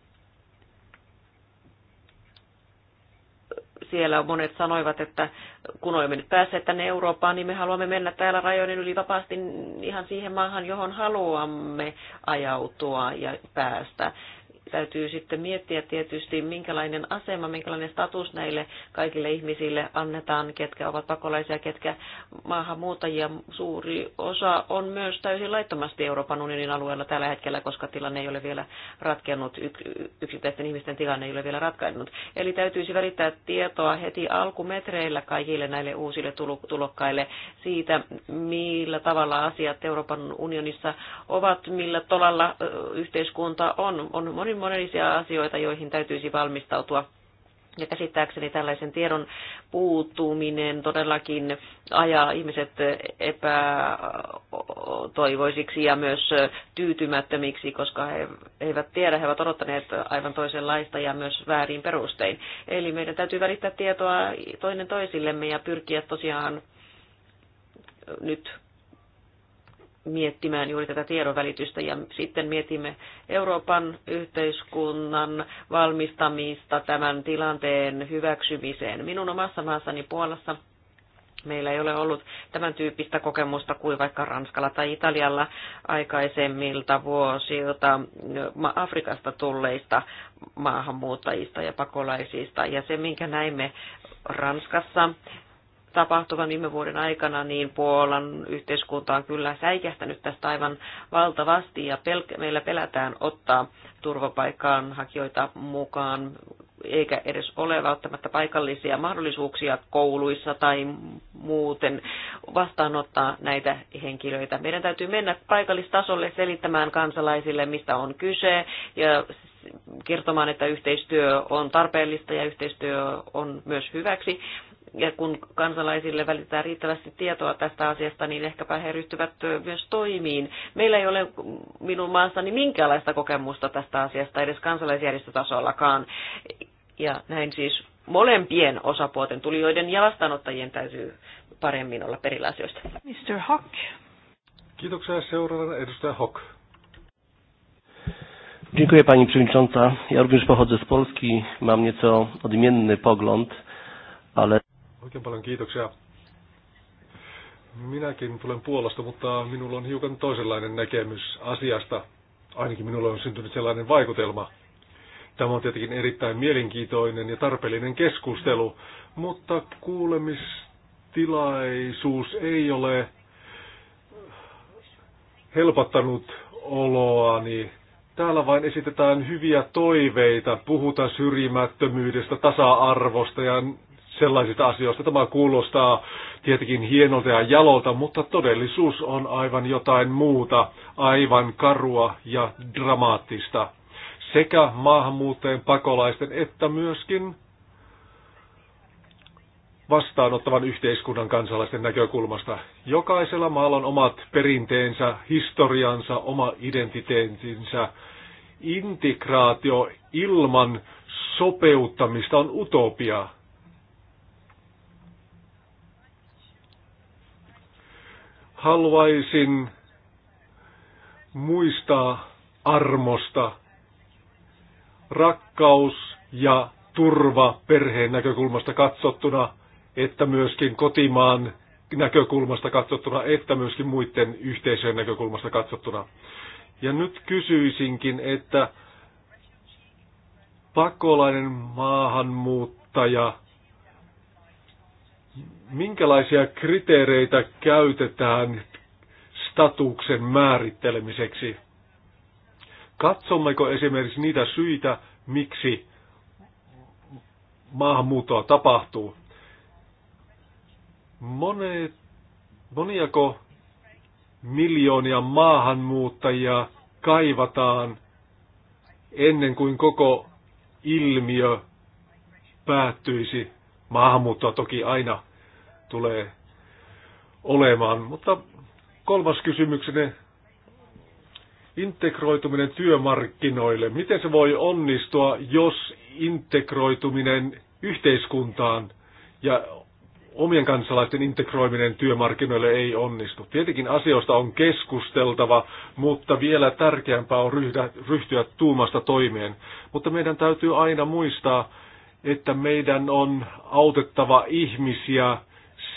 siellä monet sanoivat, että kun olemme nyt päässeet tänne Eurooppaan, niin me haluamme mennä täällä rajojen yli vapaasti ihan siihen maahan, johon haluamme ajautua ja päästä täytyy sitten miettiä tietysti, minkälainen asema, minkälainen status näille kaikille ihmisille annetaan, ketkä ovat pakolaisia, ketkä maahanmuuttajia. Suuri osa on myös täysin laittomasti Euroopan unionin alueella tällä hetkellä, koska tilanne ei ole vielä ratkennut, yksittäisten ihmisten tilanne ei ole vielä ratkennut. Eli täytyisi välittää tietoa heti alkumetreillä kaikille näille uusille tulokkaille siitä, millä tavalla asiat Euroopan unionissa ovat, millä tolalla yhteiskunta on. On monin monenlaisia asioita, joihin täytyisi valmistautua. Ja käsittääkseni tällaisen tiedon puuttuminen todellakin ajaa ihmiset epätoivoisiksi ja myös tyytymättömiksi, koska he eivät tiedä, he ovat odottaneet aivan toisenlaista ja myös väärin perustein. Eli meidän täytyy välittää tietoa toinen toisillemme ja pyrkiä tosiaan nyt miettimään juuri tätä tiedonvälitystä ja sitten mietimme Euroopan yhteiskunnan valmistamista tämän tilanteen hyväksymiseen. Minun omassa maassani Puolassa meillä ei ole ollut tämän tyyppistä kokemusta kuin vaikka Ranskalla tai Italialla aikaisemmilta vuosilta Afrikasta tulleista maahanmuuttajista ja pakolaisista. Ja se, minkä näimme Ranskassa tapahtuvan viime vuoden aikana, niin Puolan yhteiskunta on kyllä säikähtänyt tästä aivan valtavasti ja pelk- meillä pelätään ottaa turvapaikkaan hakijoita mukaan, eikä edes ole välttämättä paikallisia mahdollisuuksia kouluissa tai muuten vastaanottaa näitä henkilöitä. Meidän täytyy mennä paikallistasolle selittämään kansalaisille, mistä on kyse ja kertomaan, että yhteistyö on tarpeellista ja yhteistyö on myös hyväksi, ja kun kansalaisille välitetään riittävästi tietoa tästä asiasta, niin ehkäpä he ryhtyvät myös toimiin. Meillä ei ole minun maassani minkäänlaista kokemusta tästä asiasta edes kansalaisjärjestötasollakaan. Ja näin siis molempien osapuolten, tulijoiden ja vastaanottajien täytyy paremmin olla perillä asioista. Mr. Hock. Kiitoksia seuraavana edustaja Hock. Dziękuję Pani Przewodnicząca. Ja również pochodzę z Polski, mam nieco odmienny pogląd, ale... Oikein paljon kiitoksia. Minäkin tulen Puolasta, mutta minulla on hiukan toisenlainen näkemys asiasta. Ainakin minulla on syntynyt sellainen vaikutelma. Tämä on tietenkin erittäin mielenkiintoinen ja tarpeellinen keskustelu, mutta kuulemistilaisuus ei ole helpottanut oloani. Täällä vain esitetään hyviä toiveita, puhutaan syrjimättömyydestä, tasa-arvosta ja sellaisista asioista. Tämä kuulostaa tietenkin hienolta ja jalolta, mutta todellisuus on aivan jotain muuta, aivan karua ja dramaattista. Sekä maahanmuuttajien pakolaisten että myöskin vastaanottavan yhteiskunnan kansalaisten näkökulmasta. Jokaisella maalla on omat perinteensä, historiansa, oma identiteetinsä. Integraatio ilman sopeuttamista on utopia. haluaisin muistaa armosta, rakkaus ja turva perheen näkökulmasta katsottuna, että myöskin kotimaan näkökulmasta katsottuna, että myöskin muiden yhteisöjen näkökulmasta katsottuna. Ja nyt kysyisinkin, että pakolainen maahanmuuttaja – minkälaisia kriteereitä käytetään statuksen määrittelemiseksi? Katsommeko esimerkiksi niitä syitä, miksi maahanmuuttoa tapahtuu? Monet, moniako miljoonia maahanmuuttajia kaivataan ennen kuin koko ilmiö päättyisi Maahanmuuttoa toki aina tulee olemaan, mutta kolmas kysymyksenne, integroituminen työmarkkinoille. Miten se voi onnistua, jos integroituminen yhteiskuntaan ja omien kansalaisten integroiminen työmarkkinoille ei onnistu. Tietenkin asioista on keskusteltava, mutta vielä tärkeämpää on ryhdä, ryhtyä tuumasta toimeen. Mutta meidän täytyy aina muistaa, että meidän on autettava ihmisiä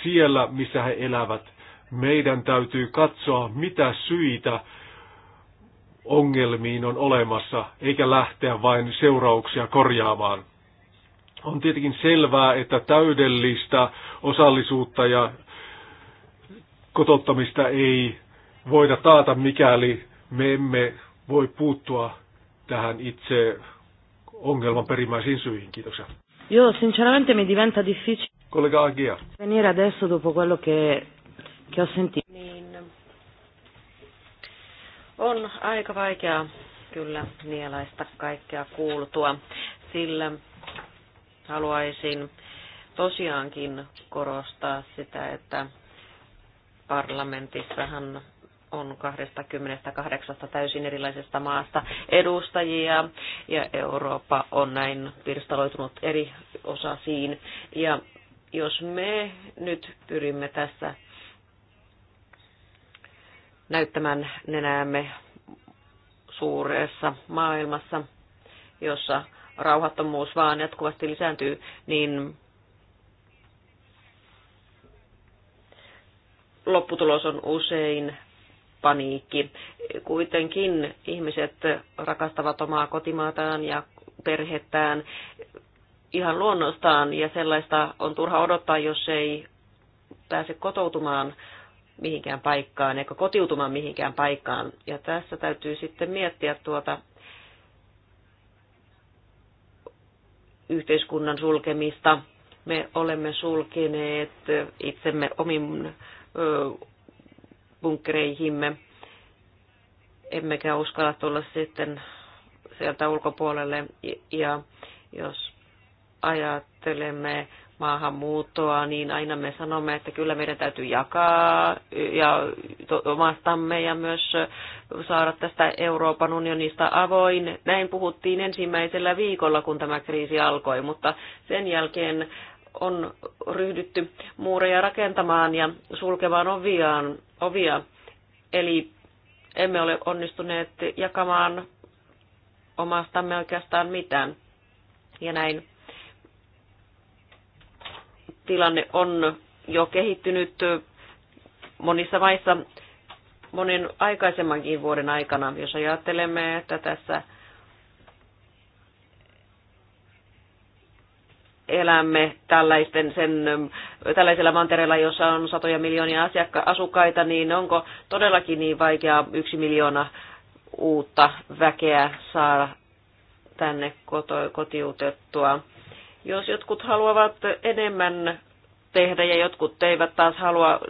siellä, missä he elävät. Meidän täytyy katsoa, mitä syitä ongelmiin on olemassa, eikä lähteä vain seurauksia korjaamaan. On tietenkin selvää, että täydellistä osallisuutta ja kotottamista ei voida taata, mikäli me emme voi puuttua tähän itse ongelman perimmäisiin syihin. Kiitoksia. Joo, sinceramente mi diventa difficile. Collega Agia. Venire adesso dopo quello che, che ho sentito. Niin. On aika vaikea kyllä nielaista kaikkea kuultua, sillä haluaisin tosiaankin korostaa sitä, että parlamentissahan on 28 täysin erilaisesta maasta edustajia ja Eurooppa on näin pirstaloitunut eri osasiin. Ja jos me nyt pyrimme tässä näyttämään nenäämme suuressa maailmassa, jossa rauhattomuus vaan jatkuvasti lisääntyy, niin lopputulos on usein paniikki. Kuitenkin ihmiset rakastavat omaa kotimaataan ja perhettään ihan luonnostaan ja sellaista on turha odottaa, jos ei pääse kotoutumaan mihinkään paikkaan eikä kotiutumaan mihinkään paikkaan. Ja tässä täytyy sitten miettiä tuota yhteiskunnan sulkemista. Me olemme sulkeneet itsemme omin bunkkereihimme, emmekä uskalla tulla sitten sieltä ulkopuolelle. Ja jos ajattelemme maahanmuuttoa, niin aina me sanomme, että kyllä meidän täytyy jakaa ja omastamme ja myös saada tästä Euroopan unionista avoin. Näin puhuttiin ensimmäisellä viikolla, kun tämä kriisi alkoi, mutta sen jälkeen on ryhdytty muureja rakentamaan ja sulkemaan oviaan, ovia. Eli emme ole onnistuneet jakamaan omastamme oikeastaan mitään. Ja näin tilanne on jo kehittynyt monissa maissa monen aikaisemmankin vuoden aikana. Jos ajattelemme, että tässä elämme tällaisten sen, ähm, tällaisella mantereella, jossa on satoja miljoonia asiakka- asukkaita, niin onko todellakin niin vaikeaa yksi miljoona uutta väkeä saada tänne koto- kotiutettua? Jos jotkut haluavat enemmän tehdä ja jotkut eivät taas halua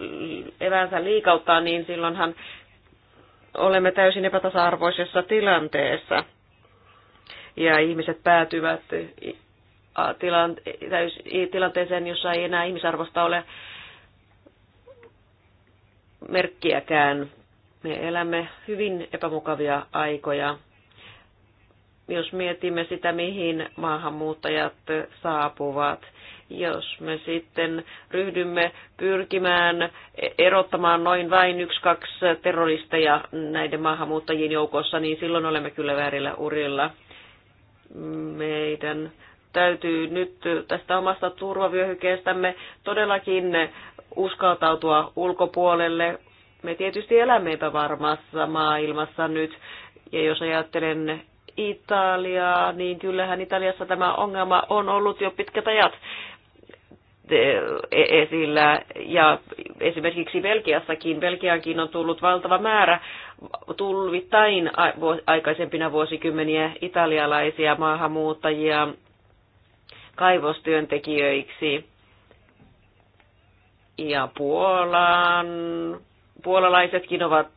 eväänsä liikauttaa, niin silloinhan olemme täysin epätasa-arvoisessa tilanteessa. Ja ihmiset päätyvät tilanteeseen, jossa ei enää ihmisarvosta ole merkkiäkään. Me elämme hyvin epämukavia aikoja. Jos mietimme sitä, mihin maahanmuuttajat saapuvat, jos me sitten ryhdymme pyrkimään erottamaan noin vain yksi, kaksi terroristeja näiden maahanmuuttajien joukossa, niin silloin olemme kyllä väärillä urilla. Meidän täytyy nyt tästä omasta turvavyöhykkeestämme todellakin uskaltautua ulkopuolelle. Me tietysti elämme epävarmassa maailmassa nyt, ja jos ajattelen Italiaa, niin kyllähän Italiassa tämä ongelma on ollut jo pitkät ajat e- esillä. Ja esimerkiksi Belgiassakin, Belgiaankin on tullut valtava määrä tulvittain aikaisempina vuosikymmeniä italialaisia maahanmuuttajia kaivostyöntekijöiksi. Ja Puolan, puolalaisetkin ovat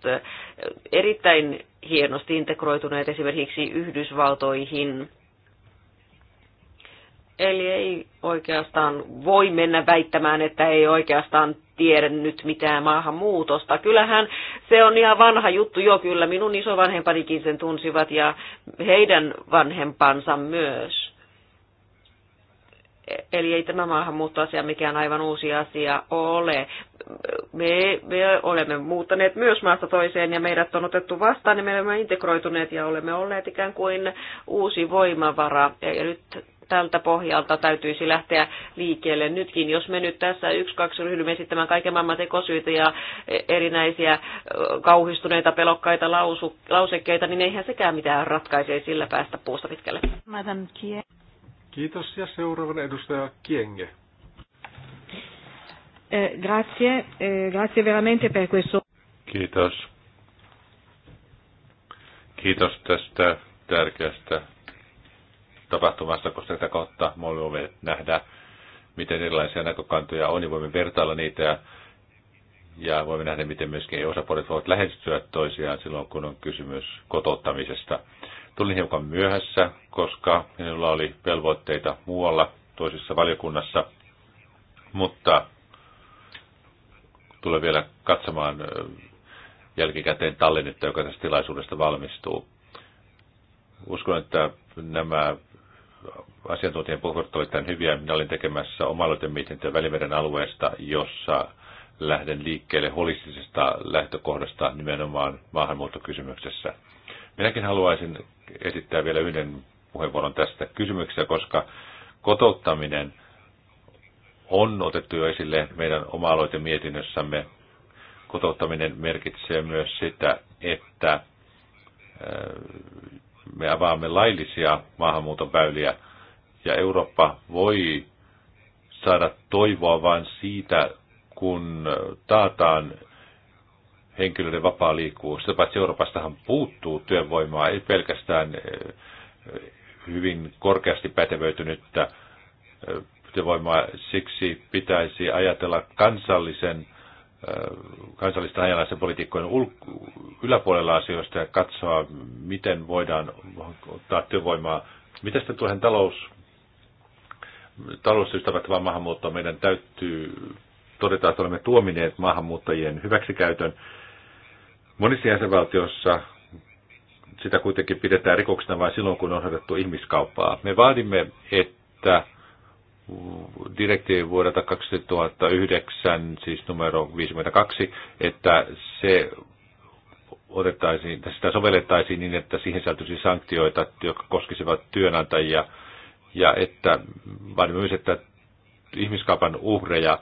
erittäin hienosti integroituneet esimerkiksi Yhdysvaltoihin. Eli ei oikeastaan voi mennä väittämään, että ei oikeastaan tiedä nyt mitään maahanmuutosta. Kyllähän se on ihan vanha juttu jo, kyllä minun isovanhempanikin sen tunsivat ja heidän vanhempansa myös. Eli ei tämä maahanmuuttoasia mikään aivan uusi asia ole. Me, me olemme muuttaneet myös maasta toiseen ja meidät on otettu vastaan ja me olemme integroituneet ja olemme olleet ikään kuin uusi voimavara. Ja nyt tältä pohjalta täytyisi lähteä liikkeelle nytkin. Jos me nyt tässä yksi, kaksi ryhdymme esittämään kaiken maailman tekosyitä ja erinäisiä kauhistuneita, pelokkaita lausu, lausekkeita, niin eihän sekään mitään ratkaisee sillä päästä puusta pitkälle. Kiitos ja seuraavana edustaja Kienge. Eh, grazie, eh, grazie veramente per questo. Kiitos. Kiitos tästä tärkeästä tapahtumasta, koska tätä kautta me voimme nähdä, miten erilaisia näkökantoja on, ja voimme vertailla niitä ja, ja voimme nähdä, miten myöskin osapuolet voivat lähestyä toisiaan silloin, kun on kysymys kotouttamisesta. Tulin hiukan myöhässä, koska minulla oli velvoitteita muualla toisessa valiokunnassa, mutta tulen vielä katsomaan jälkikäteen tallennetta, joka tästä tilaisuudesta valmistuu. Uskon, että nämä asiantuntijan puheenvuorot olivat tämän hyviä. Minä olin tekemässä oma mietintöä Välimeren alueesta, jossa lähden liikkeelle holistisesta lähtökohdasta nimenomaan maahanmuuttokysymyksessä. Minäkin haluaisin esittää vielä yhden puheenvuoron tästä kysymyksestä, koska kotouttaminen on otettu jo esille meidän oma-aloitemietinnössämme. Kotouttaminen merkitsee myös sitä, että me avaamme laillisia maahanmuuton väyliä ja Eurooppa voi saada toivoa vain siitä, kun taataan henkilöiden vapaa liikkuu. Sitä paitsi Euroopastahan puuttuu työvoimaa, ei pelkästään eh, hyvin korkeasti pätevöitynyttä eh, työvoimaa. Siksi pitäisi ajatella kansallisen eh, kansallisten ajanlaisen politiikkojen yläpuolella asioista ja katsoa, miten voidaan ottaa työvoimaa. Mitä sitten tulee talous, talousystävättävään maahanmuuttoon? Meidän täytyy todeta, että olemme tuomineet maahanmuuttajien hyväksikäytön Monissa jäsenvaltioissa sitä kuitenkin pidetään rikoksena vain silloin, kun on harjoitettu ihmiskauppaa. Me vaadimme, että direktiivi vuodelta 2009, siis numero 52, että se otettaisiin, sitä sovellettaisiin niin, että siihen säätyisi sanktioita, jotka koskisivat työnantajia, ja että vaadimme myös, että ihmiskaupan uhreja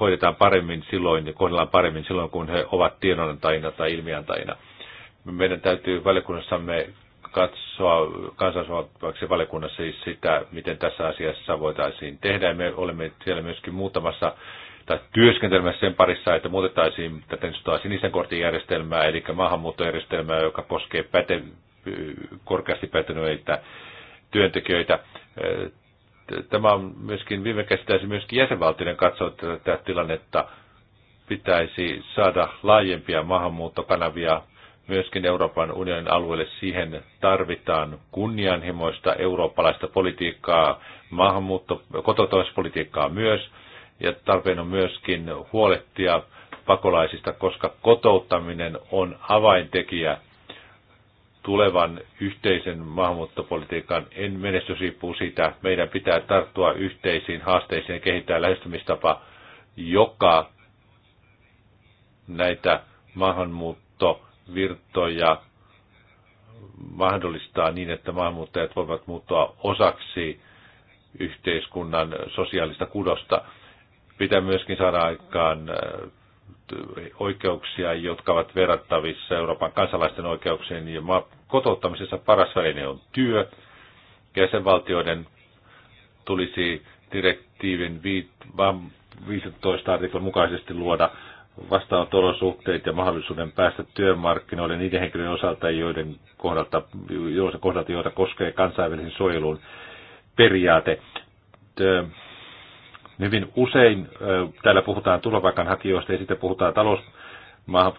hoidetaan paremmin silloin ja kohdellaan paremmin silloin, kun he ovat tiedonantajina tai ilmiantajina. Meidän täytyy valiokunnassamme katsoa kansallisvalvovaksi valiokunnassa siis sitä, miten tässä asiassa voitaisiin tehdä. me olemme siellä myöskin muutamassa tai työskentelemässä sen parissa, että muutettaisiin tätä sinisen kortin järjestelmää, eli maahanmuuttojärjestelmää, joka koskee päte, korkeasti päteneitä työntekijöitä tämä on myöskin, viime käsittäisi myöskin jäsenvaltioiden katsoa tätä tilannetta. Pitäisi saada laajempia maahanmuuttokanavia myöskin Euroopan unionin alueelle. Siihen tarvitaan kunnianhimoista eurooppalaista politiikkaa, maahanmuutto, kototoispolitiikkaa myös, ja tarpeen on myöskin huolehtia pakolaisista, koska kotouttaminen on avaintekijä tulevan yhteisen maahanmuuttopolitiikan menestys riippuu siitä. Meidän pitää tarttua yhteisiin haasteisiin ja kehittää lähestymistapa, joka näitä maahanmuuttovirtoja mahdollistaa niin, että maahanmuuttajat voivat muuttua osaksi yhteiskunnan sosiaalista kudosta. Pitää myöskin saada aikaan äh, oikeuksia, jotka ovat verrattavissa Euroopan kansalaisten oikeuksiin. Ja kotouttamisessa paras väline on työ. Jäsenvaltioiden tulisi direktiivin 15 artiklan mukaisesti luoda vastaanotolosuhteet ja mahdollisuuden päästä työmarkkinoille niiden henkilöiden osalta, joiden kohdalta, kohdalta joita koskee kansainvälisen suojelun periaate. Hyvin usein täällä puhutaan turvapaikanhakijoista ja sitten puhutaan talous, maahan,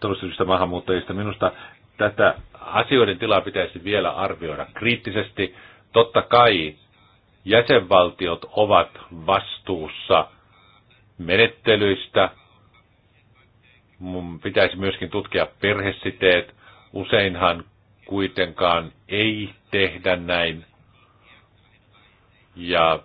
maahanmuuttajista. Minusta tätä asioiden tilaa pitäisi vielä arvioida kriittisesti. Totta kai jäsenvaltiot ovat vastuussa menettelyistä. Mun pitäisi myöskin tutkia perhesiteet. Useinhan kuitenkaan ei tehdä näin. Ja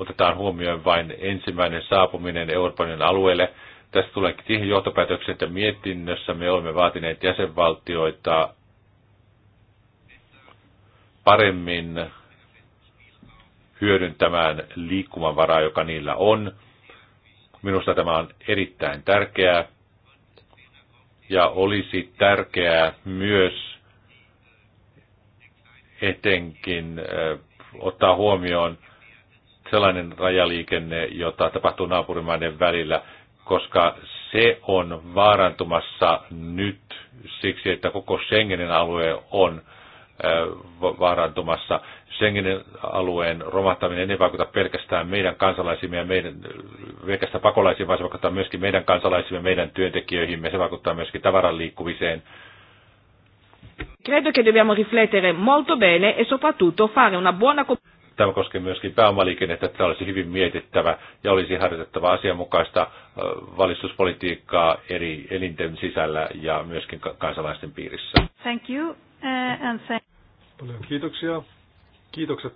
otetaan huomioon vain ensimmäinen saapuminen Euroopan alueelle. Tästä tulee siihen johtopäätökseen, että mietinnössä me olemme vaatineet jäsenvaltioita paremmin hyödyntämään liikkumavaraa, joka niillä on. Minusta tämä on erittäin tärkeää ja olisi tärkeää myös etenkin ottaa huomioon sellainen rajaliikenne, jota tapahtuu naapurimaiden välillä, koska se on vaarantumassa nyt siksi, että koko Schengenin alue on vaarantumassa. Schengenin alueen romahtaminen ei vaikuta pelkästään meidän kansalaisimme ja meidän, pelkästään pakolaisiin, vaan se vaikuttaa myöskin meidän kansalaisimme, meidän työntekijöihimme, se vaikuttaa myöskin tavaran liikkumiseen. Credo che dobbiamo riflettere molto bene e soprattutto fare una buona Tämä koskee myöskin pääomaliikennettä, että olisi hyvin mietittävä ja olisi harjoitettava asianmukaista valistuspolitiikkaa eri elinten sisällä ja myöskin kansalaisten piirissä. Thank you. Uh, and thank... Paljon kiitoksia. Kiitokset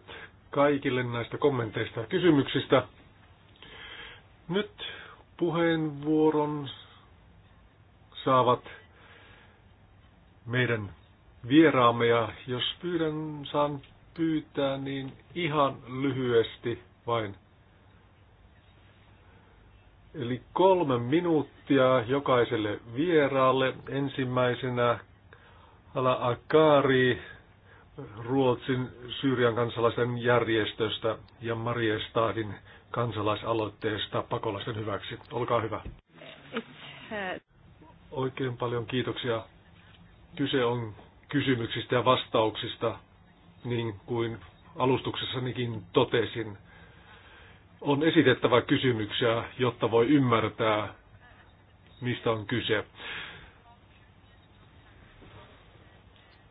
kaikille näistä kommenteista ja kysymyksistä. Nyt puheenvuoron saavat meidän vieraamme ja jos pyydän, saan pyytää, niin ihan lyhyesti vain. Eli kolme minuuttia jokaiselle vieraalle. Ensimmäisenä Ala Akari Ruotsin Syyrian kansalaisen järjestöstä ja Marie Stadin kansalaisaloitteesta pakolaisten hyväksi. Olkaa hyvä. Oikein paljon kiitoksia. Kyse on kysymyksistä ja vastauksista niin kuin alustuksessanikin totesin, on esitettävä kysymyksiä, jotta voi ymmärtää, mistä on kyse.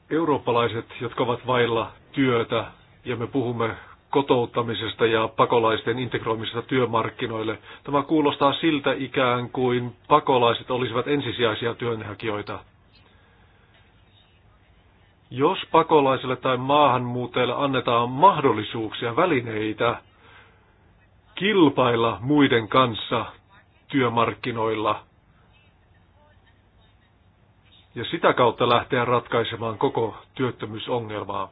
Eurooppalaiset, jotka ovat vailla työtä, ja me puhumme kotouttamisesta ja pakolaisten integroimisesta työmarkkinoille. Tämä kuulostaa siltä ikään kuin pakolaiset olisivat ensisijaisia työnhakijoita. Jos pakolaisille tai maahanmuuttajille annetaan mahdollisuuksia, välineitä kilpailla muiden kanssa työmarkkinoilla ja sitä kautta lähteä ratkaisemaan koko työttömyysongelmaa.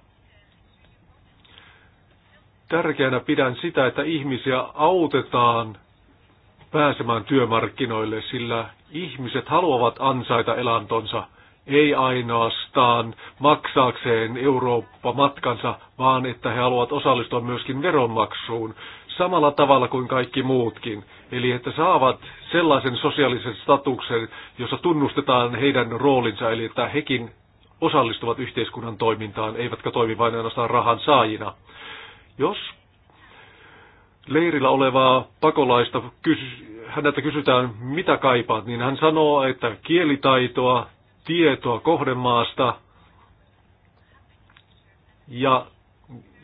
Tärkeänä pidän sitä, että ihmisiä autetaan pääsemään työmarkkinoille, sillä ihmiset haluavat ansaita elantonsa – ei ainoastaan maksaakseen Eurooppa matkansa, vaan että he haluavat osallistua myöskin veronmaksuun samalla tavalla kuin kaikki muutkin. Eli että saavat sellaisen sosiaalisen statuksen, jossa tunnustetaan heidän roolinsa, eli että hekin osallistuvat yhteiskunnan toimintaan, eivätkä toimi vain ainoastaan rahan saajina. Jos leirillä olevaa pakolaista kysy, häneltä kysytään, mitä kaipaat, niin hän sanoo, että kielitaitoa, tietoa kohdemaasta ja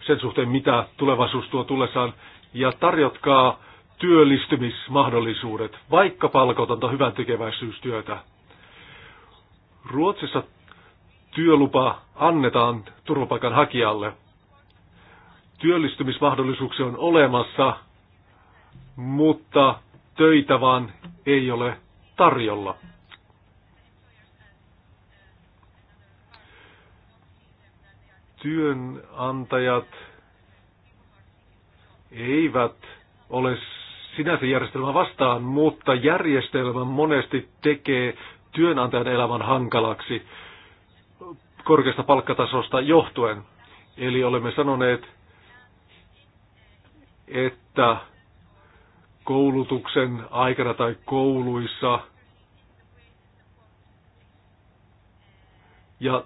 sen suhteen, mitä tulevaisuus tuo tullessaan, ja tarjotkaa työllistymismahdollisuudet, vaikka palkotonta hyvän tekeväisyystyötä. Ruotsissa työlupa annetaan turvapaikan hakijalle. Työllistymismahdollisuuksia on olemassa, mutta töitä vaan ei ole tarjolla. työnantajat eivät ole sinänsä järjestelmän vastaan, mutta järjestelmä monesti tekee työnantajan elämän hankalaksi korkeasta palkkatasosta johtuen. Eli olemme sanoneet, että koulutuksen aikana tai kouluissa ja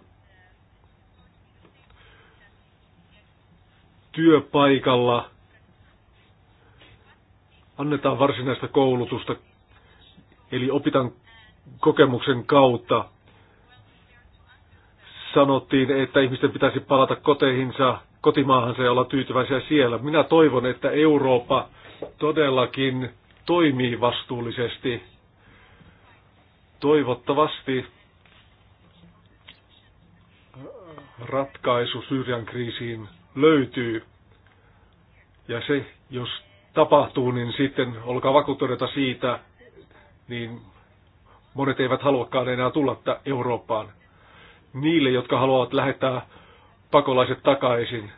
työpaikalla annetaan varsinaista koulutusta, eli opitan kokemuksen kautta. Sanottiin, että ihmisten pitäisi palata koteihinsa, kotimaahansa ja olla tyytyväisiä siellä. Minä toivon, että Eurooppa todellakin toimii vastuullisesti. Toivottavasti ratkaisu Syyrian kriisiin löytyy. Ja se, jos tapahtuu, niin sitten olkaa vakuuttuneita siitä, niin monet eivät haluakaan enää tulla Eurooppaan. Niille, jotka haluavat lähettää pakolaiset takaisin,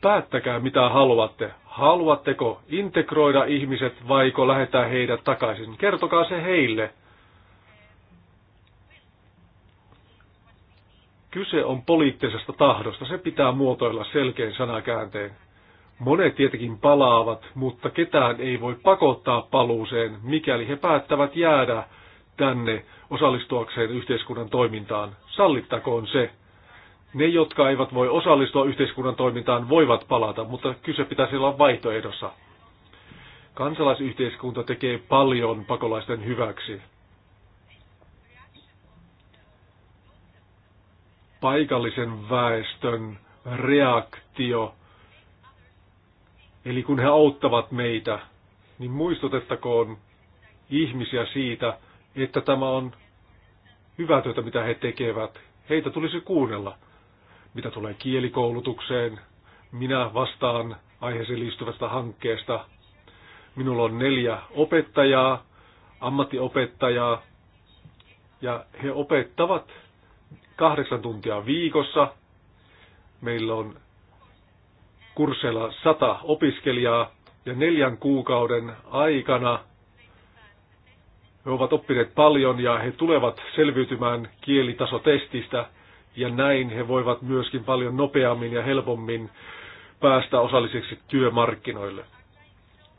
päättäkää mitä haluatte. Haluatteko integroida ihmiset vaiko lähettää heidät takaisin? Kertokaa se heille. Kyse on poliittisesta tahdosta, se pitää muotoilla selkein sanakääntein. Monet tietenkin palaavat, mutta ketään ei voi pakottaa paluuseen, mikäli he päättävät jäädä tänne osallistuakseen yhteiskunnan toimintaan. Sallittakoon se. Ne, jotka eivät voi osallistua yhteiskunnan toimintaan, voivat palata, mutta kyse pitäisi olla vaihtoehdossa. Kansalaisyhteiskunta tekee paljon pakolaisten hyväksi. paikallisen väestön reaktio. Eli kun he auttavat meitä, niin muistutettakoon ihmisiä siitä, että tämä on hyvää työtä, mitä he tekevät. Heitä tulisi kuunnella. Mitä tulee kielikoulutukseen, minä vastaan aiheeseen liittyvästä hankkeesta. Minulla on neljä opettajaa, ammattiopettajaa, ja he opettavat kahdeksan tuntia viikossa. Meillä on kursseilla sata opiskelijaa ja neljän kuukauden aikana he ovat oppineet paljon ja he tulevat selviytymään kielitasotestistä ja näin he voivat myöskin paljon nopeammin ja helpommin päästä osalliseksi työmarkkinoille.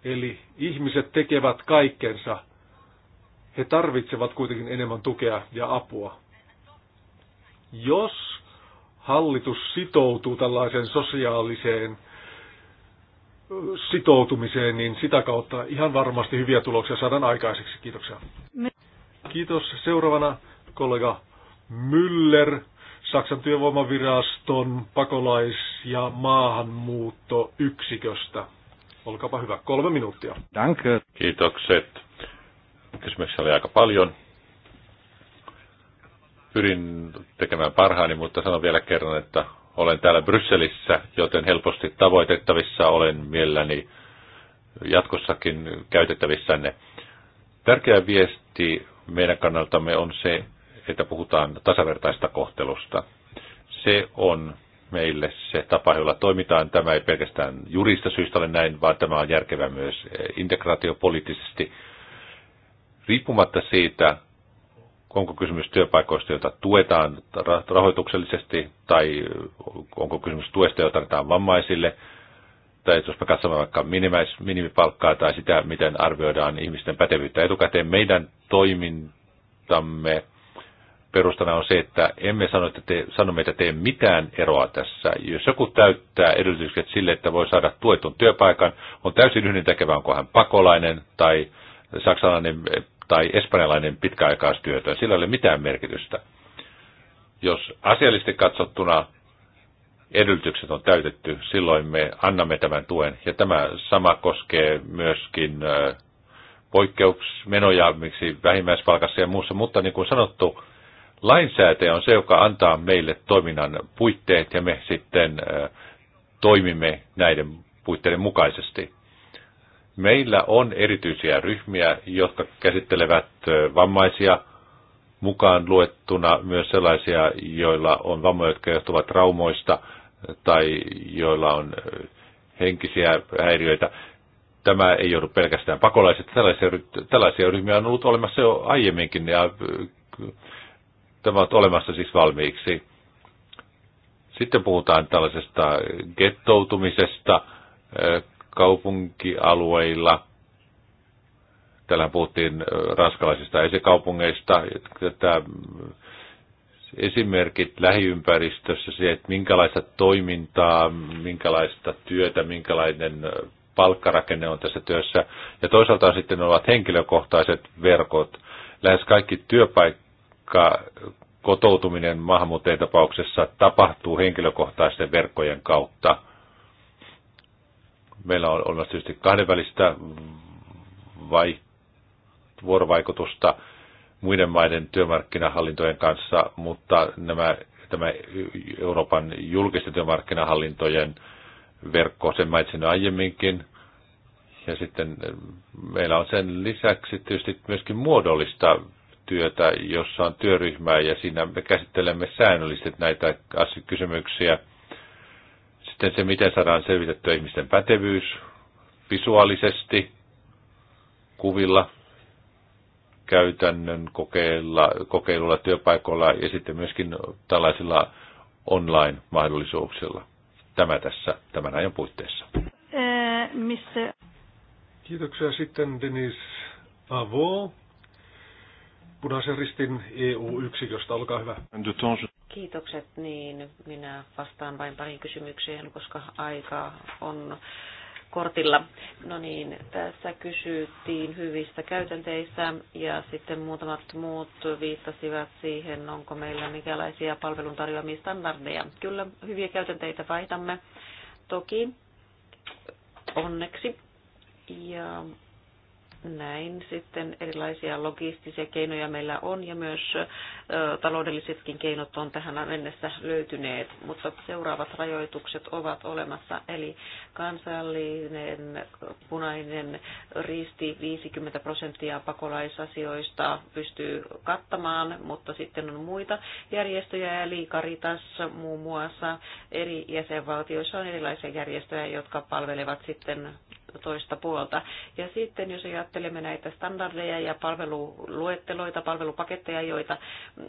Eli ihmiset tekevät kaikkensa. He tarvitsevat kuitenkin enemmän tukea ja apua. Jos hallitus sitoutuu tällaiseen sosiaaliseen sitoutumiseen, niin sitä kautta ihan varmasti hyviä tuloksia saadaan aikaiseksi. Kiitoksia. Kiitos. Seuraavana kollega Müller, Saksan työvoimaviraston pakolais- ja maahanmuuttoyksiköstä. Olkaapa hyvä, kolme minuuttia. Danke. Kiitokset. Kysymyksiä oli aika paljon. Pyrin tekemään parhaani, mutta sanon vielä kerran, että olen täällä Brysselissä, joten helposti tavoitettavissa olen mielelläni jatkossakin käytettävissänne. Tärkeä viesti meidän kannaltamme on se, että puhutaan tasavertaista kohtelusta. Se on meille se tapa, jolla toimitaan. Tämä ei pelkästään jurista syystä ole näin, vaan tämä on järkevä myös integraatiopoliittisesti. Riippumatta siitä, onko kysymys työpaikoista, joita tuetaan rahoituksellisesti, tai onko kysymys tuesta, jota annetaan vammaisille, tai jos me katsomme vaikka minimipalkkaa tai sitä, miten arvioidaan ihmisten pätevyyttä etukäteen, meidän toimintamme perustana on se, että emme sano, että te, sano meitä tee mitään eroa tässä. Jos joku täyttää edellytykset sille, että voi saada tuetun työpaikan, on täysin tekevä, onko hän pakolainen tai saksalainen tai espanjalainen pitkäaikaistyötön, sillä ei ole mitään merkitystä. Jos asiallisesti katsottuna edellytykset on täytetty, silloin me annamme tämän tuen. Ja tämä sama koskee myöskin poikkeusmenoja, miksi vähimmäispalkassa ja muussa, mutta niin kuin sanottu, lainsäätäjä on se, joka antaa meille toiminnan puitteet ja me sitten toimimme näiden puitteiden mukaisesti. Meillä on erityisiä ryhmiä, jotka käsittelevät vammaisia mukaan luettuna myös sellaisia, joilla on vammoja, jotka johtuvat traumoista tai joilla on henkisiä häiriöitä. Tämä ei joudu pelkästään pakolaiset. Tällaisia, tällaisia ryhmiä on ollut olemassa jo aiemminkin ja tämä on olemassa siis valmiiksi. Sitten puhutaan tällaisesta gettoutumisesta, kaupunkialueilla. Täällä puhuttiin ranskalaisista esikaupungeista. Tätä esimerkit lähiympäristössä, se, että minkälaista toimintaa, minkälaista työtä, minkälainen palkkarakenne on tässä työssä. Ja toisaalta sitten ovat henkilökohtaiset verkot. Lähes kaikki työpaikka kotoutuminen maahanmuuttajien tapauksessa tapahtuu henkilökohtaisten verkkojen kautta. Meillä on olemassa tietysti kahdenvälistä vai, vuorovaikutusta muiden maiden työmarkkinahallintojen kanssa, mutta nämä, tämä Euroopan julkisten työmarkkinahallintojen verkko, sen mainitsin aiemminkin, ja sitten meillä on sen lisäksi tietysti myöskin muodollista työtä, jossa on työryhmää ja siinä me käsittelemme säännöllisesti näitä kysymyksiä – sitten se, miten saadaan selvitettyä ihmisten pätevyys visuaalisesti, kuvilla, käytännön kokeilla, kokeilulla, työpaikoilla ja sitten myöskin tällaisilla online-mahdollisuuksilla. Tämä tässä tämän ajan puitteissa. Ää, äh, missä? Kiitoksia sitten Denis Avo punaisen ristin EU-yksiköstä. Olkaa hyvä. Kiitokset. Niin, minä vastaan vain pariin kysymykseen, koska aika on kortilla. No niin, tässä kysyttiin hyvistä käytänteistä ja sitten muutamat muut viittasivat siihen, onko meillä mikälaisia palveluntarjoamia standardeja. Kyllä hyviä käytänteitä vaihdamme toki, onneksi. Ja näin sitten erilaisia logistisia keinoja meillä on ja myös taloudellisetkin keinot on tähän mennessä löytyneet, mutta seuraavat rajoitukset ovat olemassa, eli kansallinen punainen risti 50 prosenttia pakolaisasioista pystyy kattamaan, mutta sitten on muita järjestöjä, eli Karitas muun muassa eri jäsenvaltioissa on erilaisia järjestöjä, jotka palvelevat sitten toista puolta. Ja sitten jos ajattelemme näitä standardeja ja palveluluetteloita, palvelupaketteja, joita,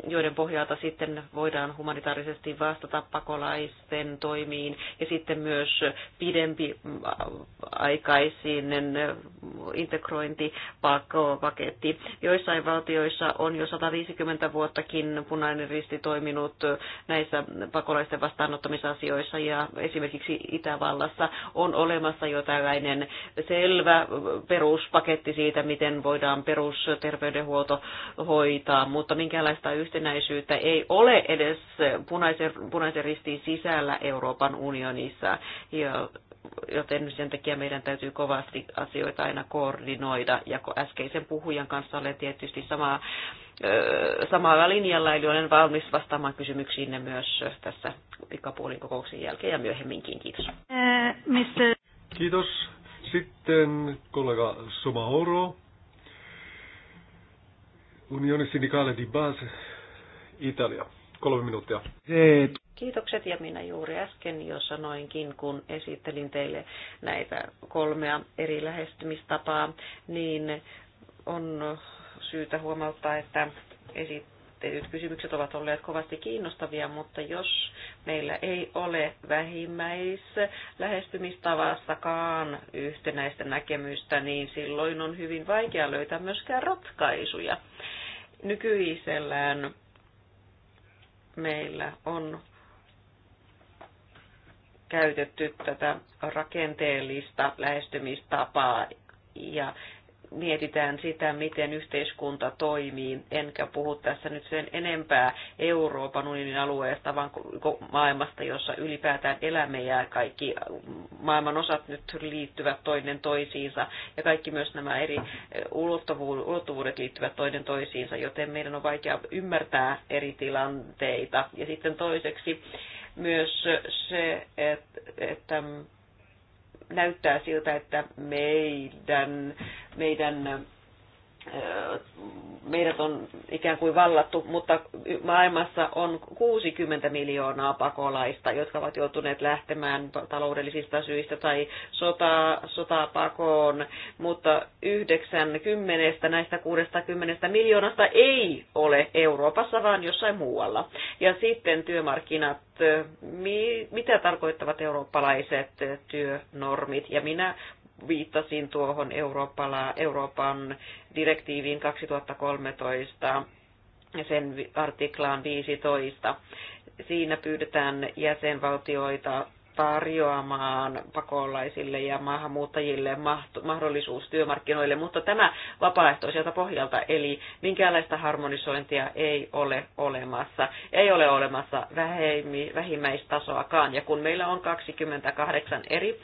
joiden pohjalta sitten voidaan humanitaarisesti vastata pakolaisten toimiin ja sitten myös pidempi äh, aikaisinen äh, integrointipaketti. Joissain valtioissa on jo 150 vuottakin punainen risti toiminut näissä pakolaisten vastaanottamisasioissa ja esimerkiksi Itävallassa on olemassa jo tällainen selvä peruspaketti siitä, miten voidaan perusterveydenhuolto hoitaa, mutta minkäänlaista yhtenäisyyttä ei ole edes punaisen, punaisen ristin sisällä Euroopan unionissa. Ja joten sen takia meidän täytyy kovasti asioita aina koordinoida. Ja kun äskeisen puhujan kanssa olen tietysti samaa, samalla linjalla, eli olen valmis vastaamaan kysymyksiin ne myös tässä pikapuolin kokouksen jälkeen ja myöhemminkin. Kiitos. Äh, missä... Kiitos. Sitten kollega Somaoro, Unione Sindicale di Base, Italia. Kolme minuuttia. Kiitokset ja minä juuri äsken jo sanoinkin, kun esittelin teille näitä kolmea eri lähestymistapaa, niin on syytä huomauttaa, että esit esitetyt kysymykset ovat olleet kovasti kiinnostavia, mutta jos meillä ei ole vähimmäis lähestymistavassakaan yhtenäistä näkemystä, niin silloin on hyvin vaikea löytää myöskään ratkaisuja. Nykyisellään meillä on käytetty tätä rakenteellista lähestymistapaa ja mietitään sitä, miten yhteiskunta toimii. Enkä puhu tässä nyt sen enempää Euroopan unionin alueesta, vaan maailmasta, jossa ylipäätään elämme ja kaikki maailman osat nyt liittyvät toinen toisiinsa ja kaikki myös nämä eri ulottuvuudet liittyvät toinen toisiinsa, joten meidän on vaikea ymmärtää eri tilanteita. Ja sitten toiseksi myös se, että, että näyttää siltä, että meidän, meidän meidät on ikään kuin vallattu, mutta maailmassa on 60 miljoonaa pakolaista, jotka ovat joutuneet lähtemään taloudellisista syistä tai sota, pakoon mutta 90 näistä 60 miljoonasta ei ole Euroopassa, vaan jossain muualla. Ja sitten työmarkkinat, mitä tarkoittavat eurooppalaiset työnormit, ja minä viittasin tuohon Euroopan direktiiviin 2013 ja sen artiklaan 15. Siinä pyydetään jäsenvaltioita tarjoamaan pakolaisille ja maahanmuuttajille mahdollisuus työmarkkinoille, mutta tämä vapaaehtoiselta pohjalta, eli minkäänlaista harmonisointia ei ole olemassa. Ei ole olemassa vähimmäistasoakaan, ja kun meillä on 28 eri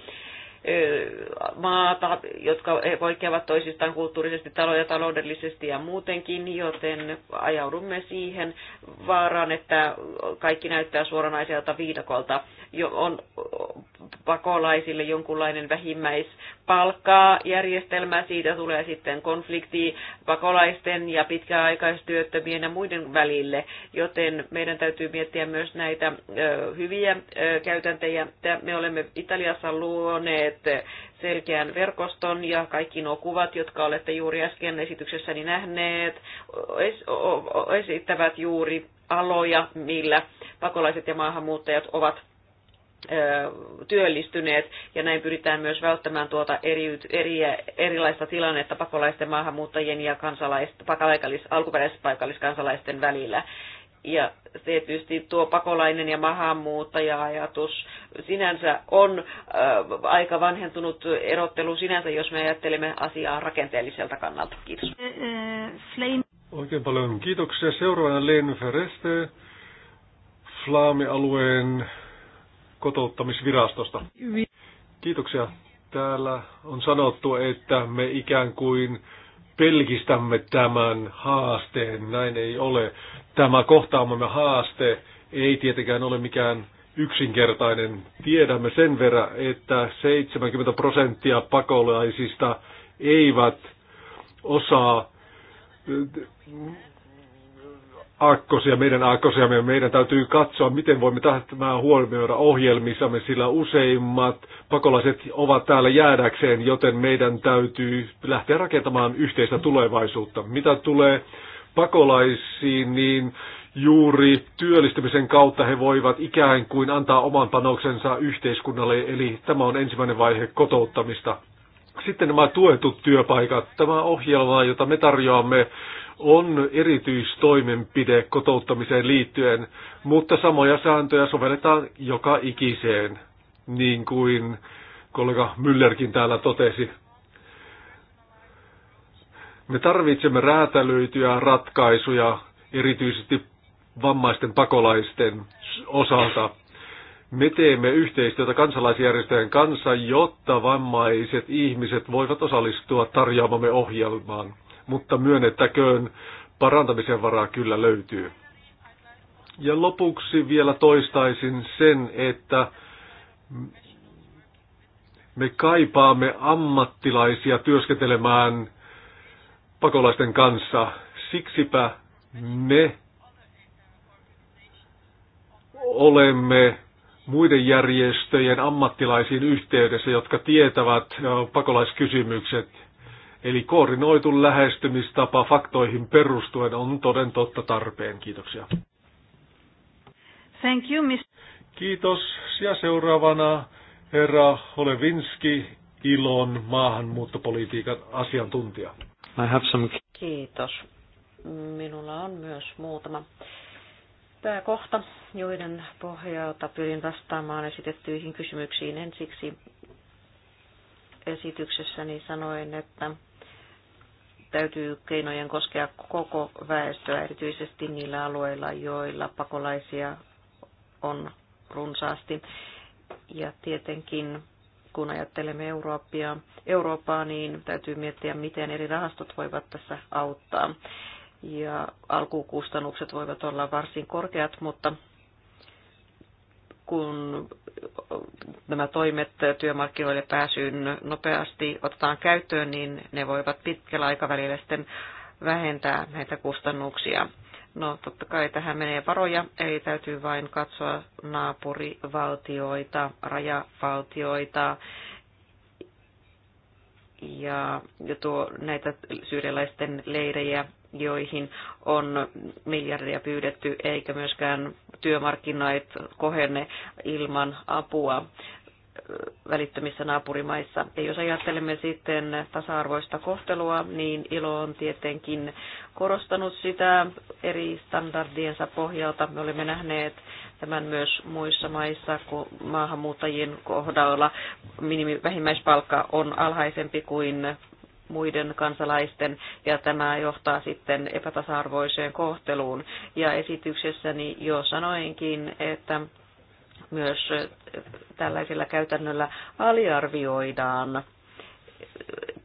maata, jotka poikkeavat toisistaan kulttuurisesti, ja taloudellisesti ja muutenkin, joten ajaudumme siihen vaaraan, että kaikki näyttää suoranaiselta viidakolta on pakolaisille jonkunlainen vähimmäispalkkaa järjestelmä. Siitä tulee sitten konflikti pakolaisten ja pitkäaikaistyöttömien ja muiden välille, joten meidän täytyy miettiä myös näitä hyviä käytäntöjä. Me olemme Italiassa luoneet selkeän verkoston ja kaikki nuo kuvat, jotka olette juuri äsken esityksessäni nähneet, esittävät juuri aloja, millä pakolaiset ja maahanmuuttajat ovat työllistyneet ja näin pyritään myös välttämään tuota eri, eri, erilaista tilannetta pakolaisten maahanmuuttajien ja pakalaikallis, alkuperäispaikalliskansalaisten välillä. Ja tietysti tuo pakolainen ja maahanmuuttaja-ajatus sinänsä on äh, aika vanhentunut erottelu sinänsä, jos me ajattelemme asiaa rakenteelliselta kannalta. Kiitos. Oikein paljon kiitoksia. Seuraavana Leen Fereste, Flaami-alueen kotouttamisvirastosta. Kiitoksia. Täällä on sanottu, että me ikään kuin pelkistämme tämän haasteen. Näin ei ole. Tämä kohtaamamme haaste ei tietenkään ole mikään yksinkertainen. Tiedämme sen verran, että 70 prosenttia pakolaisista eivät osaa aakkosia, meidän aakkosiamme. Meidän täytyy katsoa, miten voimme tämä huomioida ohjelmissamme, sillä useimmat pakolaiset ovat täällä jäädäkseen, joten meidän täytyy lähteä rakentamaan yhteistä tulevaisuutta. Mitä tulee pakolaisiin, niin juuri työllistymisen kautta he voivat ikään kuin antaa oman panoksensa yhteiskunnalle, eli tämä on ensimmäinen vaihe kotouttamista. Sitten nämä tuetut työpaikat. Tämä ohjelma, jota me tarjoamme on erityistoimenpide kotouttamiseen liittyen, mutta samoja sääntöjä sovelletaan joka ikiseen, niin kuin kollega Müllerkin täällä totesi. Me tarvitsemme räätälöityjä ratkaisuja erityisesti vammaisten pakolaisten osalta. Me teemme yhteistyötä kansalaisjärjestöjen kanssa, jotta vammaiset ihmiset voivat osallistua tarjoamamme ohjelmaan mutta myönnettäköön parantamisen varaa kyllä löytyy. Ja lopuksi vielä toistaisin sen, että me kaipaamme ammattilaisia työskentelemään pakolaisten kanssa. Siksipä me olemme muiden järjestöjen ammattilaisiin yhteydessä, jotka tietävät äh, pakolaiskysymykset Eli koordinoitu lähestymistapa faktoihin perustuen on toden totta tarpeen. Kiitoksia. Thank you, Mr. Kiitos. Ja seuraavana herra Holevinski, ilon maahanmuuttopolitiikan asiantuntija. I have some... Kiitos. Minulla on myös muutama pääkohta, joiden pohjalta pyrin vastaamaan esitettyihin kysymyksiin. Ensiksi esityksessäni sanoin, että täytyy keinojen koskea koko väestöä, erityisesti niillä alueilla, joilla pakolaisia on runsaasti. Ja tietenkin kun ajattelemme Eurooppia, Eurooppaa, niin täytyy miettiä, miten eri rahastot voivat tässä auttaa. Ja alkukustannukset voivat olla varsin korkeat, mutta kun nämä toimet työmarkkinoille pääsyyn nopeasti otetaan käyttöön, niin ne voivat pitkällä aikavälillä sitten vähentää näitä kustannuksia. No totta kai tähän menee varoja, eli täytyy vain katsoa naapurivaltioita, rajavaltioita ja, ja tuo, näitä syyrialaisten leirejä, joihin on miljardia pyydetty, eikä myöskään työmarkkinoit kohenne ilman apua välittömissä naapurimaissa. Ja jos ajattelemme sitten tasa-arvoista kohtelua, niin ILO on tietenkin korostanut sitä eri standardiensa pohjalta. Me olemme nähneet tämän myös muissa maissa, kun maahanmuuttajien kohdalla minimi, vähimmäispalkka on alhaisempi kuin muiden kansalaisten ja tämä johtaa sitten epätasa-arvoiseen kohteluun. Ja esityksessäni jo sanoinkin, että myös tällaisella käytännöllä aliarvioidaan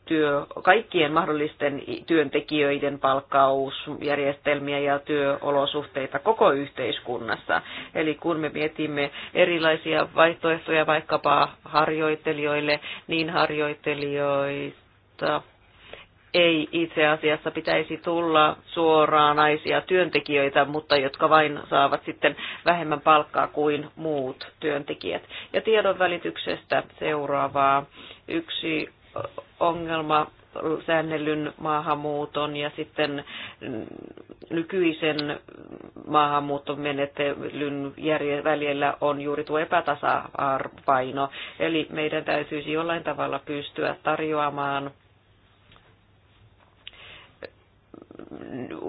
työ, kaikkien mahdollisten työntekijöiden palkkausjärjestelmiä ja työolosuhteita koko yhteiskunnassa. Eli kun me mietimme erilaisia vaihtoehtoja vaikkapa harjoittelijoille, niin harjoittelijoista ei itse asiassa pitäisi tulla suoraan naisia työntekijöitä, mutta jotka vain saavat sitten vähemmän palkkaa kuin muut työntekijät. Ja tiedonvälityksestä seuraavaa. Yksi ongelma säännellyn maahanmuuton ja sitten nykyisen maahanmuuton menettelyn välillä on juuri tuo epätasa-arvaino, Eli meidän täytyisi jollain tavalla pystyä tarjoamaan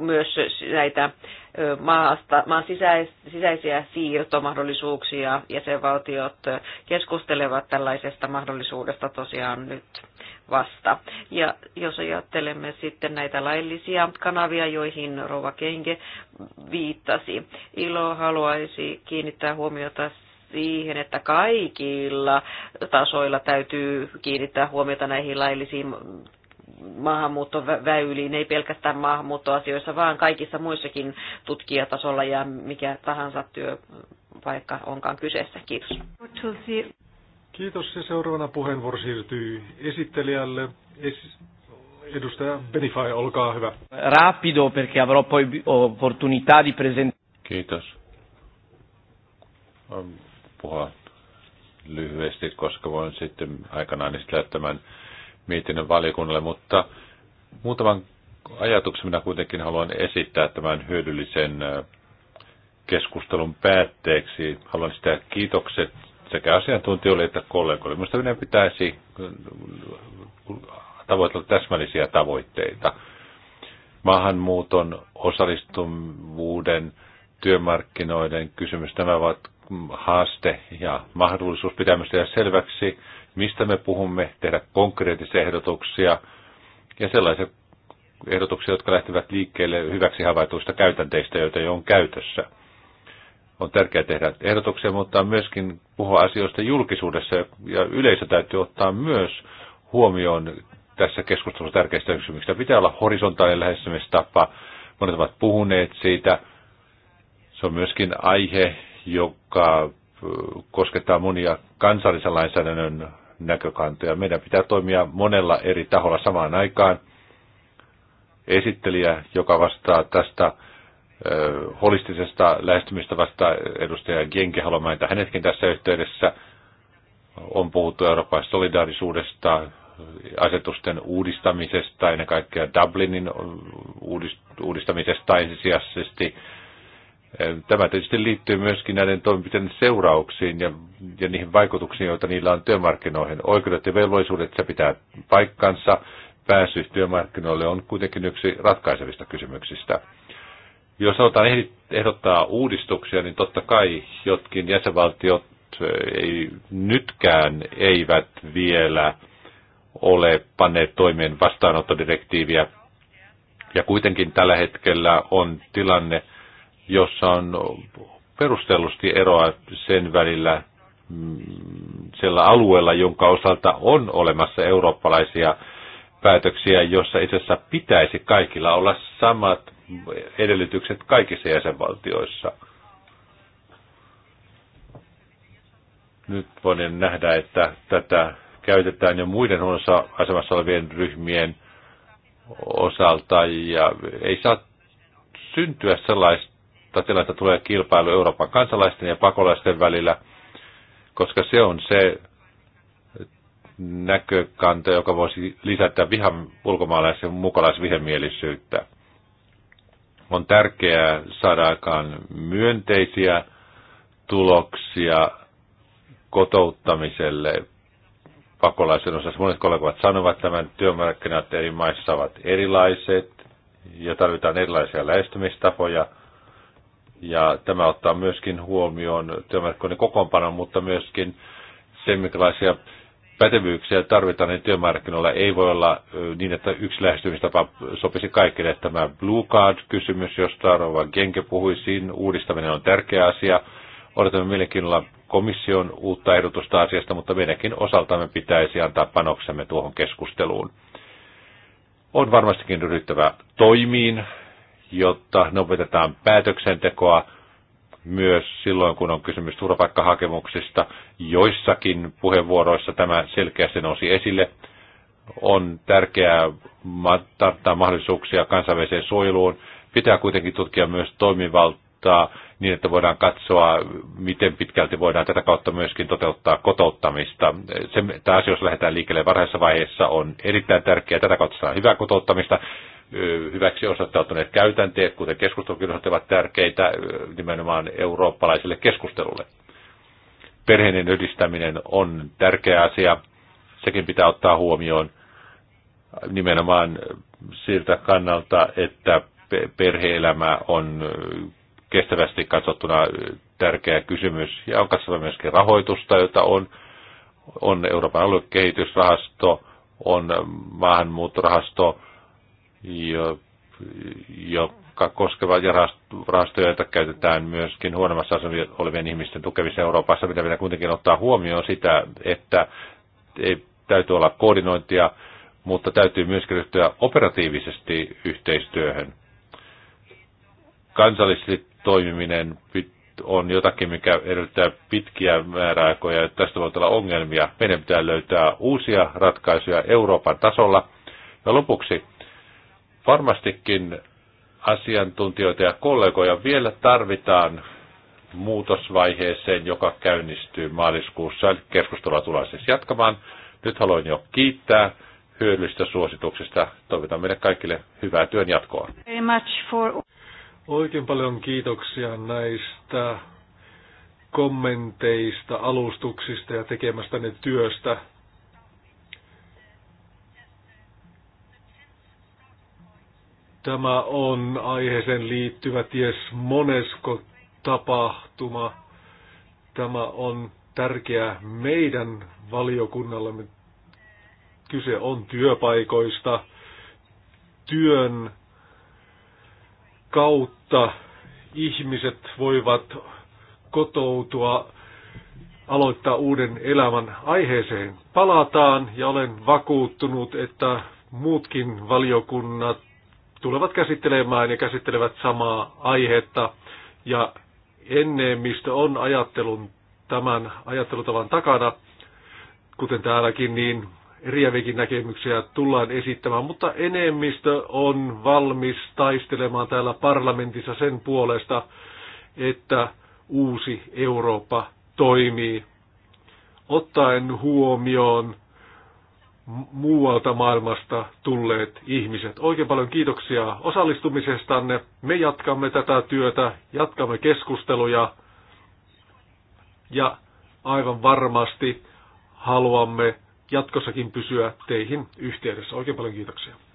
myös näitä maasta, maan sisäis, sisäisiä siirtomahdollisuuksia. Jäsenvaltiot keskustelevat tällaisesta mahdollisuudesta tosiaan nyt vasta. Ja jos ajattelemme sitten näitä laillisia kanavia, joihin Rova Kenge viittasi, ILO haluaisi kiinnittää huomiota siihen, että kaikilla tasoilla täytyy kiinnittää huomiota näihin laillisiin maahanmuuttoväyliin, ei pelkästään maahanmuuttoasioissa, vaan kaikissa muissakin tutkijatasolla ja mikä tahansa työpaikka onkaan kyseessä. Kiitos. Kiitos ja seuraavana puheenvuoro siirtyy esittelijälle. Es- Edustaja Benifai, olkaa hyvä. Rapido, perché avrò poi opportunità di presentare. Kiitos. Puhua lyhyesti, koska voin sitten aikanaan esittää tämän mietinnön valiokunnalle, mutta muutaman ajatuksen minä kuitenkin haluan esittää tämän hyödyllisen keskustelun päätteeksi. Haluan sitä kiitokset sekä asiantuntijoille että kollegoille. Minusta meidän pitäisi tavoitella täsmällisiä tavoitteita. Maahanmuuton, osallistuvuuden, työmarkkinoiden kysymys, nämä ovat haaste ja mahdollisuus pitää myös tehdä selväksi, mistä me puhumme, tehdä konkreettisia ehdotuksia ja sellaisia ehdotuksia, jotka lähtevät liikkeelle hyväksi havaituista käytänteistä, joita jo on käytössä. On tärkeää tehdä ehdotuksia, mutta myöskin puhua asioista julkisuudessa ja yleisö täytyy ottaa myös huomioon tässä keskustelussa tärkeistä kysymyksistä. Pitää olla horisontaalinen lähestymistapa. Monet ovat puhuneet siitä. Se on myöskin aihe, joka koskettaa monia kansallisen lainsäädännön näkökantoja. Meidän pitää toimia monella eri taholla samaan aikaan. Esittelijä, joka vastaa tästä holistisesta lähestymistä vasta edustaja Genke, haluan mainita hänetkin tässä yhteydessä. On puhuttu Euroopan solidaarisuudesta, asetusten uudistamisesta, ennen kaikkea Dublinin uudistamisesta ensisijaisesti Tämä tietysti liittyy myöskin näiden toimenpiteiden seurauksiin ja, ja niihin vaikutuksiin, joita niillä on työmarkkinoihin. Oikeudet ja velvollisuudet, se pitää paikkansa. Pääsy työmarkkinoille on kuitenkin yksi ratkaisevista kysymyksistä. Jos halutaan ehdottaa uudistuksia, niin totta kai jotkin jäsenvaltiot ei, nytkään eivät vielä ole panneet toimeen vastaanottodirektiiviä. Ja kuitenkin tällä hetkellä on tilanne, jossa on perustellusti eroa sen välillä mm, sillä alueella, jonka osalta on olemassa eurooppalaisia päätöksiä, jossa itse asiassa pitäisi kaikilla olla samat edellytykset kaikissa jäsenvaltioissa. Nyt voin nähdä, että tätä käytetään jo muiden osa asemassa olevien ryhmien osalta ja ei saa syntyä sellaista jotta tilannetta tulee kilpailu Euroopan kansalaisten ja pakolaisten välillä, koska se on se näkökanta, joka voisi lisätä vihan ulkomaalaisen mukalaisvihemielisyyttä. On tärkeää saada aikaan myönteisiä tuloksia kotouttamiselle pakolaisen osassa. Monet kollegat sanovat tämän, työmarkkinat eri maissa ovat erilaiset ja tarvitaan erilaisia lähestymistapoja. Ja tämä ottaa myöskin huomioon työmarkkinoiden kokoonpanon, mutta myöskin se, minkälaisia pätevyyksiä tarvitaan, niin työmarkkinoilla ei voi olla niin, että yksi lähestymistapa sopisi kaikille. Tämä Blue Card-kysymys, josta Rova Genke puhui, siinä uudistaminen on tärkeä asia. Odotamme mielenkiinnolla komission uutta ehdotusta asiasta, mutta meidänkin osaltamme pitäisi antaa panoksemme tuohon keskusteluun. On varmastikin ryhtyvä toimiin jotta nopeutetaan päätöksentekoa myös silloin, kun on kysymys turvapaikkahakemuksista. Joissakin puheenvuoroissa tämä selkeästi nousi esille. On tärkeää tarttaa mahdollisuuksia kansainväliseen suojeluun. Pitää kuitenkin tutkia myös toimivaltaa niin, että voidaan katsoa, miten pitkälti voidaan tätä kautta myöskin toteuttaa kotouttamista. Se, tämä asia, jos lähdetään liikkeelle varhaisessa vaiheessa, on erittäin tärkeää. Tätä kautta saa hyvää kotouttamista hyväksi osoittautuneet käytänteet, kuten keskustelukirjat, ovat tärkeitä nimenomaan eurooppalaiselle keskustelulle. Perheiden yhdistäminen on tärkeä asia. Sekin pitää ottaa huomioon nimenomaan siltä kannalta, että perheelämä on kestävästi katsottuna tärkeä kysymys. Ja on katsottava myöskin rahoitusta, jota on, on Euroopan aluekehitysrahasto, on maahanmuuttorahasto, ja, joka koskeva ja rahastoja, joita käytetään myöskin huonommassa asemassa olevien ihmisten tukevissa Euroopassa. Mitä pitää kuitenkin ottaa huomioon sitä, että ei, täytyy olla koordinointia, mutta täytyy myöskin ryhtyä operatiivisesti yhteistyöhön. Kansallisesti toimiminen on jotakin, mikä edellyttää pitkiä määräaikoja, että tästä voi olla ongelmia. Meidän pitää löytää uusia ratkaisuja Euroopan tasolla. Ja lopuksi Varmastikin asiantuntijoita ja kollegoja vielä tarvitaan muutosvaiheeseen, joka käynnistyy maaliskuussa. keskustelua tullaan siis jatkamaan. Nyt haluan jo kiittää hyödyllistä suosituksista. Toivotan meille kaikille hyvää työn jatkoa. For... Oikein paljon kiitoksia näistä kommenteista, alustuksista ja tekemästänne työstä. Tämä on aiheeseen liittyvä ties monesko tapahtuma. Tämä on tärkeä meidän valiokunnallamme. Kyse on työpaikoista, työn kautta ihmiset voivat kotoutua, aloittaa uuden elämän aiheeseen. Palataan ja olen vakuuttunut, että muutkin valiokunnat tulevat käsittelemään ja käsittelevät samaa aihetta. Ja enemmistö on ajattelun tämän ajattelutavan takana, kuten täälläkin, niin eriäviäkin näkemyksiä tullaan esittämään, mutta enemmistö on valmis taistelemaan täällä parlamentissa sen puolesta, että uusi Eurooppa toimii, ottaen huomioon muualta maailmasta tulleet ihmiset. Oikein paljon kiitoksia osallistumisestanne. Me jatkamme tätä työtä, jatkamme keskusteluja ja aivan varmasti haluamme jatkossakin pysyä teihin yhteydessä. Oikein paljon kiitoksia.